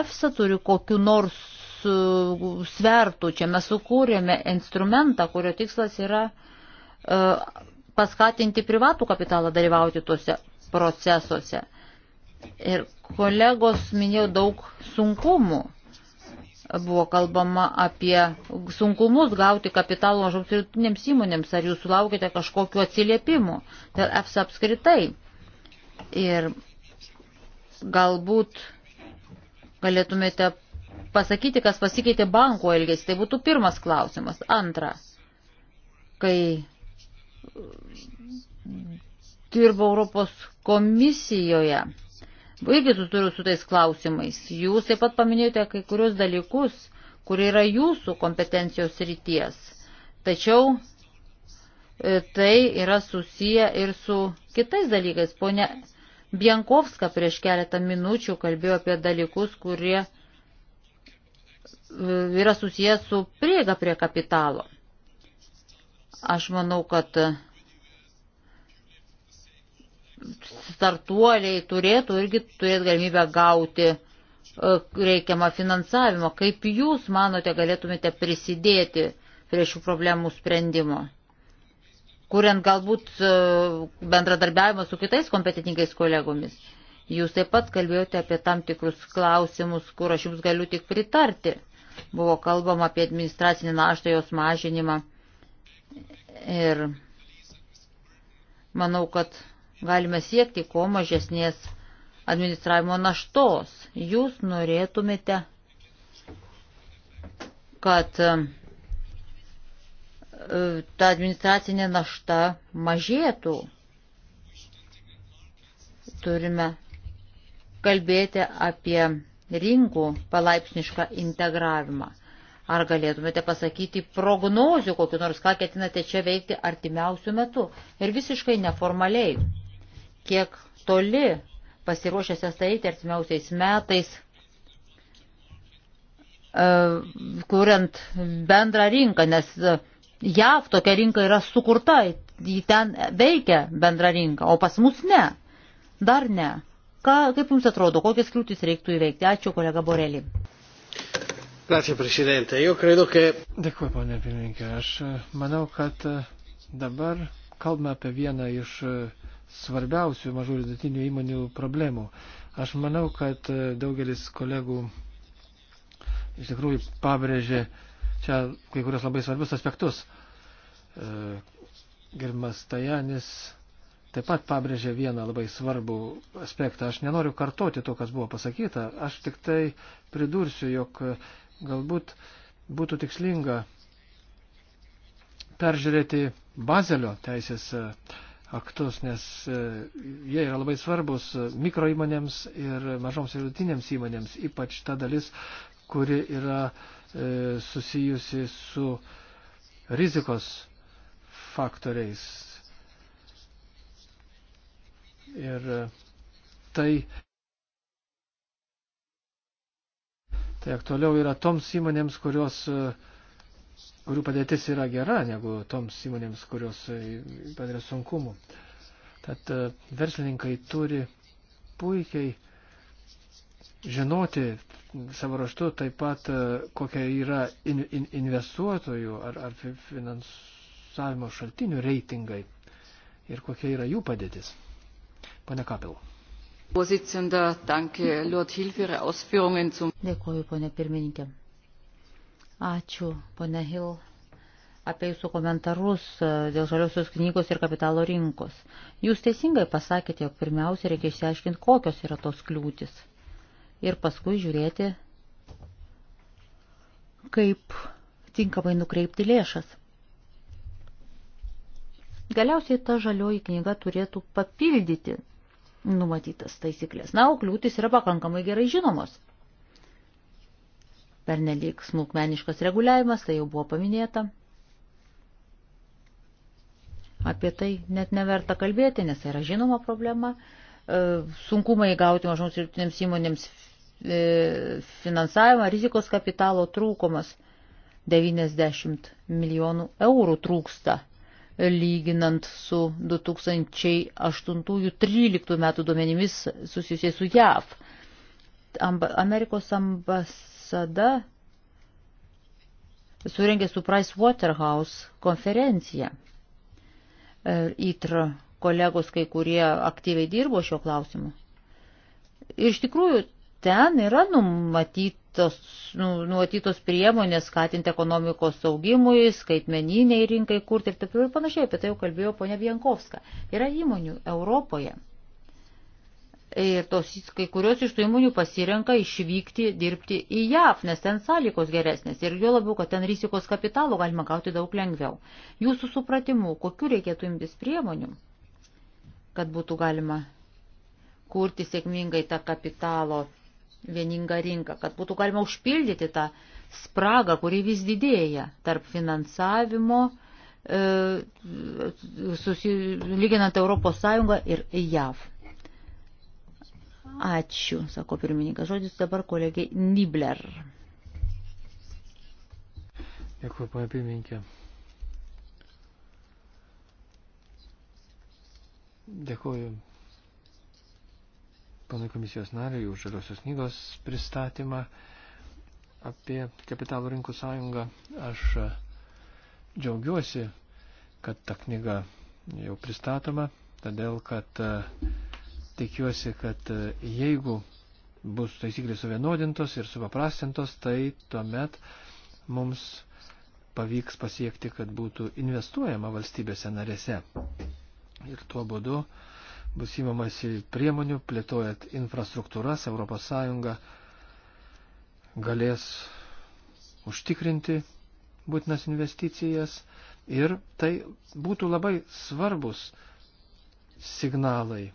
EFSA turi kokiu nors svertų, čia mes sukūrėme instrumentą, kurio tikslas yra uh, paskatinti privatų kapitalą dalyvauti tuose procesuose. Ir kolegos minėjo daug sunkumų. Buvo kalbama apie sunkumus gauti kapitalų mažoms ir vidutinėms įmonėms, ar jūs sulaukite kažkokiu atsiliepimu dėl EFSA apskritai. Ir galbūt galėtumėte pasakyti, kas pasikeitė banko elgesį. Tai būtų pirmas klausimas. Antra, kai dirbo Europos komisijoje. Irgi susiduriu su tais klausimais. Jūs taip pat paminėjote kai kurios dalykus, kurie yra jūsų kompetencijos ryties. Tačiau e, tai yra susiję ir su kitais dalykais. Pone Bienkovska prieš keletą minučių kalbėjo apie dalykus, kurie e, yra susiję su prieiga prie kapitalo. Aš manau, kad startuoliai turėtų irgi turėti galimybę gauti e, reikiamą finansavimą. Kaip jūs manote galėtumėte prisidėti prie šių problemų sprendimo? Kuriant galbūt e, bendradarbiavimą su kitais kompetitinkais kolegomis. Jūs taip pat kalbėjote apie tam tikrus klausimus, kur aš jums galiu tik pritarti. Buvo kalbama apie administracinį naštą jos mažinimą Ir manau, kad galime siekti kuo mažesnės administravimo naštos. Jūs norėtumėte, kad e, ta administracinė našta mažėtų. Turime kalbėti apie rinkų palaipsnišką integravimą. Ar galėtumėte pasakyti prognozių kokiu nors, ką ketinate čia veikti artimiausių metų? Ir visiškai neformaliai, kiek toli pasiruošęs esate eiti artimiausiais metais, e, kuriant bendrą rinką, nes JAV tokia rinka yra sukurta, jį ten veikia bendra rinka, o pas mus ne, dar ne. Ką, kaip jums atrodo, kokias kliūtis reiktų įveikti? Ačiū, kolega Borelį. Grazie, prezidente. Jau credo, kad. Ke... Dėkui, ponė pirmininkė. Aš e, manau, kad e, dabar kalbame apie vieną iš e, svarbiausių mažų ir vidutinių įmonių problemų. Aš manau, kad daugelis kolegų iš tikrųjų pabrėžė čia kai kurios labai svarbius aspektus. Girmas Tajanis taip pat pabrėžė vieną labai svarbų aspektą. Aš nenoriu kartoti to, kas buvo pasakyta, aš tik tai pridursiu, jog galbūt būtų tikslinga peržiūrėti bazelio teisės e, aktus, nes e, jie yra labai svarbus mikro įmonėms ir mažoms ir vidutinėms įmonėms, ypač ta dalis, kuri yra e, susijusi su rizikos faktoriais. Ir tai Tai aktualiau yra toms įmonėms, kurios, e, kurių padėtis yra gera, negu toms įmonėms, kurios e, patiria sunkumų. Tad e, verslininkai turi puikiai žinoti savo raštu taip pat, kokia yra in, in, investuotojų ar, ar finansavimo šaltinių reitingai ir kokia yra jų padėtis. Pane Kapil. Dėkuoju, ponė pirmininkė. Ačiū, ponė Hill, apie jūsų komentarus e, dėl žaliosios knygos ir kapitalo rinkos. Jūs teisingai pasakėte, jog pirmiausia reikia išsiaiškinti, kokios yra tos kliūtis. Ir paskui žiūrėti, kaip tinkamai nukreipti lėšas. Galiausiai ta žalioji knyga turėtų papildyti numatytas taisyklės. Na, o kliūtis yra pakankamai gerai žinomos. Pernelyg smulkmeniškas reguliavimas, tai jau buvo paminėta. Apie tai net neverta kalbėti, nes tai yra žinoma problema. E, sunkumai gauti mažoms ir vidutinėms įmonėms e, finansavimą, rizikos kapitalo trūkumas 90 milijonų eurų trūksta lyginant su 2008-2013 metų duomenimis susijusiais su JAV. Amerikos ambasada surengė su Price Waterhouse konferenciją. ITR e, kolegos kai kurie aktyviai dirbo šio klausimu. Iš tikrųjų, ten yra numatyti tos nuotytos priemonės skatinti ekonomikos saugimui, skaitmeniniai rinkai kurti ir taip ir panašiai, apie tai jau kalbėjo ponia Vienkovska. Yra įmonių Europoje. Ir tos, kai kurios iš tų įmonių pasirenka išvykti dirbti į JAV, nes ten sąlygos geresnės ir jo labiau, kad ten rizikos kapitalo galima gauti daug lengviau. Jūsų supratimu, kokiu reikėtų imtis priemonių, kad būtų galima kurti sėkmingai tą kapitalo vieningą rinką, kad būtų galima užpildyti tą spragą, kuri vis didėja tarp finansavimo, e, lyginant Europos Sąjungą ir JAV. Ačiū, sako pirmininkas. Žodis dabar kolegiai Nibler. Dėkui, pana pirmininkė. Dėkuoju panui komisijos nariui už žaliosios knygos pristatymą apie kapitalų rinkų sąjungą. Aš e, džiaugiuosi, kad ta knyga jau pristatoma, todėl kad e, tikiuosi, kad e, jeigu bus taisyklės suvienodintos ir supaprastintos, tai tuomet mums pavyks pasiekti, kad būtų investuojama valstybėse narėse. Ir tuo būdu uh, bus įmamasi priemonių, plėtojant infrastruktūras, ES galės užtikrinti būtinas investicijas ir tai būtų labai svarbus signalai.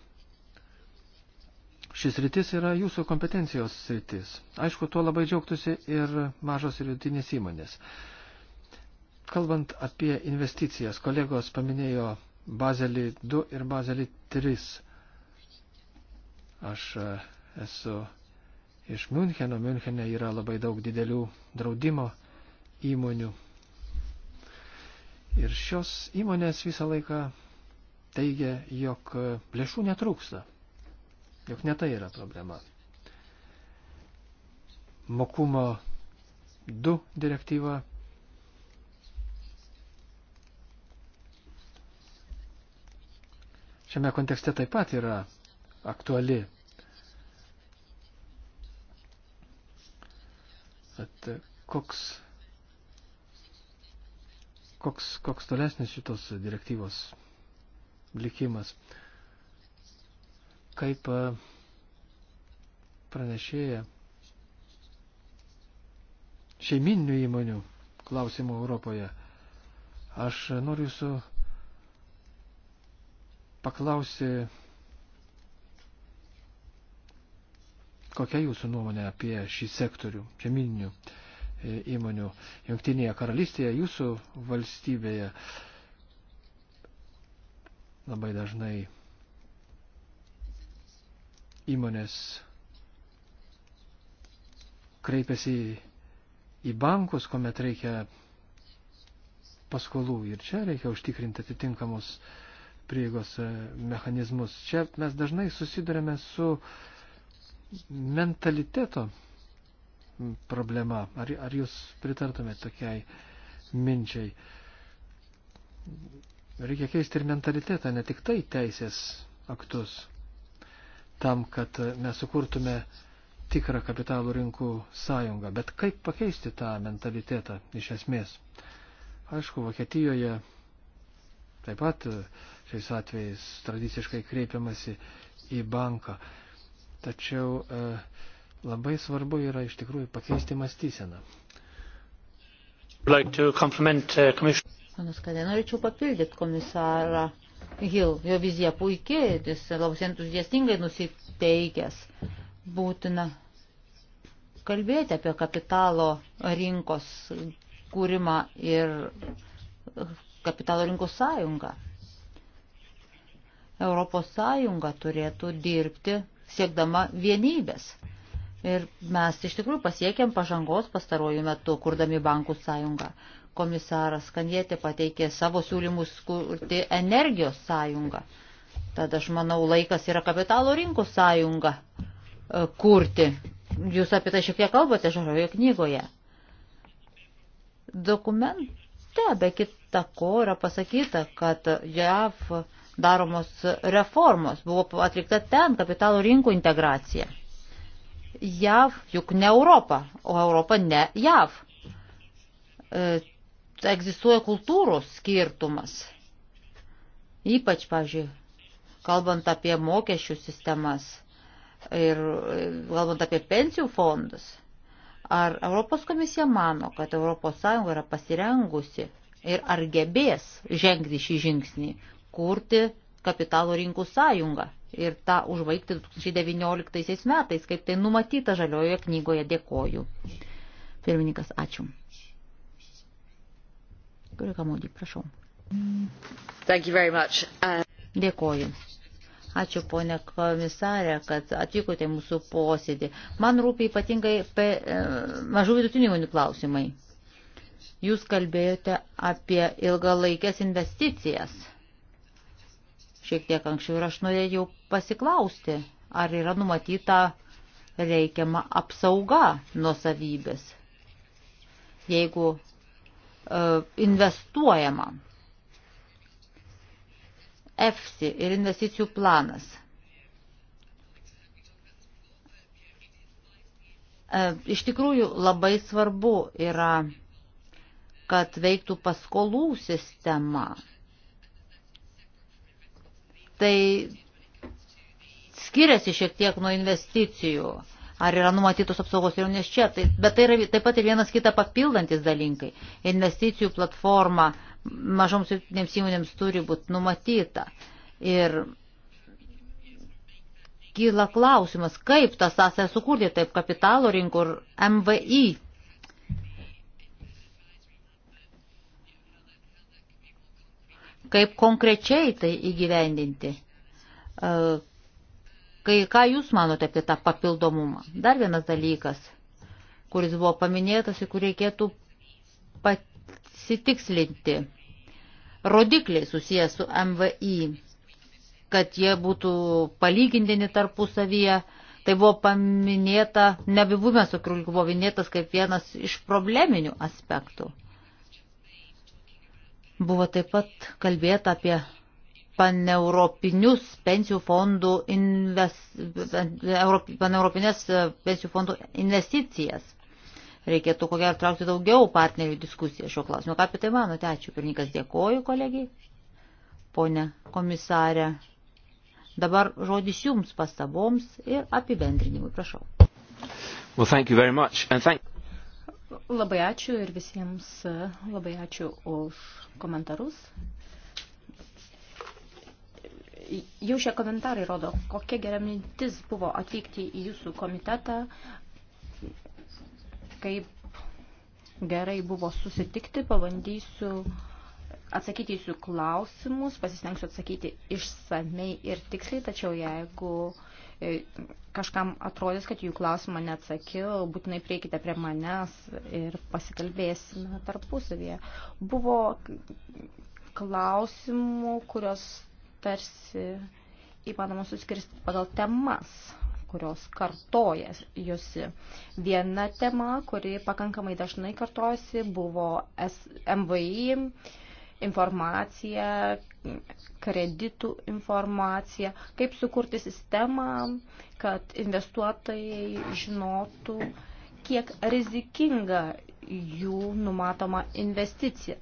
Šis rytis yra jūsų kompetencijos rytis. Aišku, tuo labai džiaugtųsi ir mažos ir vidutinės įmonės. Kalbant apie investicijas, kolegos paminėjo Bazelį 2 ir Bazelį 3. Aš e, esu iš Müncheno. Münchene yra labai daug didelių draudimo įmonių. Ir šios įmonės visą laiką teigia, jog e, lėšų netrūksta. Jok ne tai yra problema. Mokumo 2 direktyva šiame kontekste taip pat yra aktuali. Bet koks, koks, koks tolesnis šitos direktyvos likimas, kaip e, pranešėja šeimininių įmonių klausimų Europoje. Aš noriu jūsų paklausė, kokia jūsų nuomonė apie šį sektorių, žemyninių e, įmonių Junktinėje karalystėje, jūsų valstybėje. Labai dažnai įmonės kreipiasi į bankus, kuomet reikia paskolų ir čia reikia užtikrinti atitinkamus uh, prieigos e, mechanizmus. Čia mes dažnai susidurėme su mentaliteto problema. Ar, ar jūs pritartumėte tokiai minčiai? Reikia keisti ir mentalitetą, ne tik tai teisės aktus, tam, kad mes sukurtume tikrą kapitalų rinkų sąjungą. Bet kaip pakeisti tą mentalitetą iš esmės? Aišku, Vokietijoje taip pat šiais atvejais tradiciškai kreipiamasi į banką. Tačiau e, labai svarbu yra iš tikrųjų pakeisti mąstyseną. Like uh, Panas Kadė, norėčiau papildyti komisarą Hill. Jo vizija puikiai, jis labai entuziastingai nusiteikęs. Būtina kalbėti apie kapitalo rinkos kūrimą ir kapitalo rinkos sąjungą. Europos Sąjunga turėtų dirbti siekdama vienybės. Ir mes iš tikrųjų pasiekėm pažangos pastarojų metų, kurdami bankų sąjungą. Komisaras Kanjėti pateikė savo siūlymus kurti energijos sąjungą. Tad aš manau, laikas yra kapitalo rinkų sąjunga e, kurti. Jūs apie tai šiek tiek kalbate žaliojo knygoje. Dokumente be kita ko yra pasakyta, kad JAV daromos reformos, buvo atlikta ten kapitalo rinkų integracija. JAV juk ne Europa, o Europa ne JAV. E, egzistuoja kultūros skirtumas. Ypač, pažiūrėjau, kalbant apie mokesčių sistemas ir e, kalbant apie pensijų fondus. Ar Europos komisija mano, kad ES yra pasirengusi ir ar gebės žengti šį žingsnį, kurti kapitalo rinkų sąjungą ir tą užvaigti 2019 metais, kaip tai numatyta žaliojoje knygoje. Dėkoju. Pirmininkas, ačiū. Kolega Modi, prašau. Thank you very much. Uh... Dėkoju. Ačiū, ponė komisarė, kad atvykote į mūsų posėdį. Man rūpi ypatingai pe, e, mažų vidutinių įmonių klausimai. Jūs kalbėjote apie ilgalaikės investicijas šiek tiek anksčiau ir aš norėjau pasiklausti, ar yra numatyta reikiama apsauga nuosavybės, jeigu e, investuojama. EFSI ir investicijų planas. E, iš tikrųjų labai svarbu yra, kad veiktų paskolų sistema tai skiriasi šiek tiek nuo investicijų. Ar yra numatytos apsaugos ir nes čia, tai, bet tai yra taip pat ir vienas kitą papildantis dalykai. Investicijų platforma mažoms vidutinėms įmonėms turi būti numatyta. Ir kyla klausimas, kaip tas sąsąją sukurti, taip kapitalo rinkų ir MVI kaip konkrečiai tai įgyvendinti. E, kai, ką Jūs manote apie tą papildomumą? Dar vienas dalykas, kuris buvo paminėtas, į kurį reikėtų pasitikslinti. Rodikliai susijęs su MVI, kad jie būtų palygindini tarpusavyje. Tai buvo paminėta, nebivumas, kur buvo minėtas kaip vienas iš probleminių aspektų. Buvo taip pat kalbėta apie paneuropinius pensijų fondų paneuropinės e, pensijų fondų investicijas. Reikėtų ko gero traukti daugiau partnerių diskusiją šio klausimo. Ką apie tai manote? Ačiū. Pirmininkas dėkoju kolegijai. Pone komisarė, dabar žodis jums pastaboms ir apibendrinimui. Prašau. Well, thank you very much. And thank... Labai ačiū ir visiems labai ačiū už komentarus. Jau šie komentarai rodo, kokia gera mintis buvo atvykti į jūsų komitetą, kaip gerai buvo susitikti, pabandysiu atsakyti jūsų klausimus, pasistengsiu atsakyti išsamei ir tiksliai, tačiau jeigu uh, E, kažkam atrodys, kad jų klausimą neatsakiau, būtinai priekite prie manęs ir pasikalbėsime tarpusavėje. Buvo klausimų, kurios tarsi įmanoma suskirsti pagal temas kurios kartoja jusi. Viena tema, kuri pakankamai dažnai kartojasi, buvo MVI, informaciją, kreditų informaciją, kaip sukurti sistemą, kad investuotojai žinotų, kiek rizikinga jų numatoma investicija.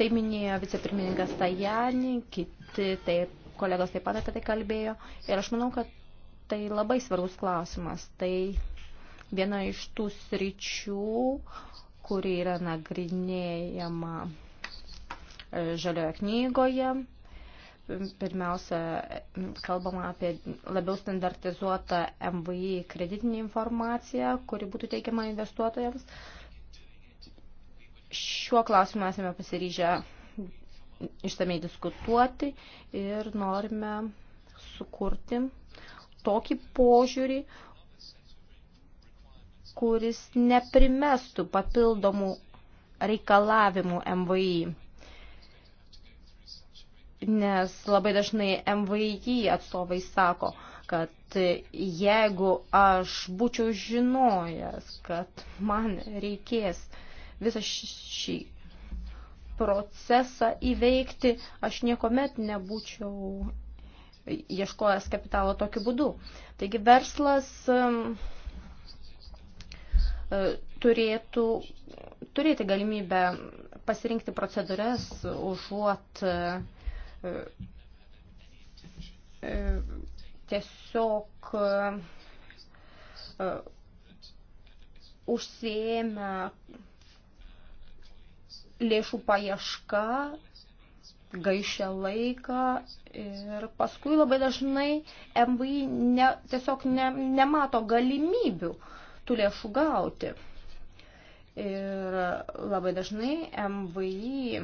Tai minėjo vicepirmininkas Tajani, kiti taip, kolegos taip pat apie tai kalbėjo ir aš manau, kad tai labai svarbus klausimas. Tai viena iš tų sričių, kuri yra nagrinėjama žalioje knygoje. Pirmiausia, kalbama apie labiau standartizuotą MVI kreditinį informaciją, kuri būtų teikiama investuotojams. Šiuo klausimu esame pasiryžę išsamei diskutuoti ir norime sukurti tokį požiūrį, kuris neprimestų papildomų reikalavimų MVI nes labai dažnai MVI atstovai sako, kad jeigu aš būčiau žinojęs, kad man reikės visą šį procesą įveikti, aš niekuomet nebūčiau ieškojęs kapitalo tokiu būdu. Taigi verslas um, e, turėtų turėti galimybę pasirinkti procedūras užuot uh, tiesiog e, užsėmę lėšų paieška, gaišia laiką ir paskui labai dažnai MVI ne, tiesiog ne, nemato galimybių tų lėšų gauti. Ir labai dažnai MVI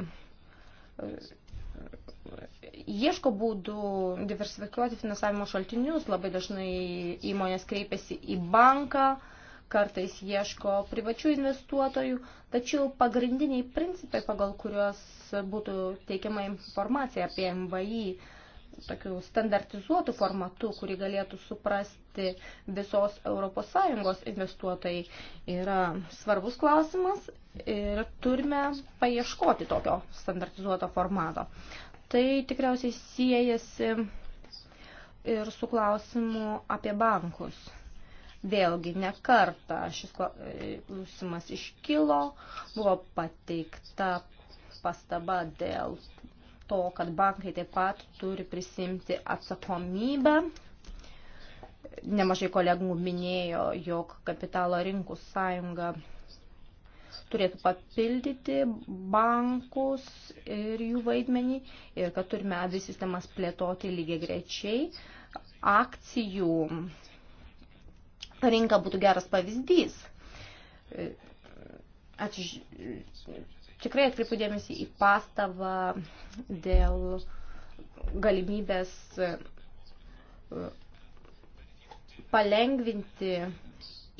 ieško būdų diversifikuoti finansavimo šaltinius, labai dažnai įmonės kreipiasi į banką, kartais ieško privačių investuotojų, tačiau pagrindiniai principai, pagal kuriuos būtų teikiama informacija apie MVI, tokių standartizuotų formatų, kurį galėtų suprasti visos ES investuotojai, yra svarbus klausimas ir turime paieškoti tokio standartizuoto formato. Tai tikriausiai siejasi ir su klausimu apie bankus. Vėlgi, ne kartą šis klausimas iškilo, buvo pateikta pastaba dėl to, kad bankai taip pat turi prisimti atsakomybę. Nemažai kolegų minėjo, jog kapitalo rinkų sąjunga turėtų papildyti bankus ir jų vaidmenį ir kad turime abi sistemas plėtoti lygiai grečiai. Akcijų rinka būtų geras pavyzdys. Ačiū. Tikrai atkreipiu dėmesį į pastavą dėl galimybės palengvinti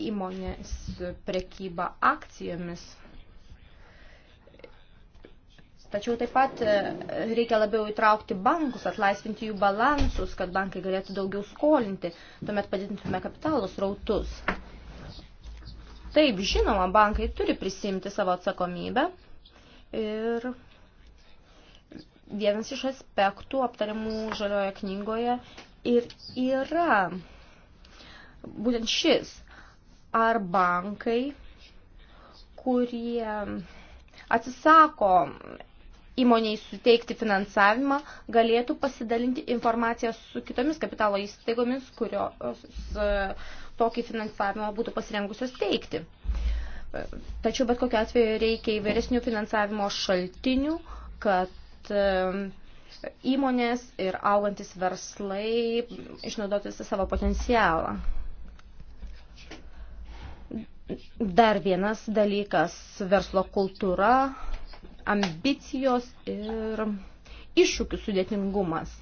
įmonės prekyba akcijomis. Tačiau taip pat e, reikia labiau įtraukti bankus, atlaisvinti jų balansus, kad bankai galėtų daugiau skolinti, tuomet padidintume kapitalus rautus. Taip, žinoma, bankai turi prisimti savo atsakomybę ir vienas iš aspektų aptariamų žalioje knygoje ir yra būtent šis, ar bankai, kurie atsisako įmoniai suteikti finansavimą, galėtų pasidalinti informaciją su kitomis kapitalo įstaigomis, kurios tokį finansavimą būtų pasirengusios teikti. Tačiau bet kokiu atveju reikia įvairesnių finansavimo šaltinių, kad e, įmonės ir augantis verslai išnaudotų visą savo potencialą. Dar vienas dalykas - verslo kultūra, ambicijos ir iššūkių sudėtingumas.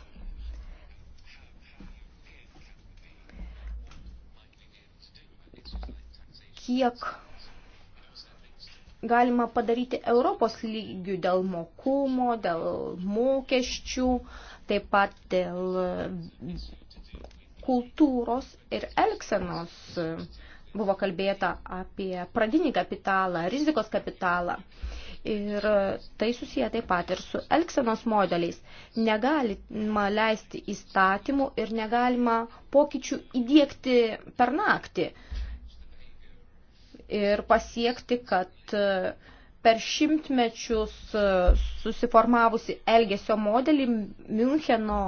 Kiek galima padaryti Europos lygių dėl mokumo, dėl mokesčių, taip pat dėl kultūros ir elksenos Buvo kalbėta apie pradinį kapitalą, rizikos kapitalą. Ir tai susiję taip pat ir su elksenos modeliais. Negalima leisti įstatymų ir negalima pokyčių įdėkti per naktį. Ir pasiekti, kad e, per šimtmečius e, susiformavusi elgesio modelį Müncheno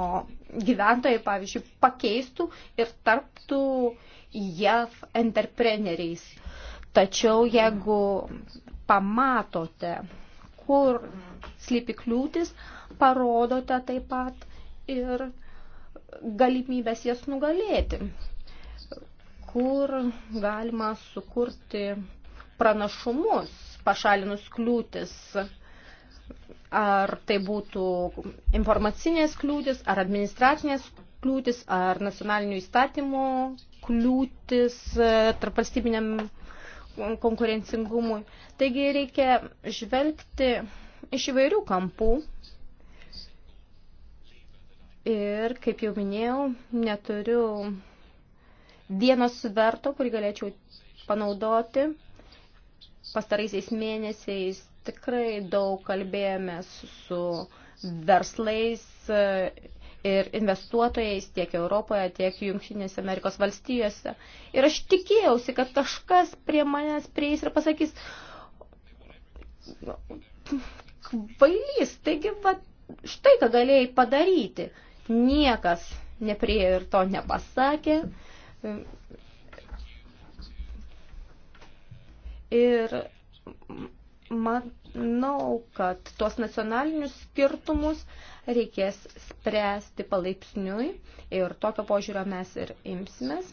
gyventojai, pavyzdžiui, pakeistų ir tarptų JAV entrepreneriais. Tačiau jeigu pamatote, kur slypi kliūtis, parodote taip pat ir galimybės jas nugalėti, kur galima sukurti pranašumus, pašalinus kliūtis, ar tai būtų informacinės kliūtis, ar administracinės kliūtis ar nacionalinių įstatymų kliūtis e, tarpvalstybiniam konkurencingumui. Taigi reikia žvelgti iš įvairių kampų. Ir, kaip jau minėjau, neturiu vieno sverto, kurį galėčiau panaudoti. Pastaraisiais mėnesiais tikrai daug kalbėjomės su verslais ir investuotojais tiek Europoje, tiek Junktinėse Amerikos valstijose. Ir aš tikėjausi, kad kažkas prie manęs prieis ir pasakys, kvailys, taigi va, štai ką galėjai padaryti. Niekas nepriejo ir to nepasakė. Ir manau, kad tuos nacionalinius skirtumus reikės spręsti palaipsniui ir tokio požiūrio mes ir imsimės.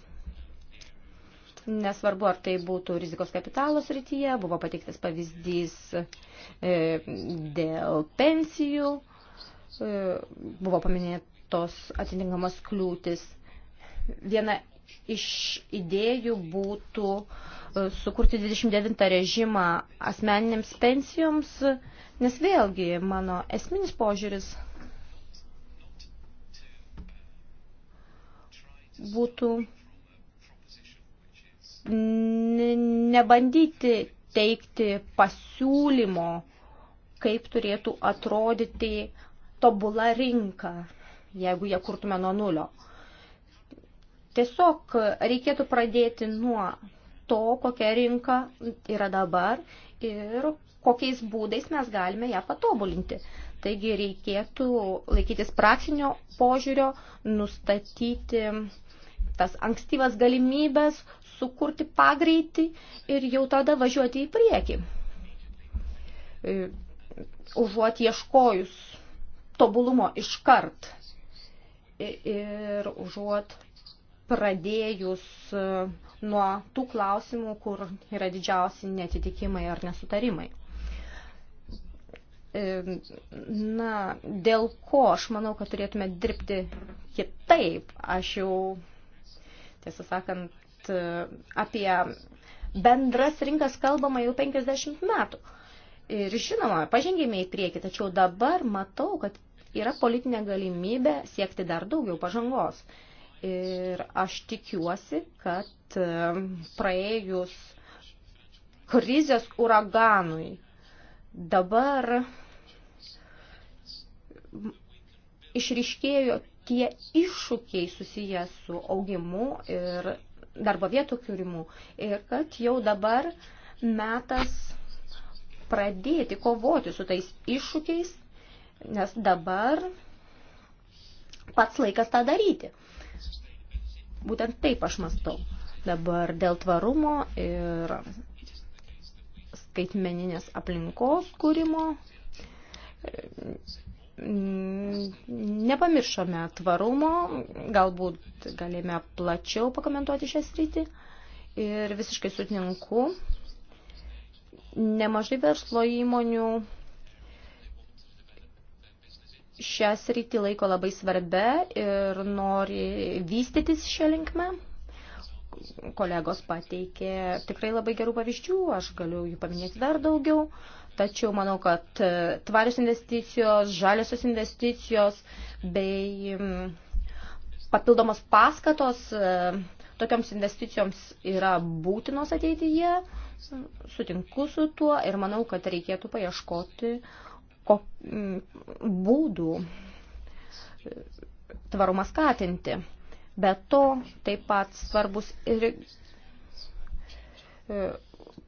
Nesvarbu, ar tai būtų rizikos kapitalos rytyje, buvo pateiktas pavyzdys e, dėl pensijų, e, buvo paminėtos atitinkamos kliūtis. Viena iš idėjų būtų e, E, sukurti 29 režimą asmeninėms pensijoms, nes vėlgi mano esminis požiūris būtų nebandyti teikti pasiūlymo, kaip turėtų atrodyti tobula rinka, jeigu ją kurtume nuo nulio. Tiesiog reikėtų pradėti nuo to, kokia rinka yra dabar ir kokiais būdais mes galime ją patobulinti. Taigi reikėtų laikytis praktinio požiūrio, nustatyti tas ankstyvas galimybės, sukurti pagreitį ir jau tada važiuoti į priekį. E, užuot ieškojus tobulumo iškart e, ir užuot pradėjus e, nuo tų klausimų, kur yra didžiausi netitikimai ar nesutarimai. E, na, dėl ko aš manau, kad turėtume dirbti kitaip, aš jau, tiesą sakant, e, apie bendras rinkas kalbama jau 50 metų. Ir žinoma, pažengėme į priekį, tačiau dabar matau, kad yra politinė galimybė siekti dar daugiau pažangos. Uh, Ir aš tikiuosi, kad e, praėjus krizės uraganui dabar išriškėjo tie iššūkiai susiję su augimu ir darbo vietų kūrimu. Ir kad jau dabar metas pradėti kovoti su tais iššūkiais, nes dabar pats laikas tą daryti. Būtent taip aš mastau. Dabar dėl tvarumo ir skaitmeninės aplinkos kūrimo nepamiršome tvarumo, galbūt galime plačiau pakomentuoti šią sritį ir visiškai sutinku, nemažai verslo įmonių šią sritį laiko labai svarbia ir nori vystytis šią linkmę. Kolegos pateikė tikrai labai gerų pavyzdžių, aš galiu jų paminėti dar daugiau, tačiau manau, kad e, tvarios investicijos, žaliosios investicijos bei papildomos paskatos e, tokioms investicijoms yra būtinos ateityje. Sutinku su tuo ir manau, kad reikėtų paieškoti uh, ko, mm, būdų e, tvarumą skatinti. Be to, taip pat svarbus ir e,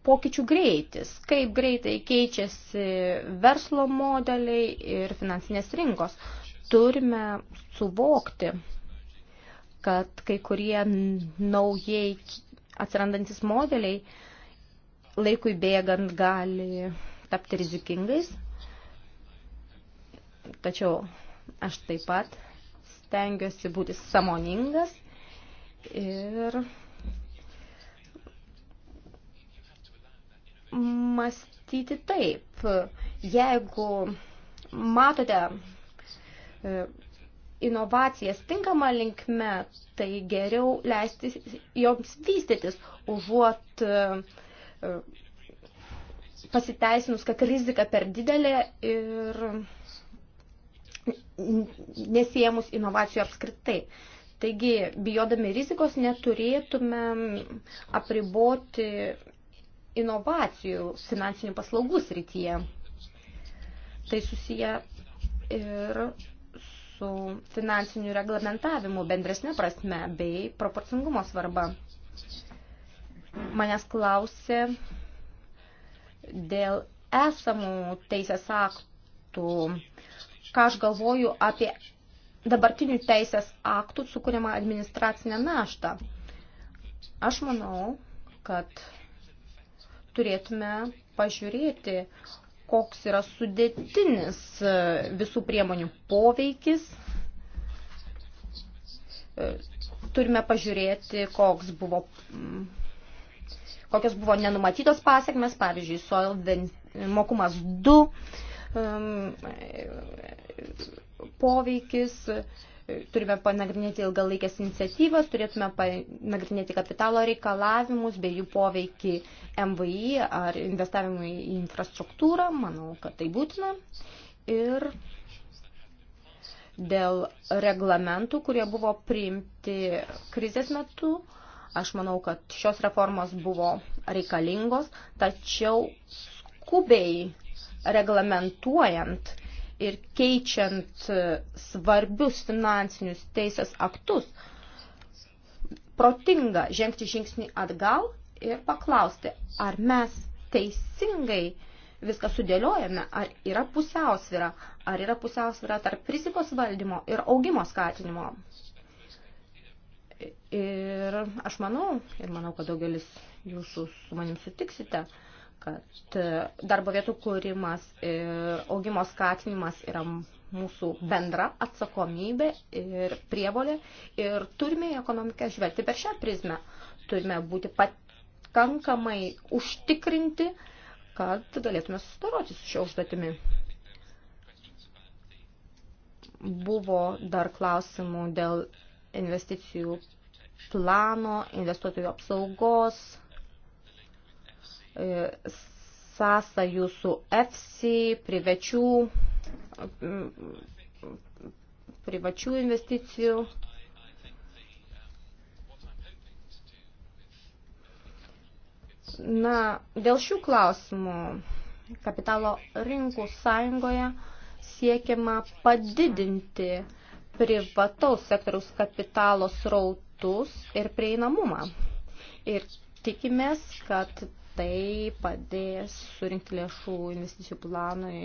pokyčių greitis, kaip greitai keičiasi verslo modeliai ir finansinės rinkos. Turime suvokti, kad kai kurie naujai atsirandantis modeliai laikui bėgant gali tapti rizikingais Tačiau aš taip pat stengiuosi būti samoningas ir mąstyti taip. Jeigu matote e, inovacijas tinkamą linkme, tai geriau leisti joms vystytis, užuot e, pasiteisinus, kad rizika per didelė ir nesiemus inovacijų apskritai. Taigi, bijodami rizikos, neturėtume apriboti inovacijų finansinių paslaugų srityje. Tai susiję ir su finansiniu reglamentavimu bendresnė prasme bei proporcingumo svarba. Manęs klausė dėl esamų teisės aktų ką aš galvoju apie dabartinių teisės aktų sukūrimą administracinę naštą. Aš manau, kad turėtume pažiūrėti, koks yra sudėtinis e, visų priemonių poveikis. E, turime pažiūrėti, koks buvo, kokios buvo nenumatytos pasiekmes, pavyzdžiui, solven, mokumas 2 poveikis, turime panagrinėti ilgalaikės iniciatyvas, turėtume panagrinėti kapitalo reikalavimus bei jų poveikį MVI ar investavimui į infrastruktūrą, manau, kad tai būtina. Ir dėl reglamentų, kurie buvo priimti krizės metu, aš manau, kad šios reformos buvo reikalingos, tačiau skubiai reglamentuojant ir keičiant svarbius finansinius teisės aktus, protinga žengti žingsnį atgal ir paklausti, ar mes teisingai viską sudėliojame, ar yra pusiausvyra, ar yra pusiausvyra tarp rizikos valdymo ir augimo skatinimo. Ir aš manau, ir manau, kad daugelis jūsų su manim sutiksite, kad e, darbo vietų kūrimas ir augimo skatinimas yra mūsų bendra atsakomybė ir prievolė ir turime į ekonomiką žvelgti per šią prizmę. Turime būti pakankamai užtikrinti, kad galėtume susidoroti su šio užduotimi. Buvo dar klausimų dėl investicijų plano, investuotojų apsaugos, E, sąsajų su EFSI, privačių, mm, privačių investicijų. Na, dėl šių klausimų kapitalo rinkų sąjungoje siekiama padidinti privataus sektoriaus kapitalo srautus ir prieinamumą. Ir tikimės, kad tai padės surinkti lėšų investicijų planui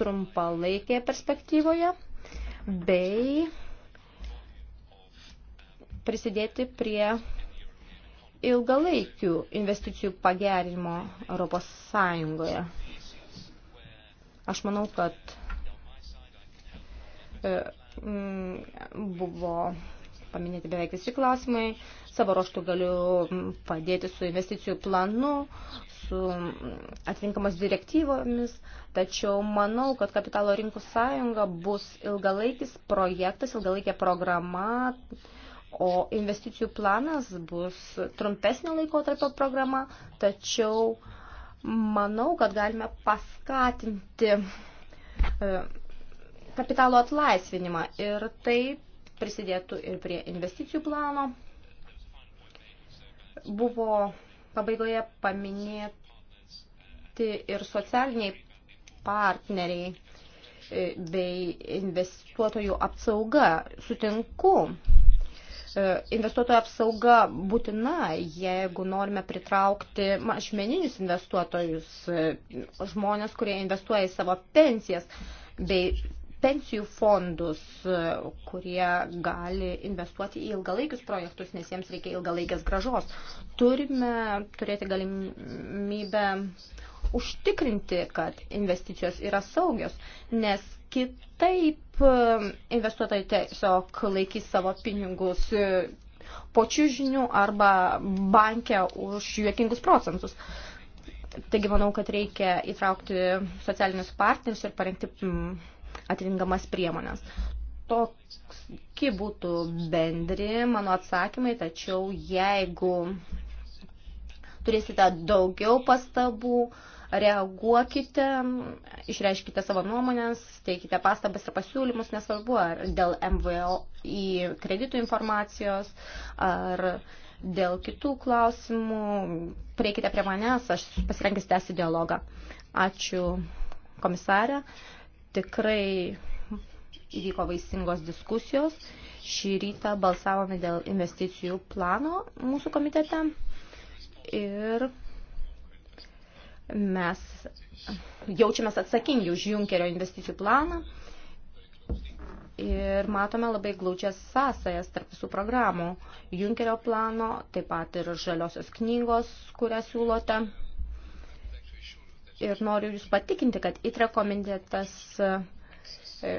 trumpalaikėje perspektyvoje bei prisidėti prie ilgalaikių investicijų pagerinimo Europos Sąjungoje. Aš manau, kad e, buvo paminėti beveik visi klausimai. Savo ruoštų galiu padėti su investicijų planu, su atitinkamos direktyvomis, tačiau manau, kad kapitalo rinkų sąjunga bus ilgalaikis projektas, ilgalaikė programa, o investicijų planas bus trumpesnio laikotarpio programa, tačiau manau, kad galime paskatinti e, kapitalo atlaisvinimą ir taip prisidėtų ir prie investicijų plano. Buvo pabaigoje paminėti ir socialiniai partneriai e, bei investuotojų apsauga. Sutinku, e, investuotojų apsauga būtina, jeigu norime pritraukti mažmeninius investuotojus, e, žmonės, kurie investuoja į savo pensijas bei pensijų fondus, e, kurie gali investuoti į ilgalaikius projektus, nes jiems reikia ilgalaikės gražos. Turime turėti galimybę užtikrinti, kad investicijos yra saugios, nes kitaip e, investuotojai tiesiog laikys savo pinigus e, po čiužinių arba bankę už juokingus procentus. Taigi manau, kad reikia įtraukti socialinius partnerius ir parengti atitinkamas priemonės. Tokie būtų bendri mano atsakymai, tačiau jeigu turėsite daugiau pastabų, reaguokite, išreiškite savo nuomonės, teikite pastabas ir pasiūlymus, nesvarbu, ar dėl MVO į kreditų informacijos, ar dėl kitų klausimų. Prieikite prie manęs, aš pasirengęs tęsti dialogą. Ačiū komisarė. Tikrai įvyko vaisingos diskusijos. Šį rytą balsavome dėl investicijų plano mūsų komitete ir mes jaučiamės atsakingi už Junkerio investicijų planą ir matome labai glaučias sąsajas tarp visų programų. Junkerio plano, taip pat ir žaliosios knygos, kurią siūlote ir noriu Jūs patikinti, kad ITRE komitetas e,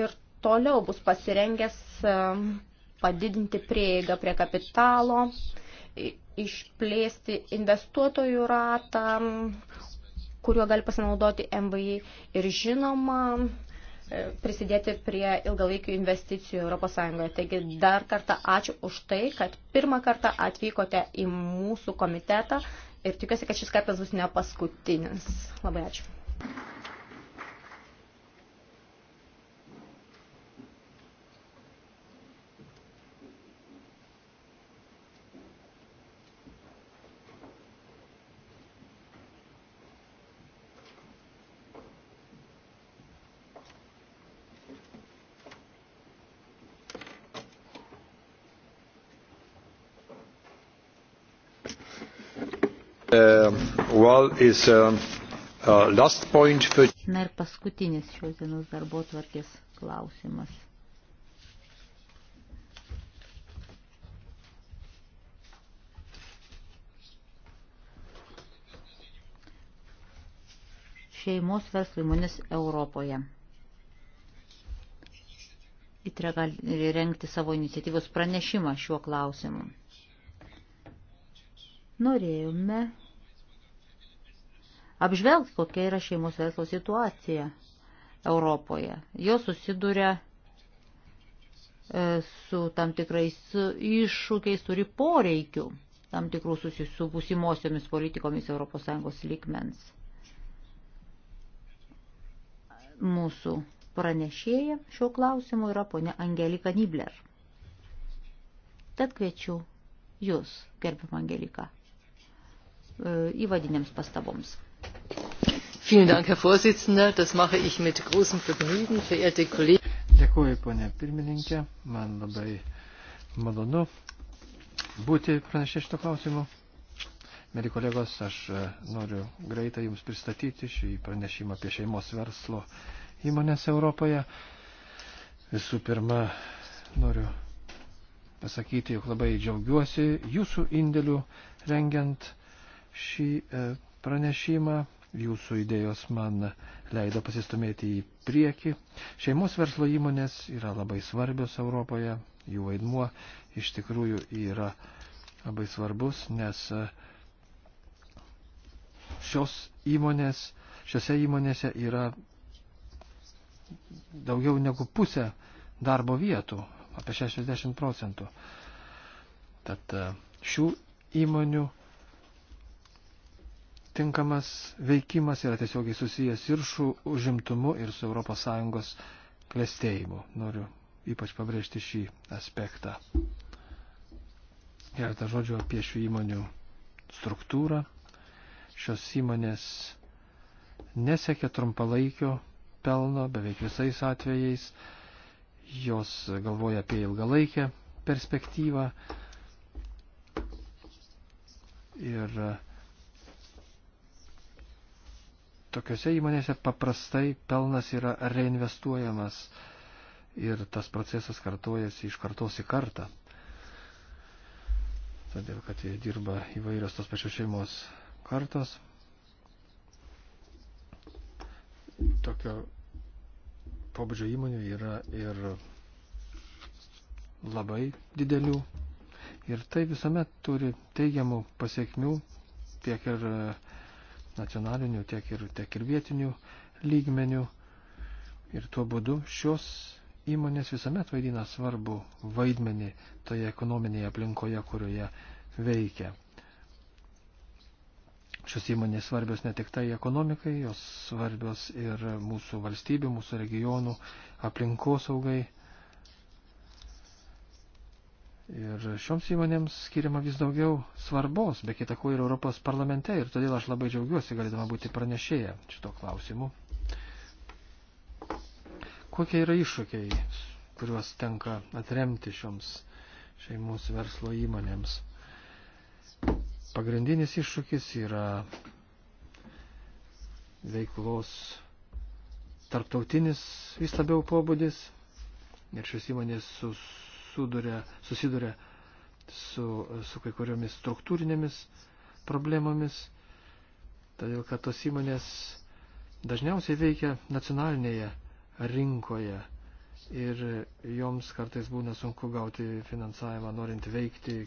ir toliau bus pasirengęs e, padidinti prieigą prie kapitalo, išplėsti investuotojų ratą, kuriuo gali pasinaudoti MVI ir žinoma e, prisidėti prie ilgalaikių investicijų ES. Taigi dar kartą ačiū už tai, kad pirmą kartą atvykote į mūsų komitetą ir tikiuosi, kad šis kartas bus ne paskutinis. Labai ačiū. Uh, uh, Na ir paskutinis šios dienos darbo tvarkės klausimas. šeimos verslo įmonės Europoje. ITRE gali rengti savo iniciatyvos pranešimą šiuo klausimu. Norėjome apžvelgs, kokia yra šeimos verslo situacija Europoje. Jos susiduria e, su tam tikrais iššūkiais, turi poreikių tam tikrų su būsimosiomis politikomis ES lygmens. Mūsų pranešėja šiuo klausimu yra ponia Angelika Nibler. Tad kviečiu jūs, gerbiam Angelika, e, įvadiniams pastaboms herr präsident! das mache ich mit großem vergnügen verehrte kollegen. dėkoju pone pirmininke man labai malonu būti pranešė šito klausimu. Mėly kolegos, aš e, noriu greitai Jums pristatyti šį pranešimą apie šeimos verslo įmonės Europoje. Visų pirma, noriu pasakyti, jog labai džiaugiuosi Jūsų indėliu rengiant šį e, pranešimą. Jūsų idėjos man leido pasistumėti į priekį. Šeimos verslo įmonės yra labai svarbios Europoje. Jų vaidmuo iš tikrųjų yra labai svarbus, nes e, šios įmonės, šiose įmonėse yra daugiau negu pusė darbo vietų, apie 60 procentų. Tad e, šių įmonių tinkamas veikimas yra tiesiogiai susijęs ir su užimtumu, ir su ES klėstėjimu. Noriu ypač pabrėžti šį aspektą. Keletą žodžių apie šių įmonių struktūrą. Šios įmonės nesiekia trumpalaikio pelno beveik visais atvejais. Jos galvoja apie ilgalaikę perspektyvą. Ir uh, tokiuose įmonėse paprastai pelnas yra reinvestuojamas ir tas procesas kartojasi iš kartos į kartą. Todėl, kad jie dirba įvairios tos pačios šeimos kartos. Tokio pobūdžio įmonių yra ir labai didelių. Ir tai visuomet turi teigiamų pasiekmių tiek ir uh, nacionaliniu, tiek ir, tiek ir vietiniu lygmeniu. Ir tuo būdu šios įmonės visuomet vaidina svarbu vaidmenį toje ekonominėje aplinkoje, kurioje veikia. Šios įmonės svarbios ne tik tai ekonomikai, jos svarbios ir mūsų valstybių, mūsų regionų aplinkosaugai. Ir šioms įmonėms skiriama vis daugiau svarbos, be kita ko ir Europos parlamente, ir todėl aš labai džiaugiuosi galėdama būti pranešėję šito klausimu. Kokie yra iššūkiai, kuriuos tenka atremti šioms šeimos verslo įmonėms? Pagrindinis iššūkis yra veiklos tarptautinis vis labiau pobūdis ir šios įmonės sus susiduria, susiduria su, su kai kuriomis struktūrinėmis problemomis, todėl kad tos įmonės dažniausiai veikia nacionalinėje rinkoje ir joms kartais būna sunku gauti finansavimą norint veikti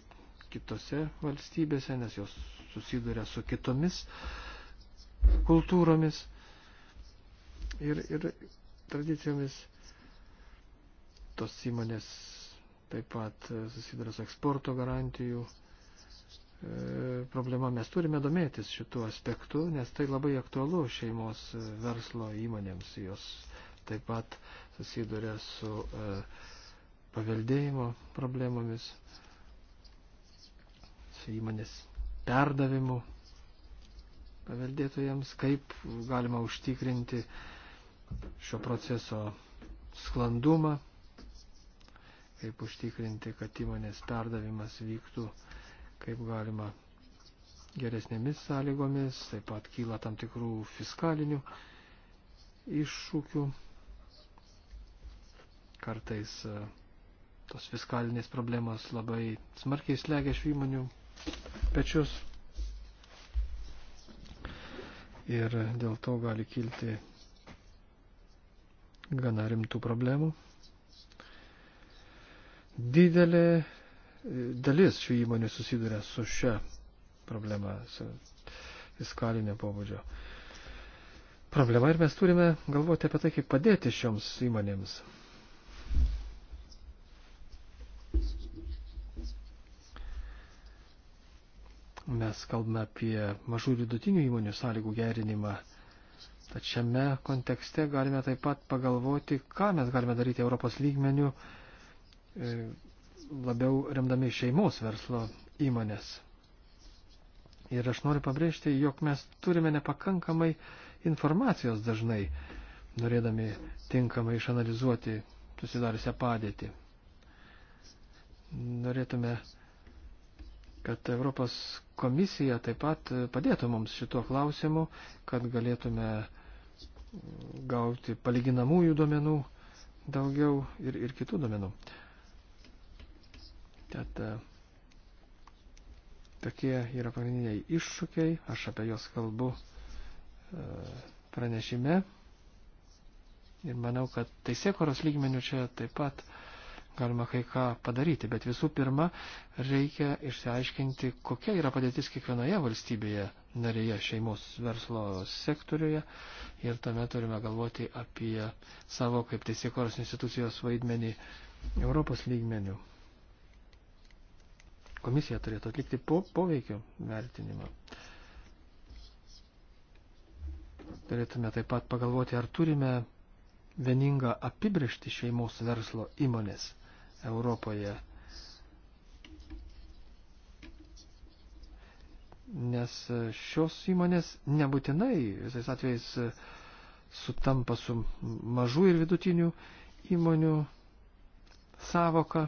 kitose valstybėse, nes jos susiduria su kitomis kultūromis ir, ir tradicijomis tos įmonės taip pat e, susiduria su eksporto garantijų e, problema. Mes turime domėtis šituo aspektu, nes tai labai aktualu šeimos e, verslo įmonėms. Jos taip pat susiduria su paveldėjimo problemomis, su įmonės perdavimu paveldėtojams, kaip galima užtikrinti šio proceso sklandumą kaip užtikrinti, kad įmonės perdavimas vyktų kaip galima geresnėmis sąlygomis, taip pat kyla tam tikrų fiskalinių iššūkių. Kartais e, tos fiskalinės problemos labai smarkiai slegia šių įmonių pečius. Ir dėl to gali kilti gana rimtų problemų. Didelė e, dalis šių įmonių susiduria su šia problema, su fiskalinio pobūdžio problema ir mes turime galvoti apie tai, kaip padėti šioms įmonėms. Mes kalbame apie mažų ir vidutinių įmonių sąlygų gerinimą. Tačiame kontekste galime taip pat pagalvoti, ką mes galime daryti Europos lygmenių, E, labiau remdami šeimos verslo įmonės. Ir aš noriu pabrėžti, jog mes turime nepakankamai informacijos dažnai, norėdami tinkamai išanalizuoti susidariusią padėtį. Norėtume, kad Europos komisija taip pat padėtų mums šituo klausimu, kad galėtume gauti palyginamųjų duomenų daugiau ir, ir kitų duomenų. E, Tad e, tokie yra pagrindiniai iššūkiai, aš apie juos kalbu e, pranešime. Ir manau, kad teisėkoros lygmenių čia taip pat galima kai ką padaryti, bet visų pirma, reikia išsiaiškinti, kokia yra padėtis kiekvienoje valstybėje narėje šeimos verslo sektoriuje ir tuomet turime galvoti apie savo kaip teisėkoros institucijos vaidmenį Europos lygmenių. Komisija turėtų atlikti po, poveikio vertinimą. Turėtume taip pat pagalvoti, ar turime vieningą apibrišti šeimos verslo įmonės Europoje. Nes šios įmonės nebūtinai visais atvejais sutampa su mažų ir vidutinių įmonių savoka.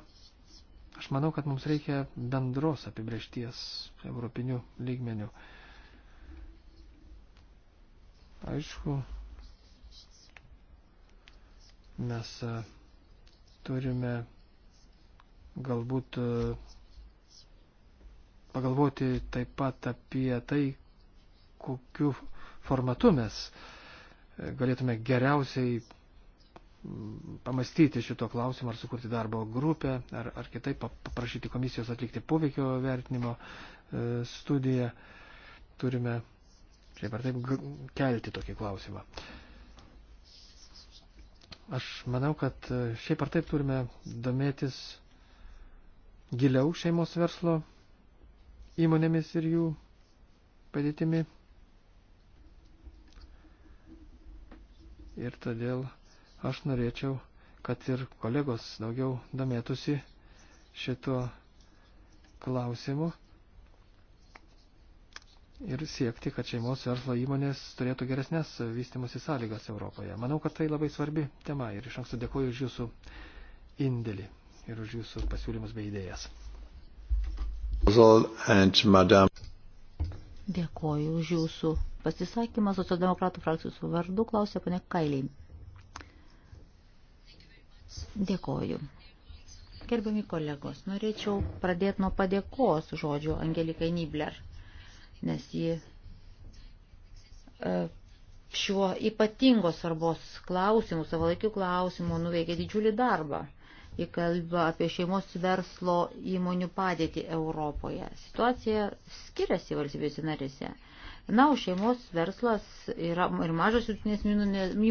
Aš manau, kad mums reikia bendros apibriešties europinių lygmenių. Aišku, mes e, turime galbūt e, pagalvoti taip pat apie tai, kokiu formatu mes e, galėtume geriausiai pamastyti šito klausimo, ar sukurti darbo grupę, ar, ar kitaip paprašyti komisijos atlikti poveikio vertinimo e, studiją. Turime šiaip ar taip kelti tokį klausimą. Aš manau, kad e, šiaip ar taip turime domėtis giliau šeimos verslo įmonėmis ir jų padėtimi. Ir todėl Aš norėčiau, kad ir kolegos daugiau domėtųsi šito klausimu ir siekti, kad šeimos verslo įmonės turėtų geresnės vystimosi sąlygas Europoje. Manau, kad tai labai svarbi tema ir iš anksto dėkuoju už jūsų indėlį ir už jūsų pasiūlymus bei idėjas. Dėkuoju už jūsų pasisakymą socialdemokratų frakcijos vardu, klausė pane Kailin. Dėkoju. Gerbiami kolegos, norėčiau pradėti nuo padėkos žodžio Angelikai Nibler, nes ji e, šiuo ypatingos svarbos klausimu, savalaikiu klausimu nuveikė didžiulį darbą. Ji kalba apie šeimos verslo įmonių padėtį Europoje. Situacija skiriasi valstybėse narėse. Na, o šeimos verslas yra, ir mažos jūtinės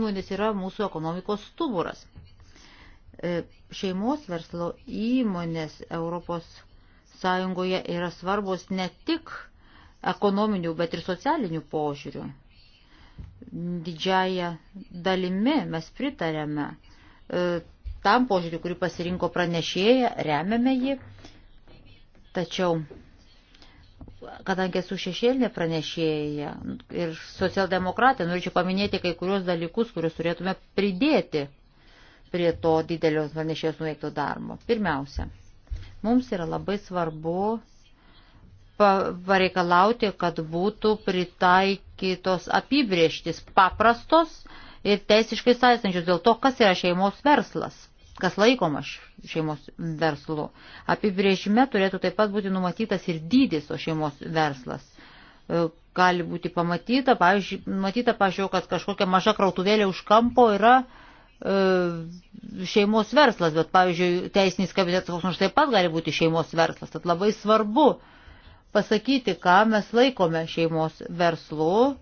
įmonės yra mūsų ekonomikos stuburas. E, šeimos verslo įmonės Europos Sąjungoje yra svarbos ne tik ekonominių, bet ir socialinių požiūrių. Didžiaja dalimi mes pritarėme e, tam požiūriu, kurį pasirinko pranešėja, remiame jį. Tačiau, kadangi esu šešėlinė pranešėja ir socialdemokratė, norėčiau paminėti kai kurios dalykus, kuriuos turėtume pridėti prie to didelio pranešėjos nuveikto darbo. Pirmiausia, mums yra labai svarbu pareikalauti, kad būtų pritaikytos apibrieštis paprastos ir teisiškai saistančios dėl to, kas yra šeimos verslas, kas laikoma šeimos verslu. Apibrėžime turėtų taip pat būti numatytas ir dydis to šeimos verslas. E, gali būti pamatyta, pavyzdžiui, matyta, pavyzdžiui, kad kažkokia maža krautuvėlė už kampo yra uh, E, šeimos verslas, bet, pavyzdžiui, teisinis kabinetas koks nors taip pat gali būti šeimos verslas. Tad labai svarbu pasakyti, ką mes laikome šeimos verslu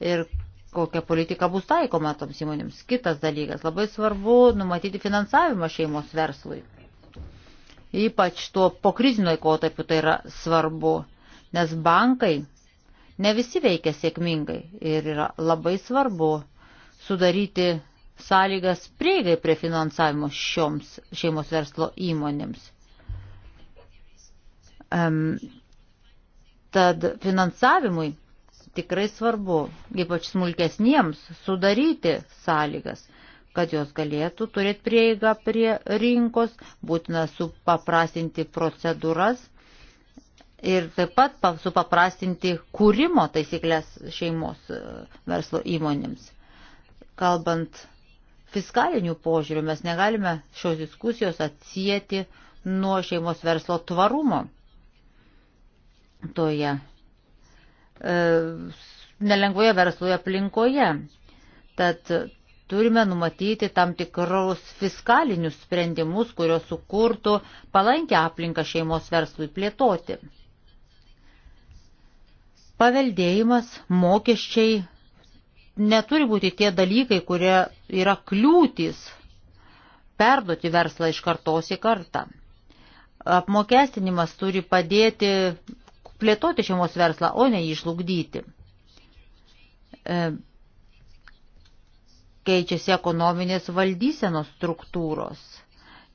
ir kokia politika bus taikoma toms įmonėms. Kitas dalykas, labai svarbu numatyti finansavimą šeimos verslui. Ypač tuo pokrizinio laikotarpiu tai yra svarbu, nes bankai ne visi veikia sėkmingai ir yra labai svarbu sudaryti sąlygas prieigai prie finansavimo šioms šeimos verslo įmonėms. Um, tad finansavimui tikrai svarbu, ypač smulkesniems, sudaryti sąlygas, kad jos galėtų turėti prieigą prie rinkos, būtina supaprastinti procedūras ir taip pat supaprastinti kūrimo taisyklės šeimos e, verslo įmonėms. Kalbant fiskalinių požiūrių mes negalime šios diskusijos atsijėti nuo šeimos verslo tvarumo toje e, nelengvoje versloje aplinkoje. Tad turime numatyti tam tikrus fiskalinius sprendimus, kurios sukurtų palankę aplinką šeimos verslui plėtoti. Paveldėjimas, mokesčiai neturi būti tie dalykai, kurie yra kliūtis perduoti verslą iš kartos į kartą. Apmokestinimas turi padėti plėtoti šeimos verslą, o ne jį išlugdyti. E, keičiasi ekonominės valdysenos struktūros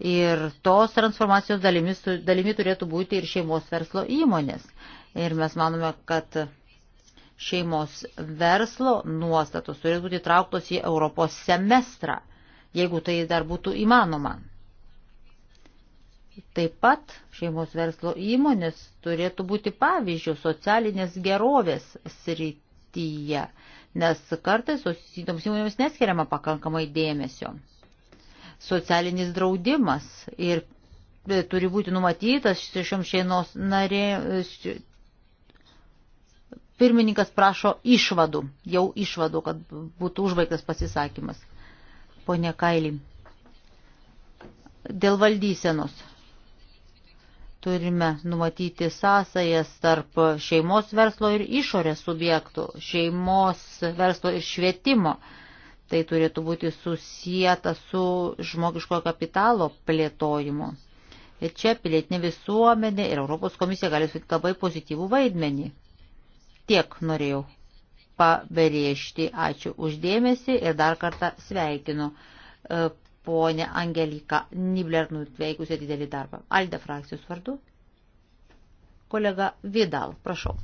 ir tos transformacijos dalimi, dalimi turėtų būti ir šeimos verslo įmonės. Ir mes manome, kad šeimos verslo nuostatos turėtų būti trauktos į Europos semestrą, jeigu tai dar būtų įmanoma. Taip pat šeimos verslo įmonės turėtų būti pavyzdžių socialinės gerovės srityje, nes kartais toms įmonėms neskiriama pakankamai dėmesio. Socialinis draudimas ir turi būti numatytas šioms šeimos narė, Pirmininkas prašo išvadų, jau išvadų, kad būtų užbaigtas pasisakymas. Pone Kailį, dėl valdysenos turime numatyti sąsajas tarp šeimos verslo ir išorės subjektų, šeimos verslo ir švietimo. Tai turėtų būti susijęta su žmogiško kapitalo plėtojimu. Ir čia pilietinė visuomenė ir Europos komisija gali sutikti labai pozityvų vaidmenį. Tiek norėjau pabrėžti. Ačiū uždėmesi ir dar kartą sveikinu e, ponę Angeliką Nibler nuveikusią didelį darbą. Alde frakcijos vardu. Kolega Vidal, prašau.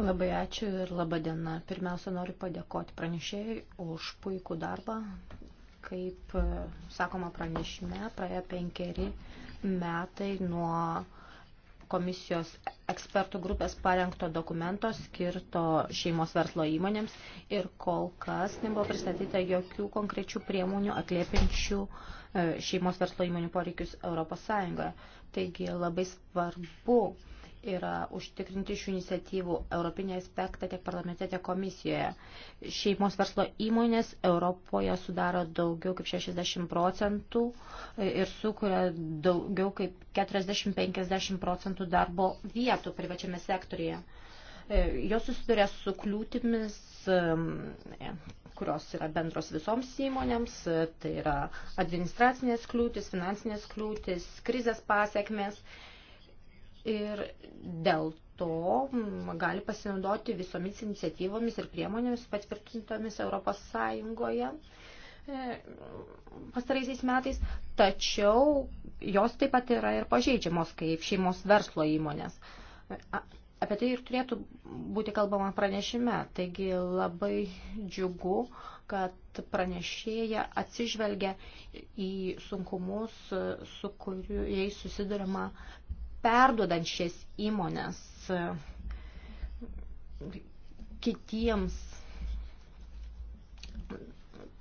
Labai ačiū ir laba diena. Pirmiausia, noriu padėkoti pranešėjai už puikų darbą. Kaip e, sakoma pranešime, praėjo penkeri metai nuo komisijos ekspertų grupės parengto dokumento skirto šeimos verslo įmonėms ir kol kas nebuvo pristatyta jokių konkrečių priemonių atliepiančių e, šeimos verslo įmonių poreikius ES. Taigi labai svarbu yra užtikrinti šių iniciatyvų europinį aspektą tiek parlamente, tiek komisijoje. Šeimos verslo įmonės Europoje sudaro daugiau kaip 60 procentų ir sukuria daugiau kaip 40-50 procentų darbo vietų privačiame sektorije. E, jos susiduria su kliūtimis, e, kurios yra bendros visoms įmonėms, e, tai yra administracinės kliūtis, finansinės kliūtis, krizės pasiekmes ir dėl to gali pasinaudoti visomis iniciatyvomis ir priemonėmis patvirtintomis Europos Sąjungoje e, pastaraisiais metais, tačiau jos taip pat yra ir pažeidžiamos kaip šeimos verslo įmonės. Apie tai ir turėtų būti kalbama pranešime, taigi labai džiugu, kad pranešėja atsižvelgia į sunkumus, su kuriais susidurima perduodant šias įmonės e, kitiems,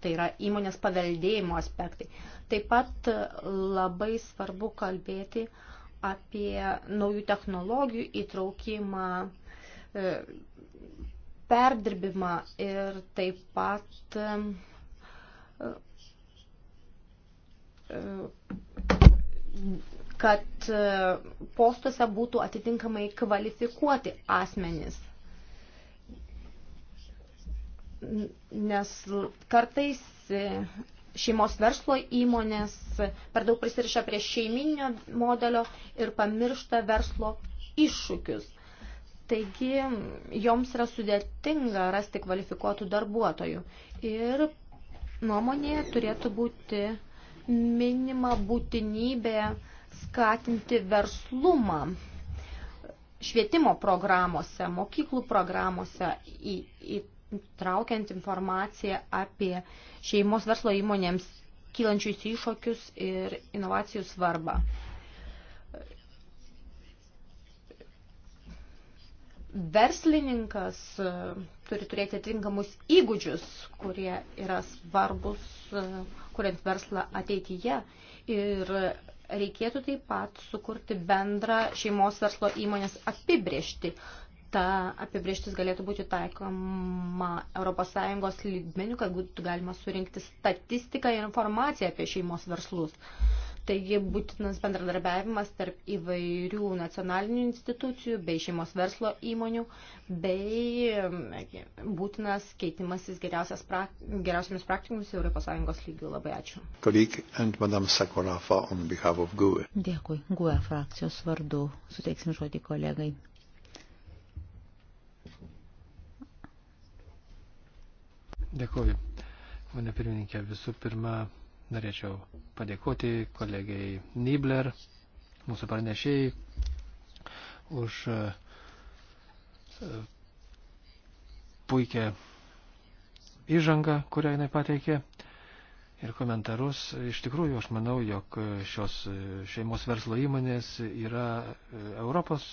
tai yra įmonės paveldėjimo aspektai. Taip pat e, labai svarbu kalbėti apie naujų technologijų įtraukimą, e, perdirbimą ir taip pat kad e, postuose būtų atitinkamai kvalifikuoti asmenys. Nes kartais e, šeimos verslo įmonės per daug prisiriša prie šeiminio modelio ir pamiršta verslo iššūkius. Taigi joms yra sudėtinga rasti kvalifikuotų darbuotojų. Ir nuomonėje turėtų būti minima būtinybė skatinti verslumą švietimo programuose, mokyklų programuose, į, įtraukiant informaciją apie šeimos verslo įmonėms kylančius iššūkius ir inovacijų svarbą. Verslininkas e, turi turėti atinkamus įgūdžius, kurie yra svarbus, e, kuriant verslą ateityje. Ir reikėtų taip pat sukurti bendrą šeimos verslo įmonės apibriešti. Ta apibrieštis galėtų būti taikoma ES lygmenių, kad būtų galima surinkti statistiką ir informaciją apie šeimos verslus. Uh, Taigi būtinas bendradarbiavimas tarp įvairių nacionalinių institucijų bei šeimos verslo įmonių, bei būtinas keitimasis prak geriausiamis praktikomis ES lygių. Labai ačiū. Dėkui. GUE frakcijos vardu suteiksim žodį kolegai. Dėkuoju. Mane pirmininkė, visų pirma, Norėčiau padėkoti kolegiai Nibler, mūsų parnešėjai, už e, puikią įžangą, kurią jinai pateikė ir komentarus. Iš tikrųjų, aš manau, jog šios šeimos verslo įmonės yra e, Europos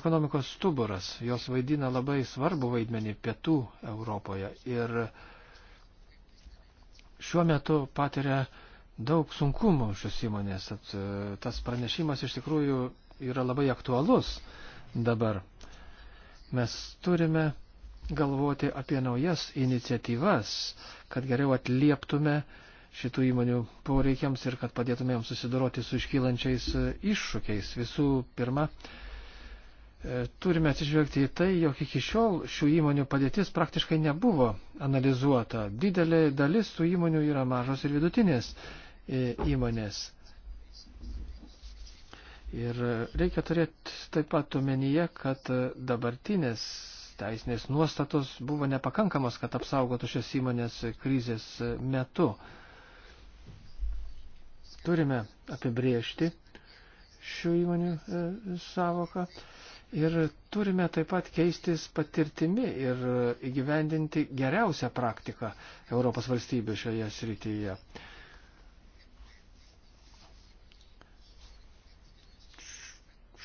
ekonomikos stuburas. Jos vaidina labai svarbu vaidmenį pietų Europoje. Ir šiuo metu patiria daug sunkumų šios įmonės. At, e, tas pranešimas iš tikrųjų yra labai aktualus dabar. Mes turime galvoti apie naujas iniciatyvas, kad geriau atlieptume šitų įmonių poreikiams ir kad padėtume jiems susidoroti su iškylančiais e, iššūkiais. Visų pirma, E, turime atsižvelgti į tai, jog iki šiol šių įmonių padėtis praktiškai nebuvo analizuota. Didelė dalis tų įmonių yra mažos ir vidutinės e, įmonės. Ir reikia turėti taip pat omenyje, kad dabartinės teisinės nuostatos buvo nepakankamos, kad apsaugotų šios įmonės krizės metu. Turime apibriežti šių įmonių e, savoką. E, Ir turime taip pat keistis patirtimi ir įgyvendinti geriausią praktiką Europos valstybių šioje srityje.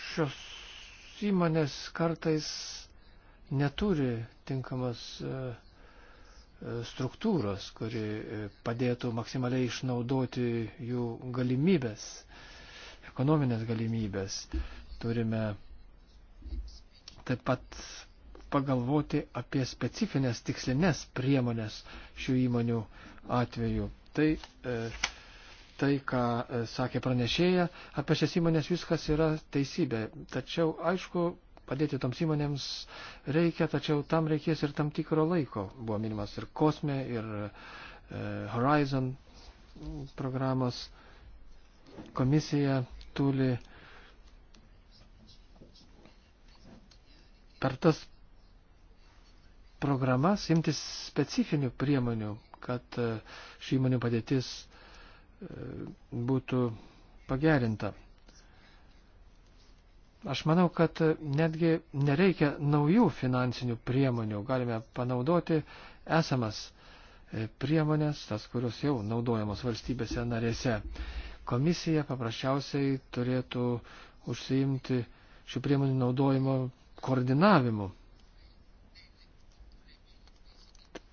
Šios įmonės kartais neturi tinkamas e, e, struktūros, kuri e, padėtų maksimaliai išnaudoti jų galimybės, ekonominės galimybės. Turime taip pat pagalvoti apie specifines tikslinės priemonės šių įmonių atveju. Tai, e, tai ką e, sakė pranešėja, apie šias įmonės viskas yra teisybė. Tačiau, aišku, padėti toms įmonėms reikia, tačiau tam reikės ir tam tikro laiko. Buvo minimas ir Kosme, ir e, Horizon programos. Komisija turi per tas programas imtis specifinių priemonių, kad e, šių įmonių padėtis e, būtų pagerinta. Aš manau, kad e, netgi nereikia naujų finansinių priemonių. Galime panaudoti esamas priemonės, tas, kurios jau naudojamos valstybėse narėse. Komisija paprasčiausiai turėtų užsiimti šių priemonių naudojimo koordinavimu.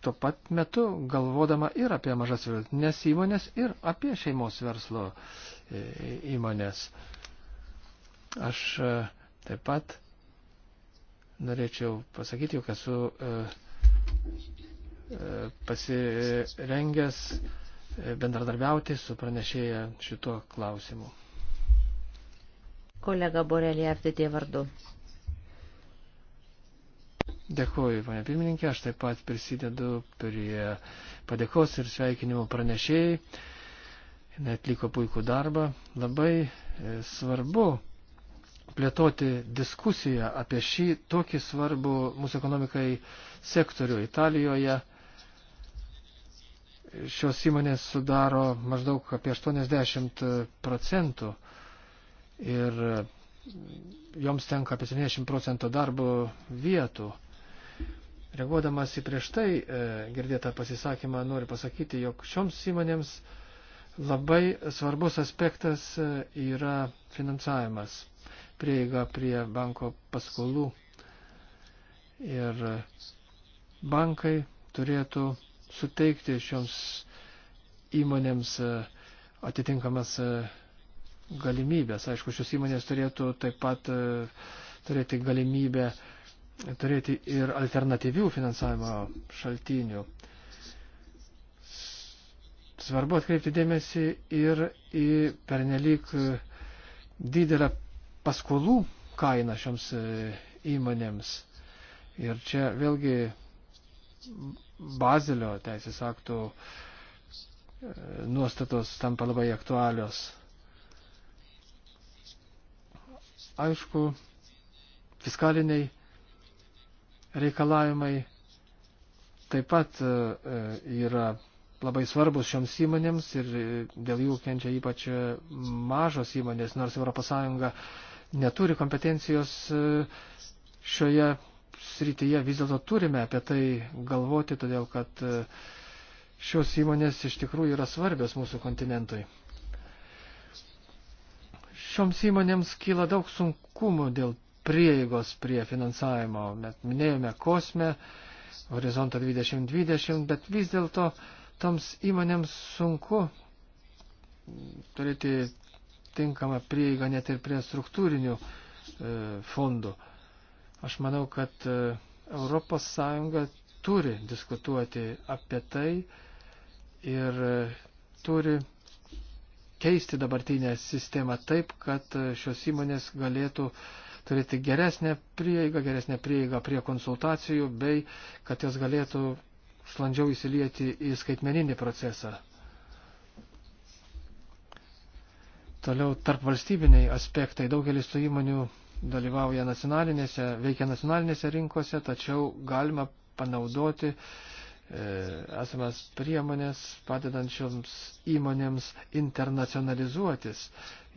Tuo pat metu galvodama ir apie mažas vidutinės įmonės, ir apie šeimos verslo e, įmonės. Aš e, taip pat norėčiau pasakyti, jog esu e, pasirengęs bendradarbiauti su pranešėja šituo klausimu. Kolega Borelė FTT vardu. Dėkuoju, ponia pirmininkė, aš taip pat prisidedu prie padėkos ir sveikinimo pranešėjai. Jis atliko puikų darbą. Labai e, svarbu plėtoti diskusiją apie šį tokį svarbų mūsų ekonomikai sektorių Italijoje. Šios įmonės sudaro maždaug apie 80 procentų ir joms tenka apie 70 procentų darbo vietų. Reaguodamas į prieš tai e, girdėtą pasisakymą, noriu pasakyti, jog šioms įmonėms labai svarbus aspektas e, yra finansavimas, prieiga prie banko paskolų. Ir bankai turėtų suteikti šioms įmonėms e, atitinkamas e, galimybės. Aišku, šios įmonės turėtų taip pat turėti galimybę uh, turėti ir alternatyvių finansavimo šaltinių. Svarbu atkreipti dėmesį ir į pernelyg didelę paskolų kainą šioms e, įmonėms. Ir čia vėlgi Bazilio teisės aktų e, nuostatos tampa labai aktualios. Aišku, fiskaliniai reikalavimai taip pat e, e, yra labai svarbus šioms įmonėms ir e, dėl jų kenčia ypač mažos įmonės, nors ES neturi kompetencijos šioje srityje, vis dėlto turime apie tai galvoti, todėl kad šios įmonės iš tikrųjų yra svarbios mūsų kontinentui. Šioms įmonėms kyla daug sunkumų dėl prieigos prie finansavimo. Mes minėjome kosmę, horizontą 2020, bet vis dėlto toms įmonėms sunku turėti tinkamą prieigą net ir prie struktūrinių e, fondų. Aš manau, kad e, Europos Sąjunga turi diskutuoti apie tai ir e, turi keisti dabartinę sistemą taip, kad e, šios įmonės galėtų turėti geresnę prieigą, geresnę prieigą prie konsultacijų, bei kad jos galėtų šlandžiau įsilieti į skaitmeninį procesą. Toliau tarp valstybiniai aspektai. Daugelis tų įmonių dalyvauja nacionalinėse, veikia nacionalinėse rinkose, tačiau galima panaudoti e, esamas priemonės padedančioms įmonėms internacionalizuotis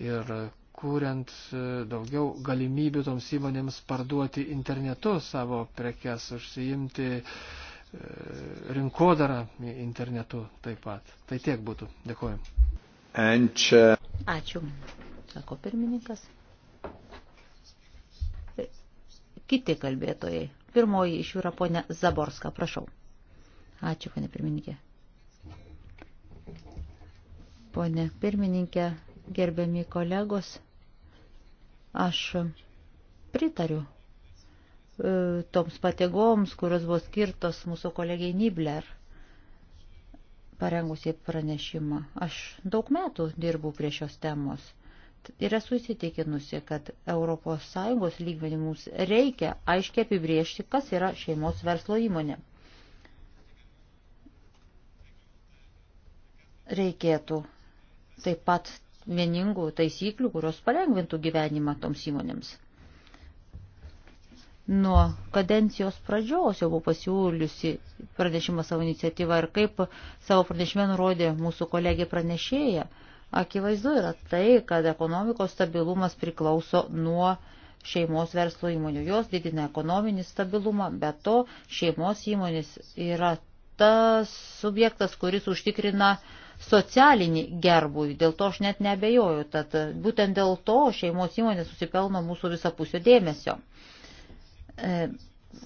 ir kuriant e, daugiau galimybių toms įmonėms parduoti internetu savo prekes, užsiimti e, rinkodarą internetu taip pat. Tai tiek būtų. Dėkuoju. Čia... Uh, Ačiū, sako pirmininkas. E, kiti kalbėtojai. Pirmoji iš jų yra ponė Zaborska. Prašau. Ačiū, ponė pirmininkė. Pone pirmininkė, gerbiami kolegos. Aš pritariu e, toms pategoms, kurios buvo skirtos mūsų kolegiai Nibler parengusiai pranešimą. Aš daug metų dirbau prie šios temos ir esu įsitikinusi, kad ES lygmenį mums reikia aiškiai apibriežti, kas yra šeimos verslo įmonė. Reikėtų taip pat vieningų taisyklių, kurios palengvintų gyvenimą toms įmonėms. Nuo kadencijos pradžios jau buvo pasiūliusi pranešimą savo iniciatyvą ir kaip savo pranešime nurodė mūsų kolegė pranešėja, akivaizdu yra tai, kad ekonomikos stabilumas priklauso nuo šeimos verslo įmonių. Jos didina ekonominį stabilumą, bet to šeimos įmonės yra tas subjektas, kuris užtikrina uh, socialinį gerbųjį. Dėl to aš net nebejoju, tad e, būtent dėl to šeimos įmonė susipelno mūsų visapusio dėmesio. E,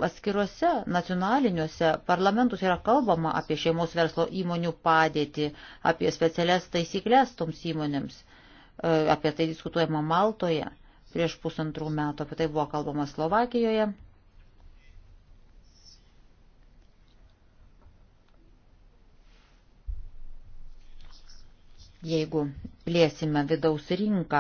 atskiruose nacionaliniuose parlamentus yra kalbama apie šeimos verslo įmonių padėtį, apie specialias taisyklės toms įmonėms. E, apie tai diskutuojama Maltoje prieš pusantrų metų, apie tai buvo kalbama Slovakijoje. Jeigu plėsime vidaus rinką,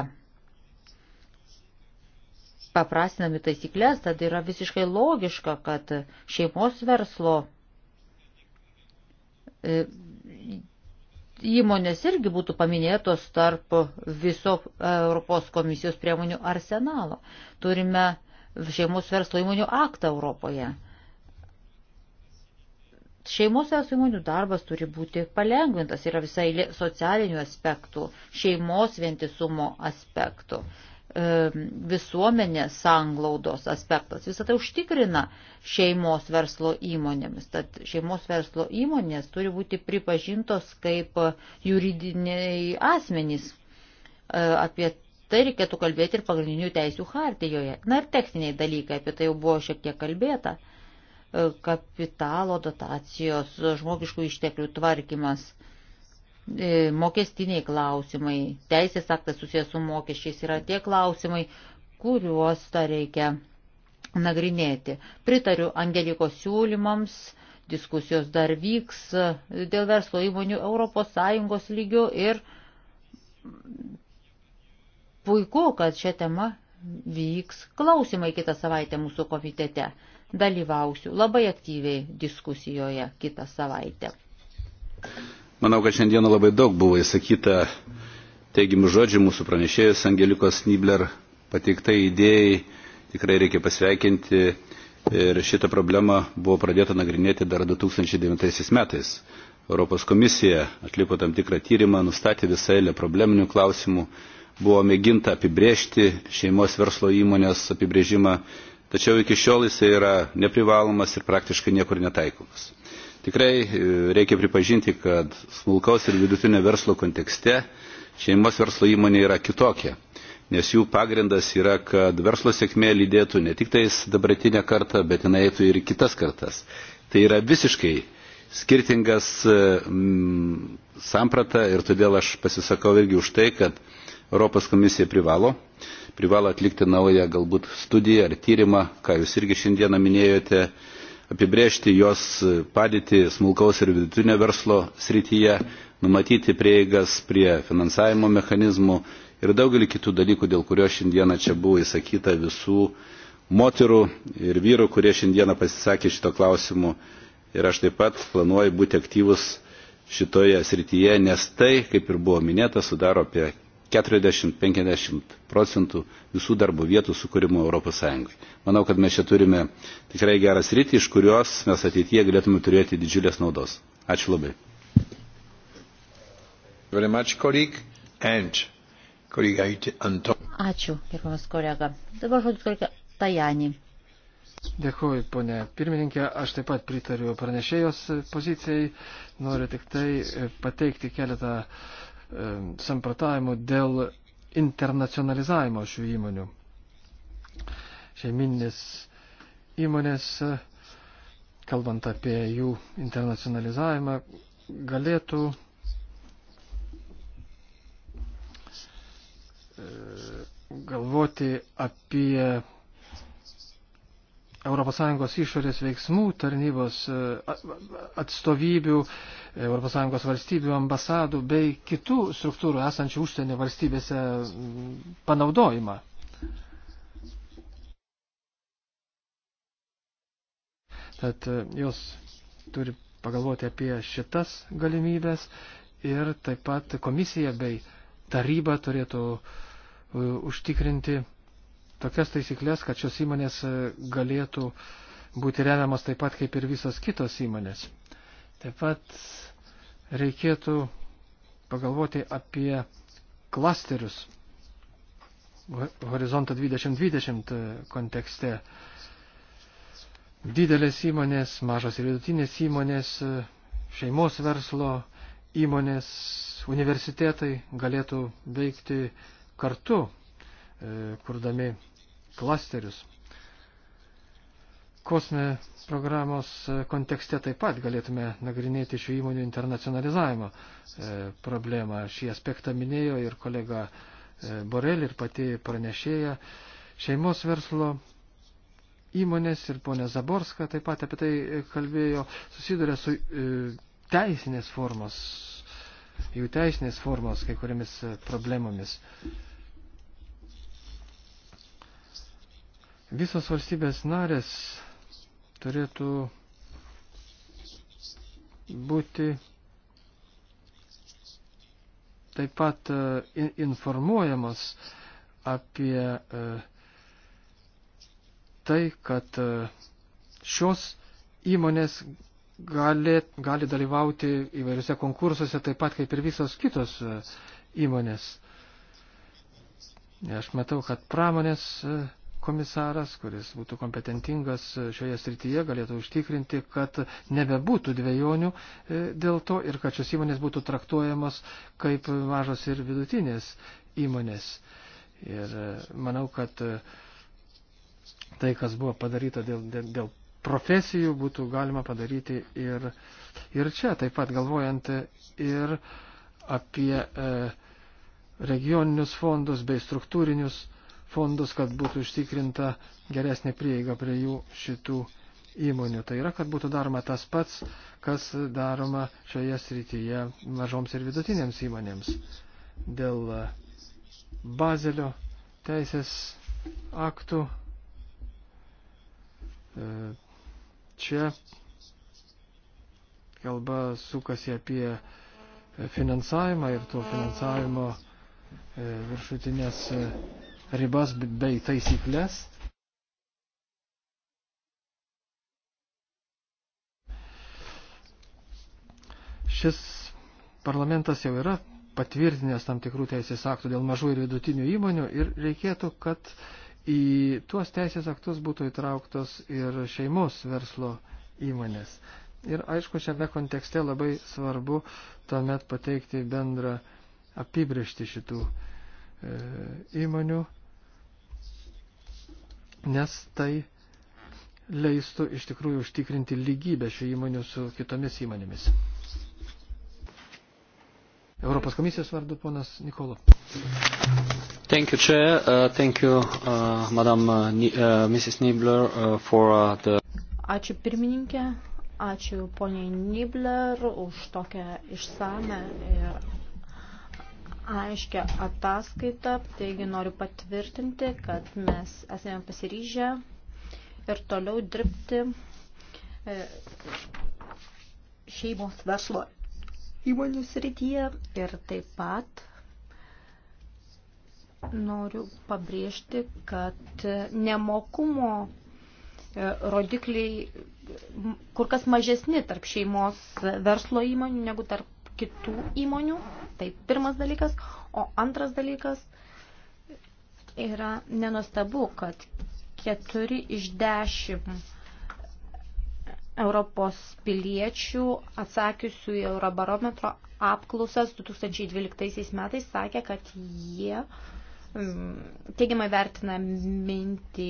paprasinami taisyklės, tad yra visiškai logiška, kad šeimos verslo e, įmonės irgi būtų paminėtos tarp viso Europos komisijos priemonių arsenalo. Turime šeimos verslo įmonių aktą Europoje. Šeimos įmonių darbas turi būti palengvintas, yra visai socialinių aspektų, šeimos vientisumo aspektų, e, visuomenės sanglaudos aspektas. Visą tai užtikrina šeimos verslo įmonėmis. Tad šeimos verslo įmonės turi būti pripažintos kaip juridiniai asmenys. E, apie tai reikėtų kalbėti ir pagrindinių teisių hartijoje. Na ir techniniai dalykai, apie tai jau buvo šiek tiek kalbėta kapitalo dotacijos, žmogiškų išteklių tvarkymas, e, mokestiniai klausimai, teisės aktas susijęs su mokesčiais yra tie klausimai, kuriuos tą reikia nagrinėti. Pritariu Angelikos siūlymams, diskusijos dar vyks dėl verslo įmonių ES lygių ir puiku, kad šią temą vyks klausimai kitą savaitę mūsų komitete dalyvausiu labai aktyviai diskusijoje kitą savaitę. Manau, kad šiandieną labai daug buvo įsakyta teigiamų žodžių mūsų pranešėjus Angelikos Nibler pateiktai idėjai. Tikrai reikia pasveikinti ir šitą problemą buvo pradėta nagrinėti dar 2009 metais. Europos komisija atliko tam tikrą tyrimą, nustatė visą eilę probleminių klausimų, buvo mėginta apibrėžti šeimos verslo įmonės apibrėžimą tačiau iki šiol jis yra neprivalomas ir praktiškai niekur netaikomas. Tikrai e, reikia pripažinti, kad smulkaus ir vidutinio verslo kontekste šeimos verslo įmonė yra kitokia, nes jų pagrindas yra, kad verslo sėkmė lydėtų ne tik tais dabartinę kartą, bet jinai eitų ir kitas kartas. Tai yra visiškai skirtingas mm, samprata ir todėl aš pasisakau irgi už tai, kad Europos komisija privalo uh, privalo atlikti naują galbūt studiją ar tyrimą, ką jūs irgi šiandieną minėjote, apibrėžti jos padėtį smulkaus ir vidutinio verslo srityje, numatyti prieigas prie finansavimo mechanizmų ir daugelį kitų dalykų, dėl kurio šiandieną čia buvo įsakyta visų moterų ir vyrų, kurie šiandieną pasisakė šito klausimu. Ir aš taip pat planuoju būti aktyvus šitoje srityje, nes tai, kaip ir buvo minėta, sudaro apie 40-50 procentų visų darbo vietų sukūrimo Europos Sąjungai. Manau, kad mes čia turime tikrai gerą sritį, iš kurios mes ateityje galėtume turėti didžiulės naudos. Ačiū labai. Ačiū, gerbiamas kolega. Dabar žodis kolega Tajani. Dėkuoju, ponė pirmininkė. Aš taip pat pritariu pranešėjos pozicijai. Noriu tik tai pateikti keletą samprotavimų dėl internacionalizavimo šių įmonių. Šeiminės įmonės, kalbant apie jų internacionalizavimą, galėtų e, galvoti apie ES išorės veiksmų tarnybos e, atstovybių, ES valstybių ambasadų bei kitų struktūrų esančių užsienio valstybėse panaudojimą. Tad e, jos turi pagalvoti apie šitas galimybės ir taip pat komisija bei taryba turėtų e, užtikrinti tokias taisyklės, kad šios įmonės e, galėtų būti remiamas taip pat kaip ir visos kitos įmonės. Taip pat reikėtų pagalvoti apie klasterius horizontą 2020 e, kontekste. Didelės įmonės, mažos ir vidutinės įmonės, e, šeimos verslo įmonės, universitetai galėtų veikti kartu, kurdami klasterius. Kosme programos kontekste taip pat galėtume nagrinėti šių įmonių internacionalizavimo e, problemą. Šį aspektą minėjo ir kolega e, Borel ir pati pranešėja šeimos verslo įmonės ir ponė Zaborska taip pat apie tai kalbėjo, susiduria su e, teisinės formos, jų teisinės formos kai kuriamis problemomis. Visos valstybės narės turėtų būti taip pat e, informuojamos apie e, tai, kad e, šios įmonės gali, gali dalyvauti įvairiuose konkursuose, taip pat kaip ir visos kitos įmonės. Aš matau, kad pramonės komisaras, kuris būtų kompetentingas šioje srityje, galėtų užtikrinti, kad nebebūtų dviejonių e, dėl to ir kad šios įmonės būtų traktuojamos kaip mažos ir vidutinės įmonės. Ir e, manau, kad e, tai, kas buvo padaryta dėl, dėl, dėl profesijų, būtų galima padaryti ir, ir čia, taip pat galvojant ir apie e, regioninius fondus bei struktūrinius e, fondus, kad būtų užtikrinta geresnė prieiga prie jų šitų įmonių. Tai yra, kad būtų daroma tas pats, kas daroma šioje srityje mažoms ir vidutinėms įmonėms. Dėl bazelio teisės aktų e, čia kalba sukasi apie finansavimą ir to finansavimo e, viršutinės e, ribas bei taisyklės. Šis parlamentas jau yra patvirtinęs tam tikrų teisės aktų dėl mažų ir vidutinių įmonių ir reikėtų, kad į tuos teisės aktus būtų įtrauktos ir šeimos verslo įmonės. Ir aišku, šiame kontekste labai svarbu tuomet pateikti bendrą apibriešti šitų e, įmonių nes tai leistų iš tikrųjų užtikrinti lygybę šių įmonių su kitomis įmonėmis. Europos komisijos vardu ponas Nikolo. Thank you, Chair. Uh, thank you, uh, Madam uh, uh Mrs. Nibler, uh, for uh, the... Ačiū pirmininkė, ačiū poniai Nibler už tokią išsame ir aiškę ataskaitą, taigi noriu patvirtinti, kad mes esame pasiryžę ir toliau dirbti e, šeimos verslo įmonių srityje ir taip pat noriu pabrėžti, kad nemokumo e, rodikliai kur kas mažesni tarp šeimos verslo įmonių negu tarp kitų įmonių. Tai pirmas dalykas. O antras dalykas yra nenostabu, kad keturi iš dešimt Europos piliečių atsakiusių į Eurobarometro apklausas 2012 metais sakė, kad jie mm, teigiamai vertina mintį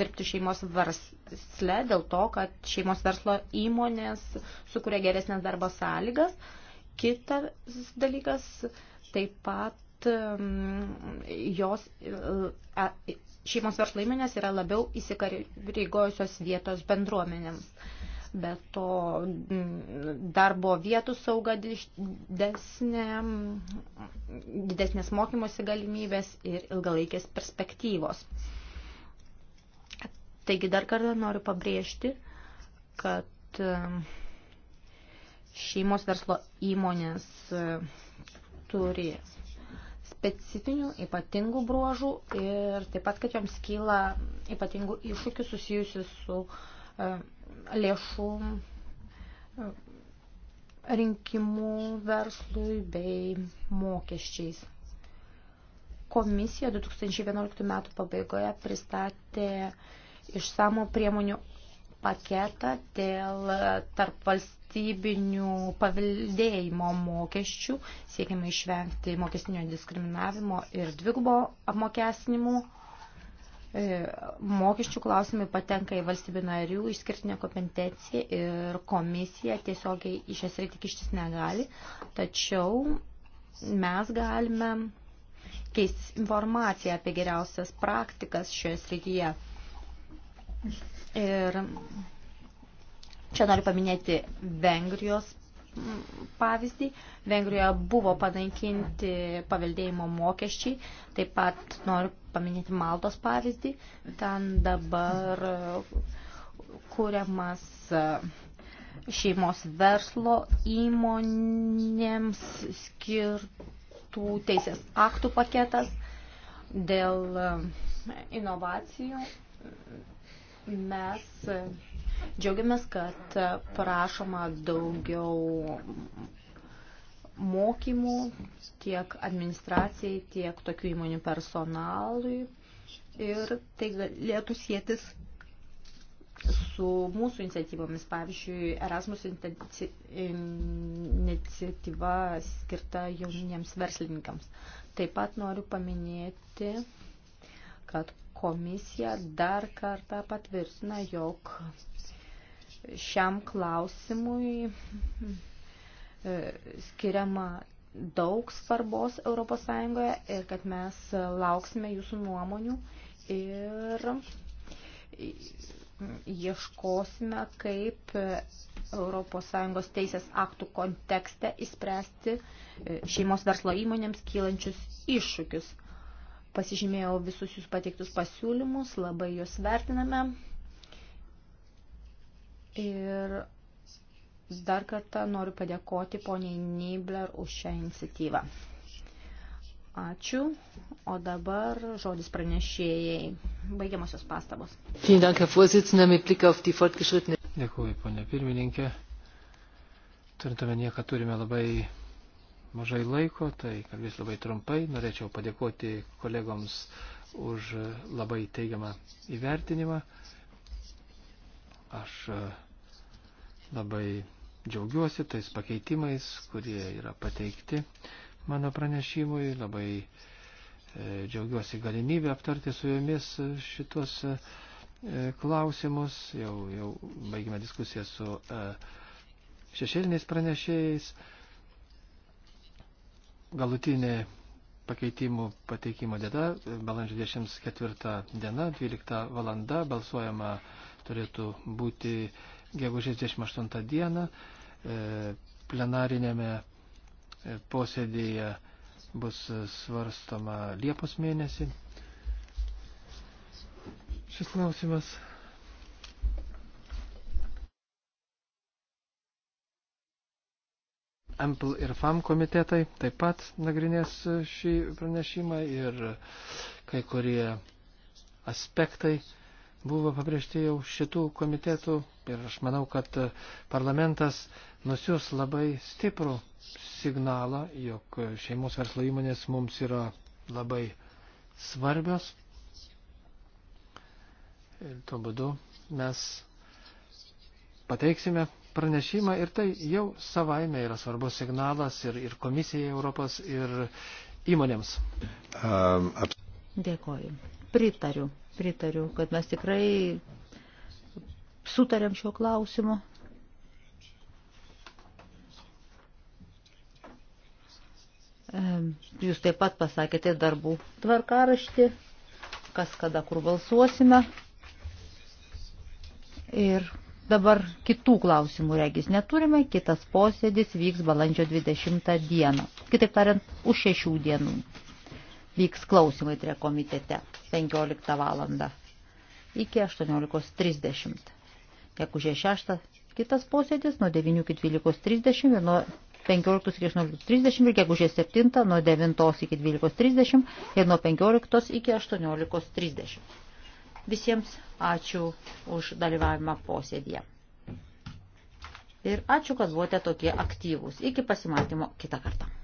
dirbti šeimos versle dėl to, kad šeimos verslo įmonės sukuria geresnės darbo sąlygas. Kitas dalykas, taip pat jos e, e, šeimos verslo įmonės yra labiau įsikareigojusios vietos bendruomenėms. Be to darbo vietų sauga didesnė, didesnės mokymosi galimybės ir ilgalaikės perspektyvos. Taigi dar kartą noriu pabrėžti, kad šeimos verslo įmonės e, turi specifinių ypatingų bruožų ir taip pat, kad joms kyla ypatingų iššūkių susijusių su e, lėšų e, rinkimų verslui bei mokesčiais. Komisija 2011 metų pabaigoje pristatė išsamo priemonių paketą dėl e, tarp valstybinių paveldėjimo mokesčių, siekiama išvengti mokestinio diskriminavimo ir dvigubo apmokestinimų. E, mokesčių klausimai patenka į valstybių narių išskirtinę kompetenciją ir komisija tiesiogiai iš esrei tik ištis negali, tačiau mes galime keistis informaciją apie geriausias praktikas šioje srityje. Thank you. Ir čia noriu paminėti Vengrijos pavyzdį. Vengrijoje buvo panaikinti paveldėjimo mokesčiai, taip pat noriu paminėti Maltos pavyzdį. Ten dabar kuriamas e, šeimos verslo įmonėms skirtų teisės aktų paketas dėl e, inovacijų Mes džiaugiamės, kad prašoma daugiau mokymų tiek administracijai, tiek tokių įmonių personalui. Ir tai galėtų sėtis su mūsų iniciatyvomis. Pavyzdžiui, Erasmus iniciatyva skirta jauniems verslininkams. Taip pat noriu paminėti, kad komisija dar kartą patvirtina, jog šiam klausimui e, skiriama daug svarbos ES ir kad mes lauksime jūsų nuomonių ir ieškosime, kaip ES teisės aktų kontekste įspręsti e, šeimos verslo įmonėms kylančius iššūkius. Pasižymėjau visus jūs pateiktus pasiūlymus, labai juos vertiname. Ir dar kartą noriu padėkoti poniai Nibler už šią iniciatyvą. Ačiū. O dabar žodis pranešėjai. Baigiamosios pastabos. Dėkuoju, ponė pirmininkė. Turint omenyje, kad turime labai mažai laiko, tai kalbės labai trumpai. Norėčiau padėkoti kolegoms už labai teigiamą įvertinimą. Aš e, labai džiaugiuosi tais pakeitimais, kurie yra pateikti mano pranešimui. Labai e, džiaugiuosi galimybę aptarti su jumis šitos e, klausimus. Jau, jau baigime diskusiją su šešėliniais pranešėjais galutinė pakeitimų pateikimo diena, balandžio 24 diena, 12 valanda, balsuojama turėtų būti gegužės 28 dieną, e, plenarinėme e, posėdėje bus svarstoma Liepos mėnesį. Šis klausimas Ampl ir FAM komitetai taip pat nagrinės šį pranešimą ir kai kurie aspektai buvo pabrėžti jau šitų komitetų ir aš manau, kad parlamentas nusius labai stiprų signalą, jog šeimos verslo įmonės mums yra labai svarbios. Ir tuo būdu mes pateiksime pranešimą ir tai jau savaime yra svarbus signalas ir, ir komisijai Europos ir įmonėms. Um, ap... Dėkoju. Pritariu, pritariu, kad mes tikrai sutarėm šio klausimu. Jūs taip pat pasakėte darbų tvarkaraštį, kas kada kur balsuosime. Ir Dabar kitų klausimų regis neturime, kitas posėdis vyks balandžio 20 dieną. Kitaip tariant, už šešių dienų vyks klausimai tre komitete 15 valandą iki 18.30. Gegužė 6 kitas posėdis nuo 9 iki 12.30 ir nuo 15 iki 18.30 ir gegužės 7 nuo 9 iki 12.30 ir nuo 15 iki 18.30. Visiems ačiū už dalyvavimą posėdėje. Ir ačiū, kad buvote tokie aktyvūs. Iki pasimatymo kitą kartą.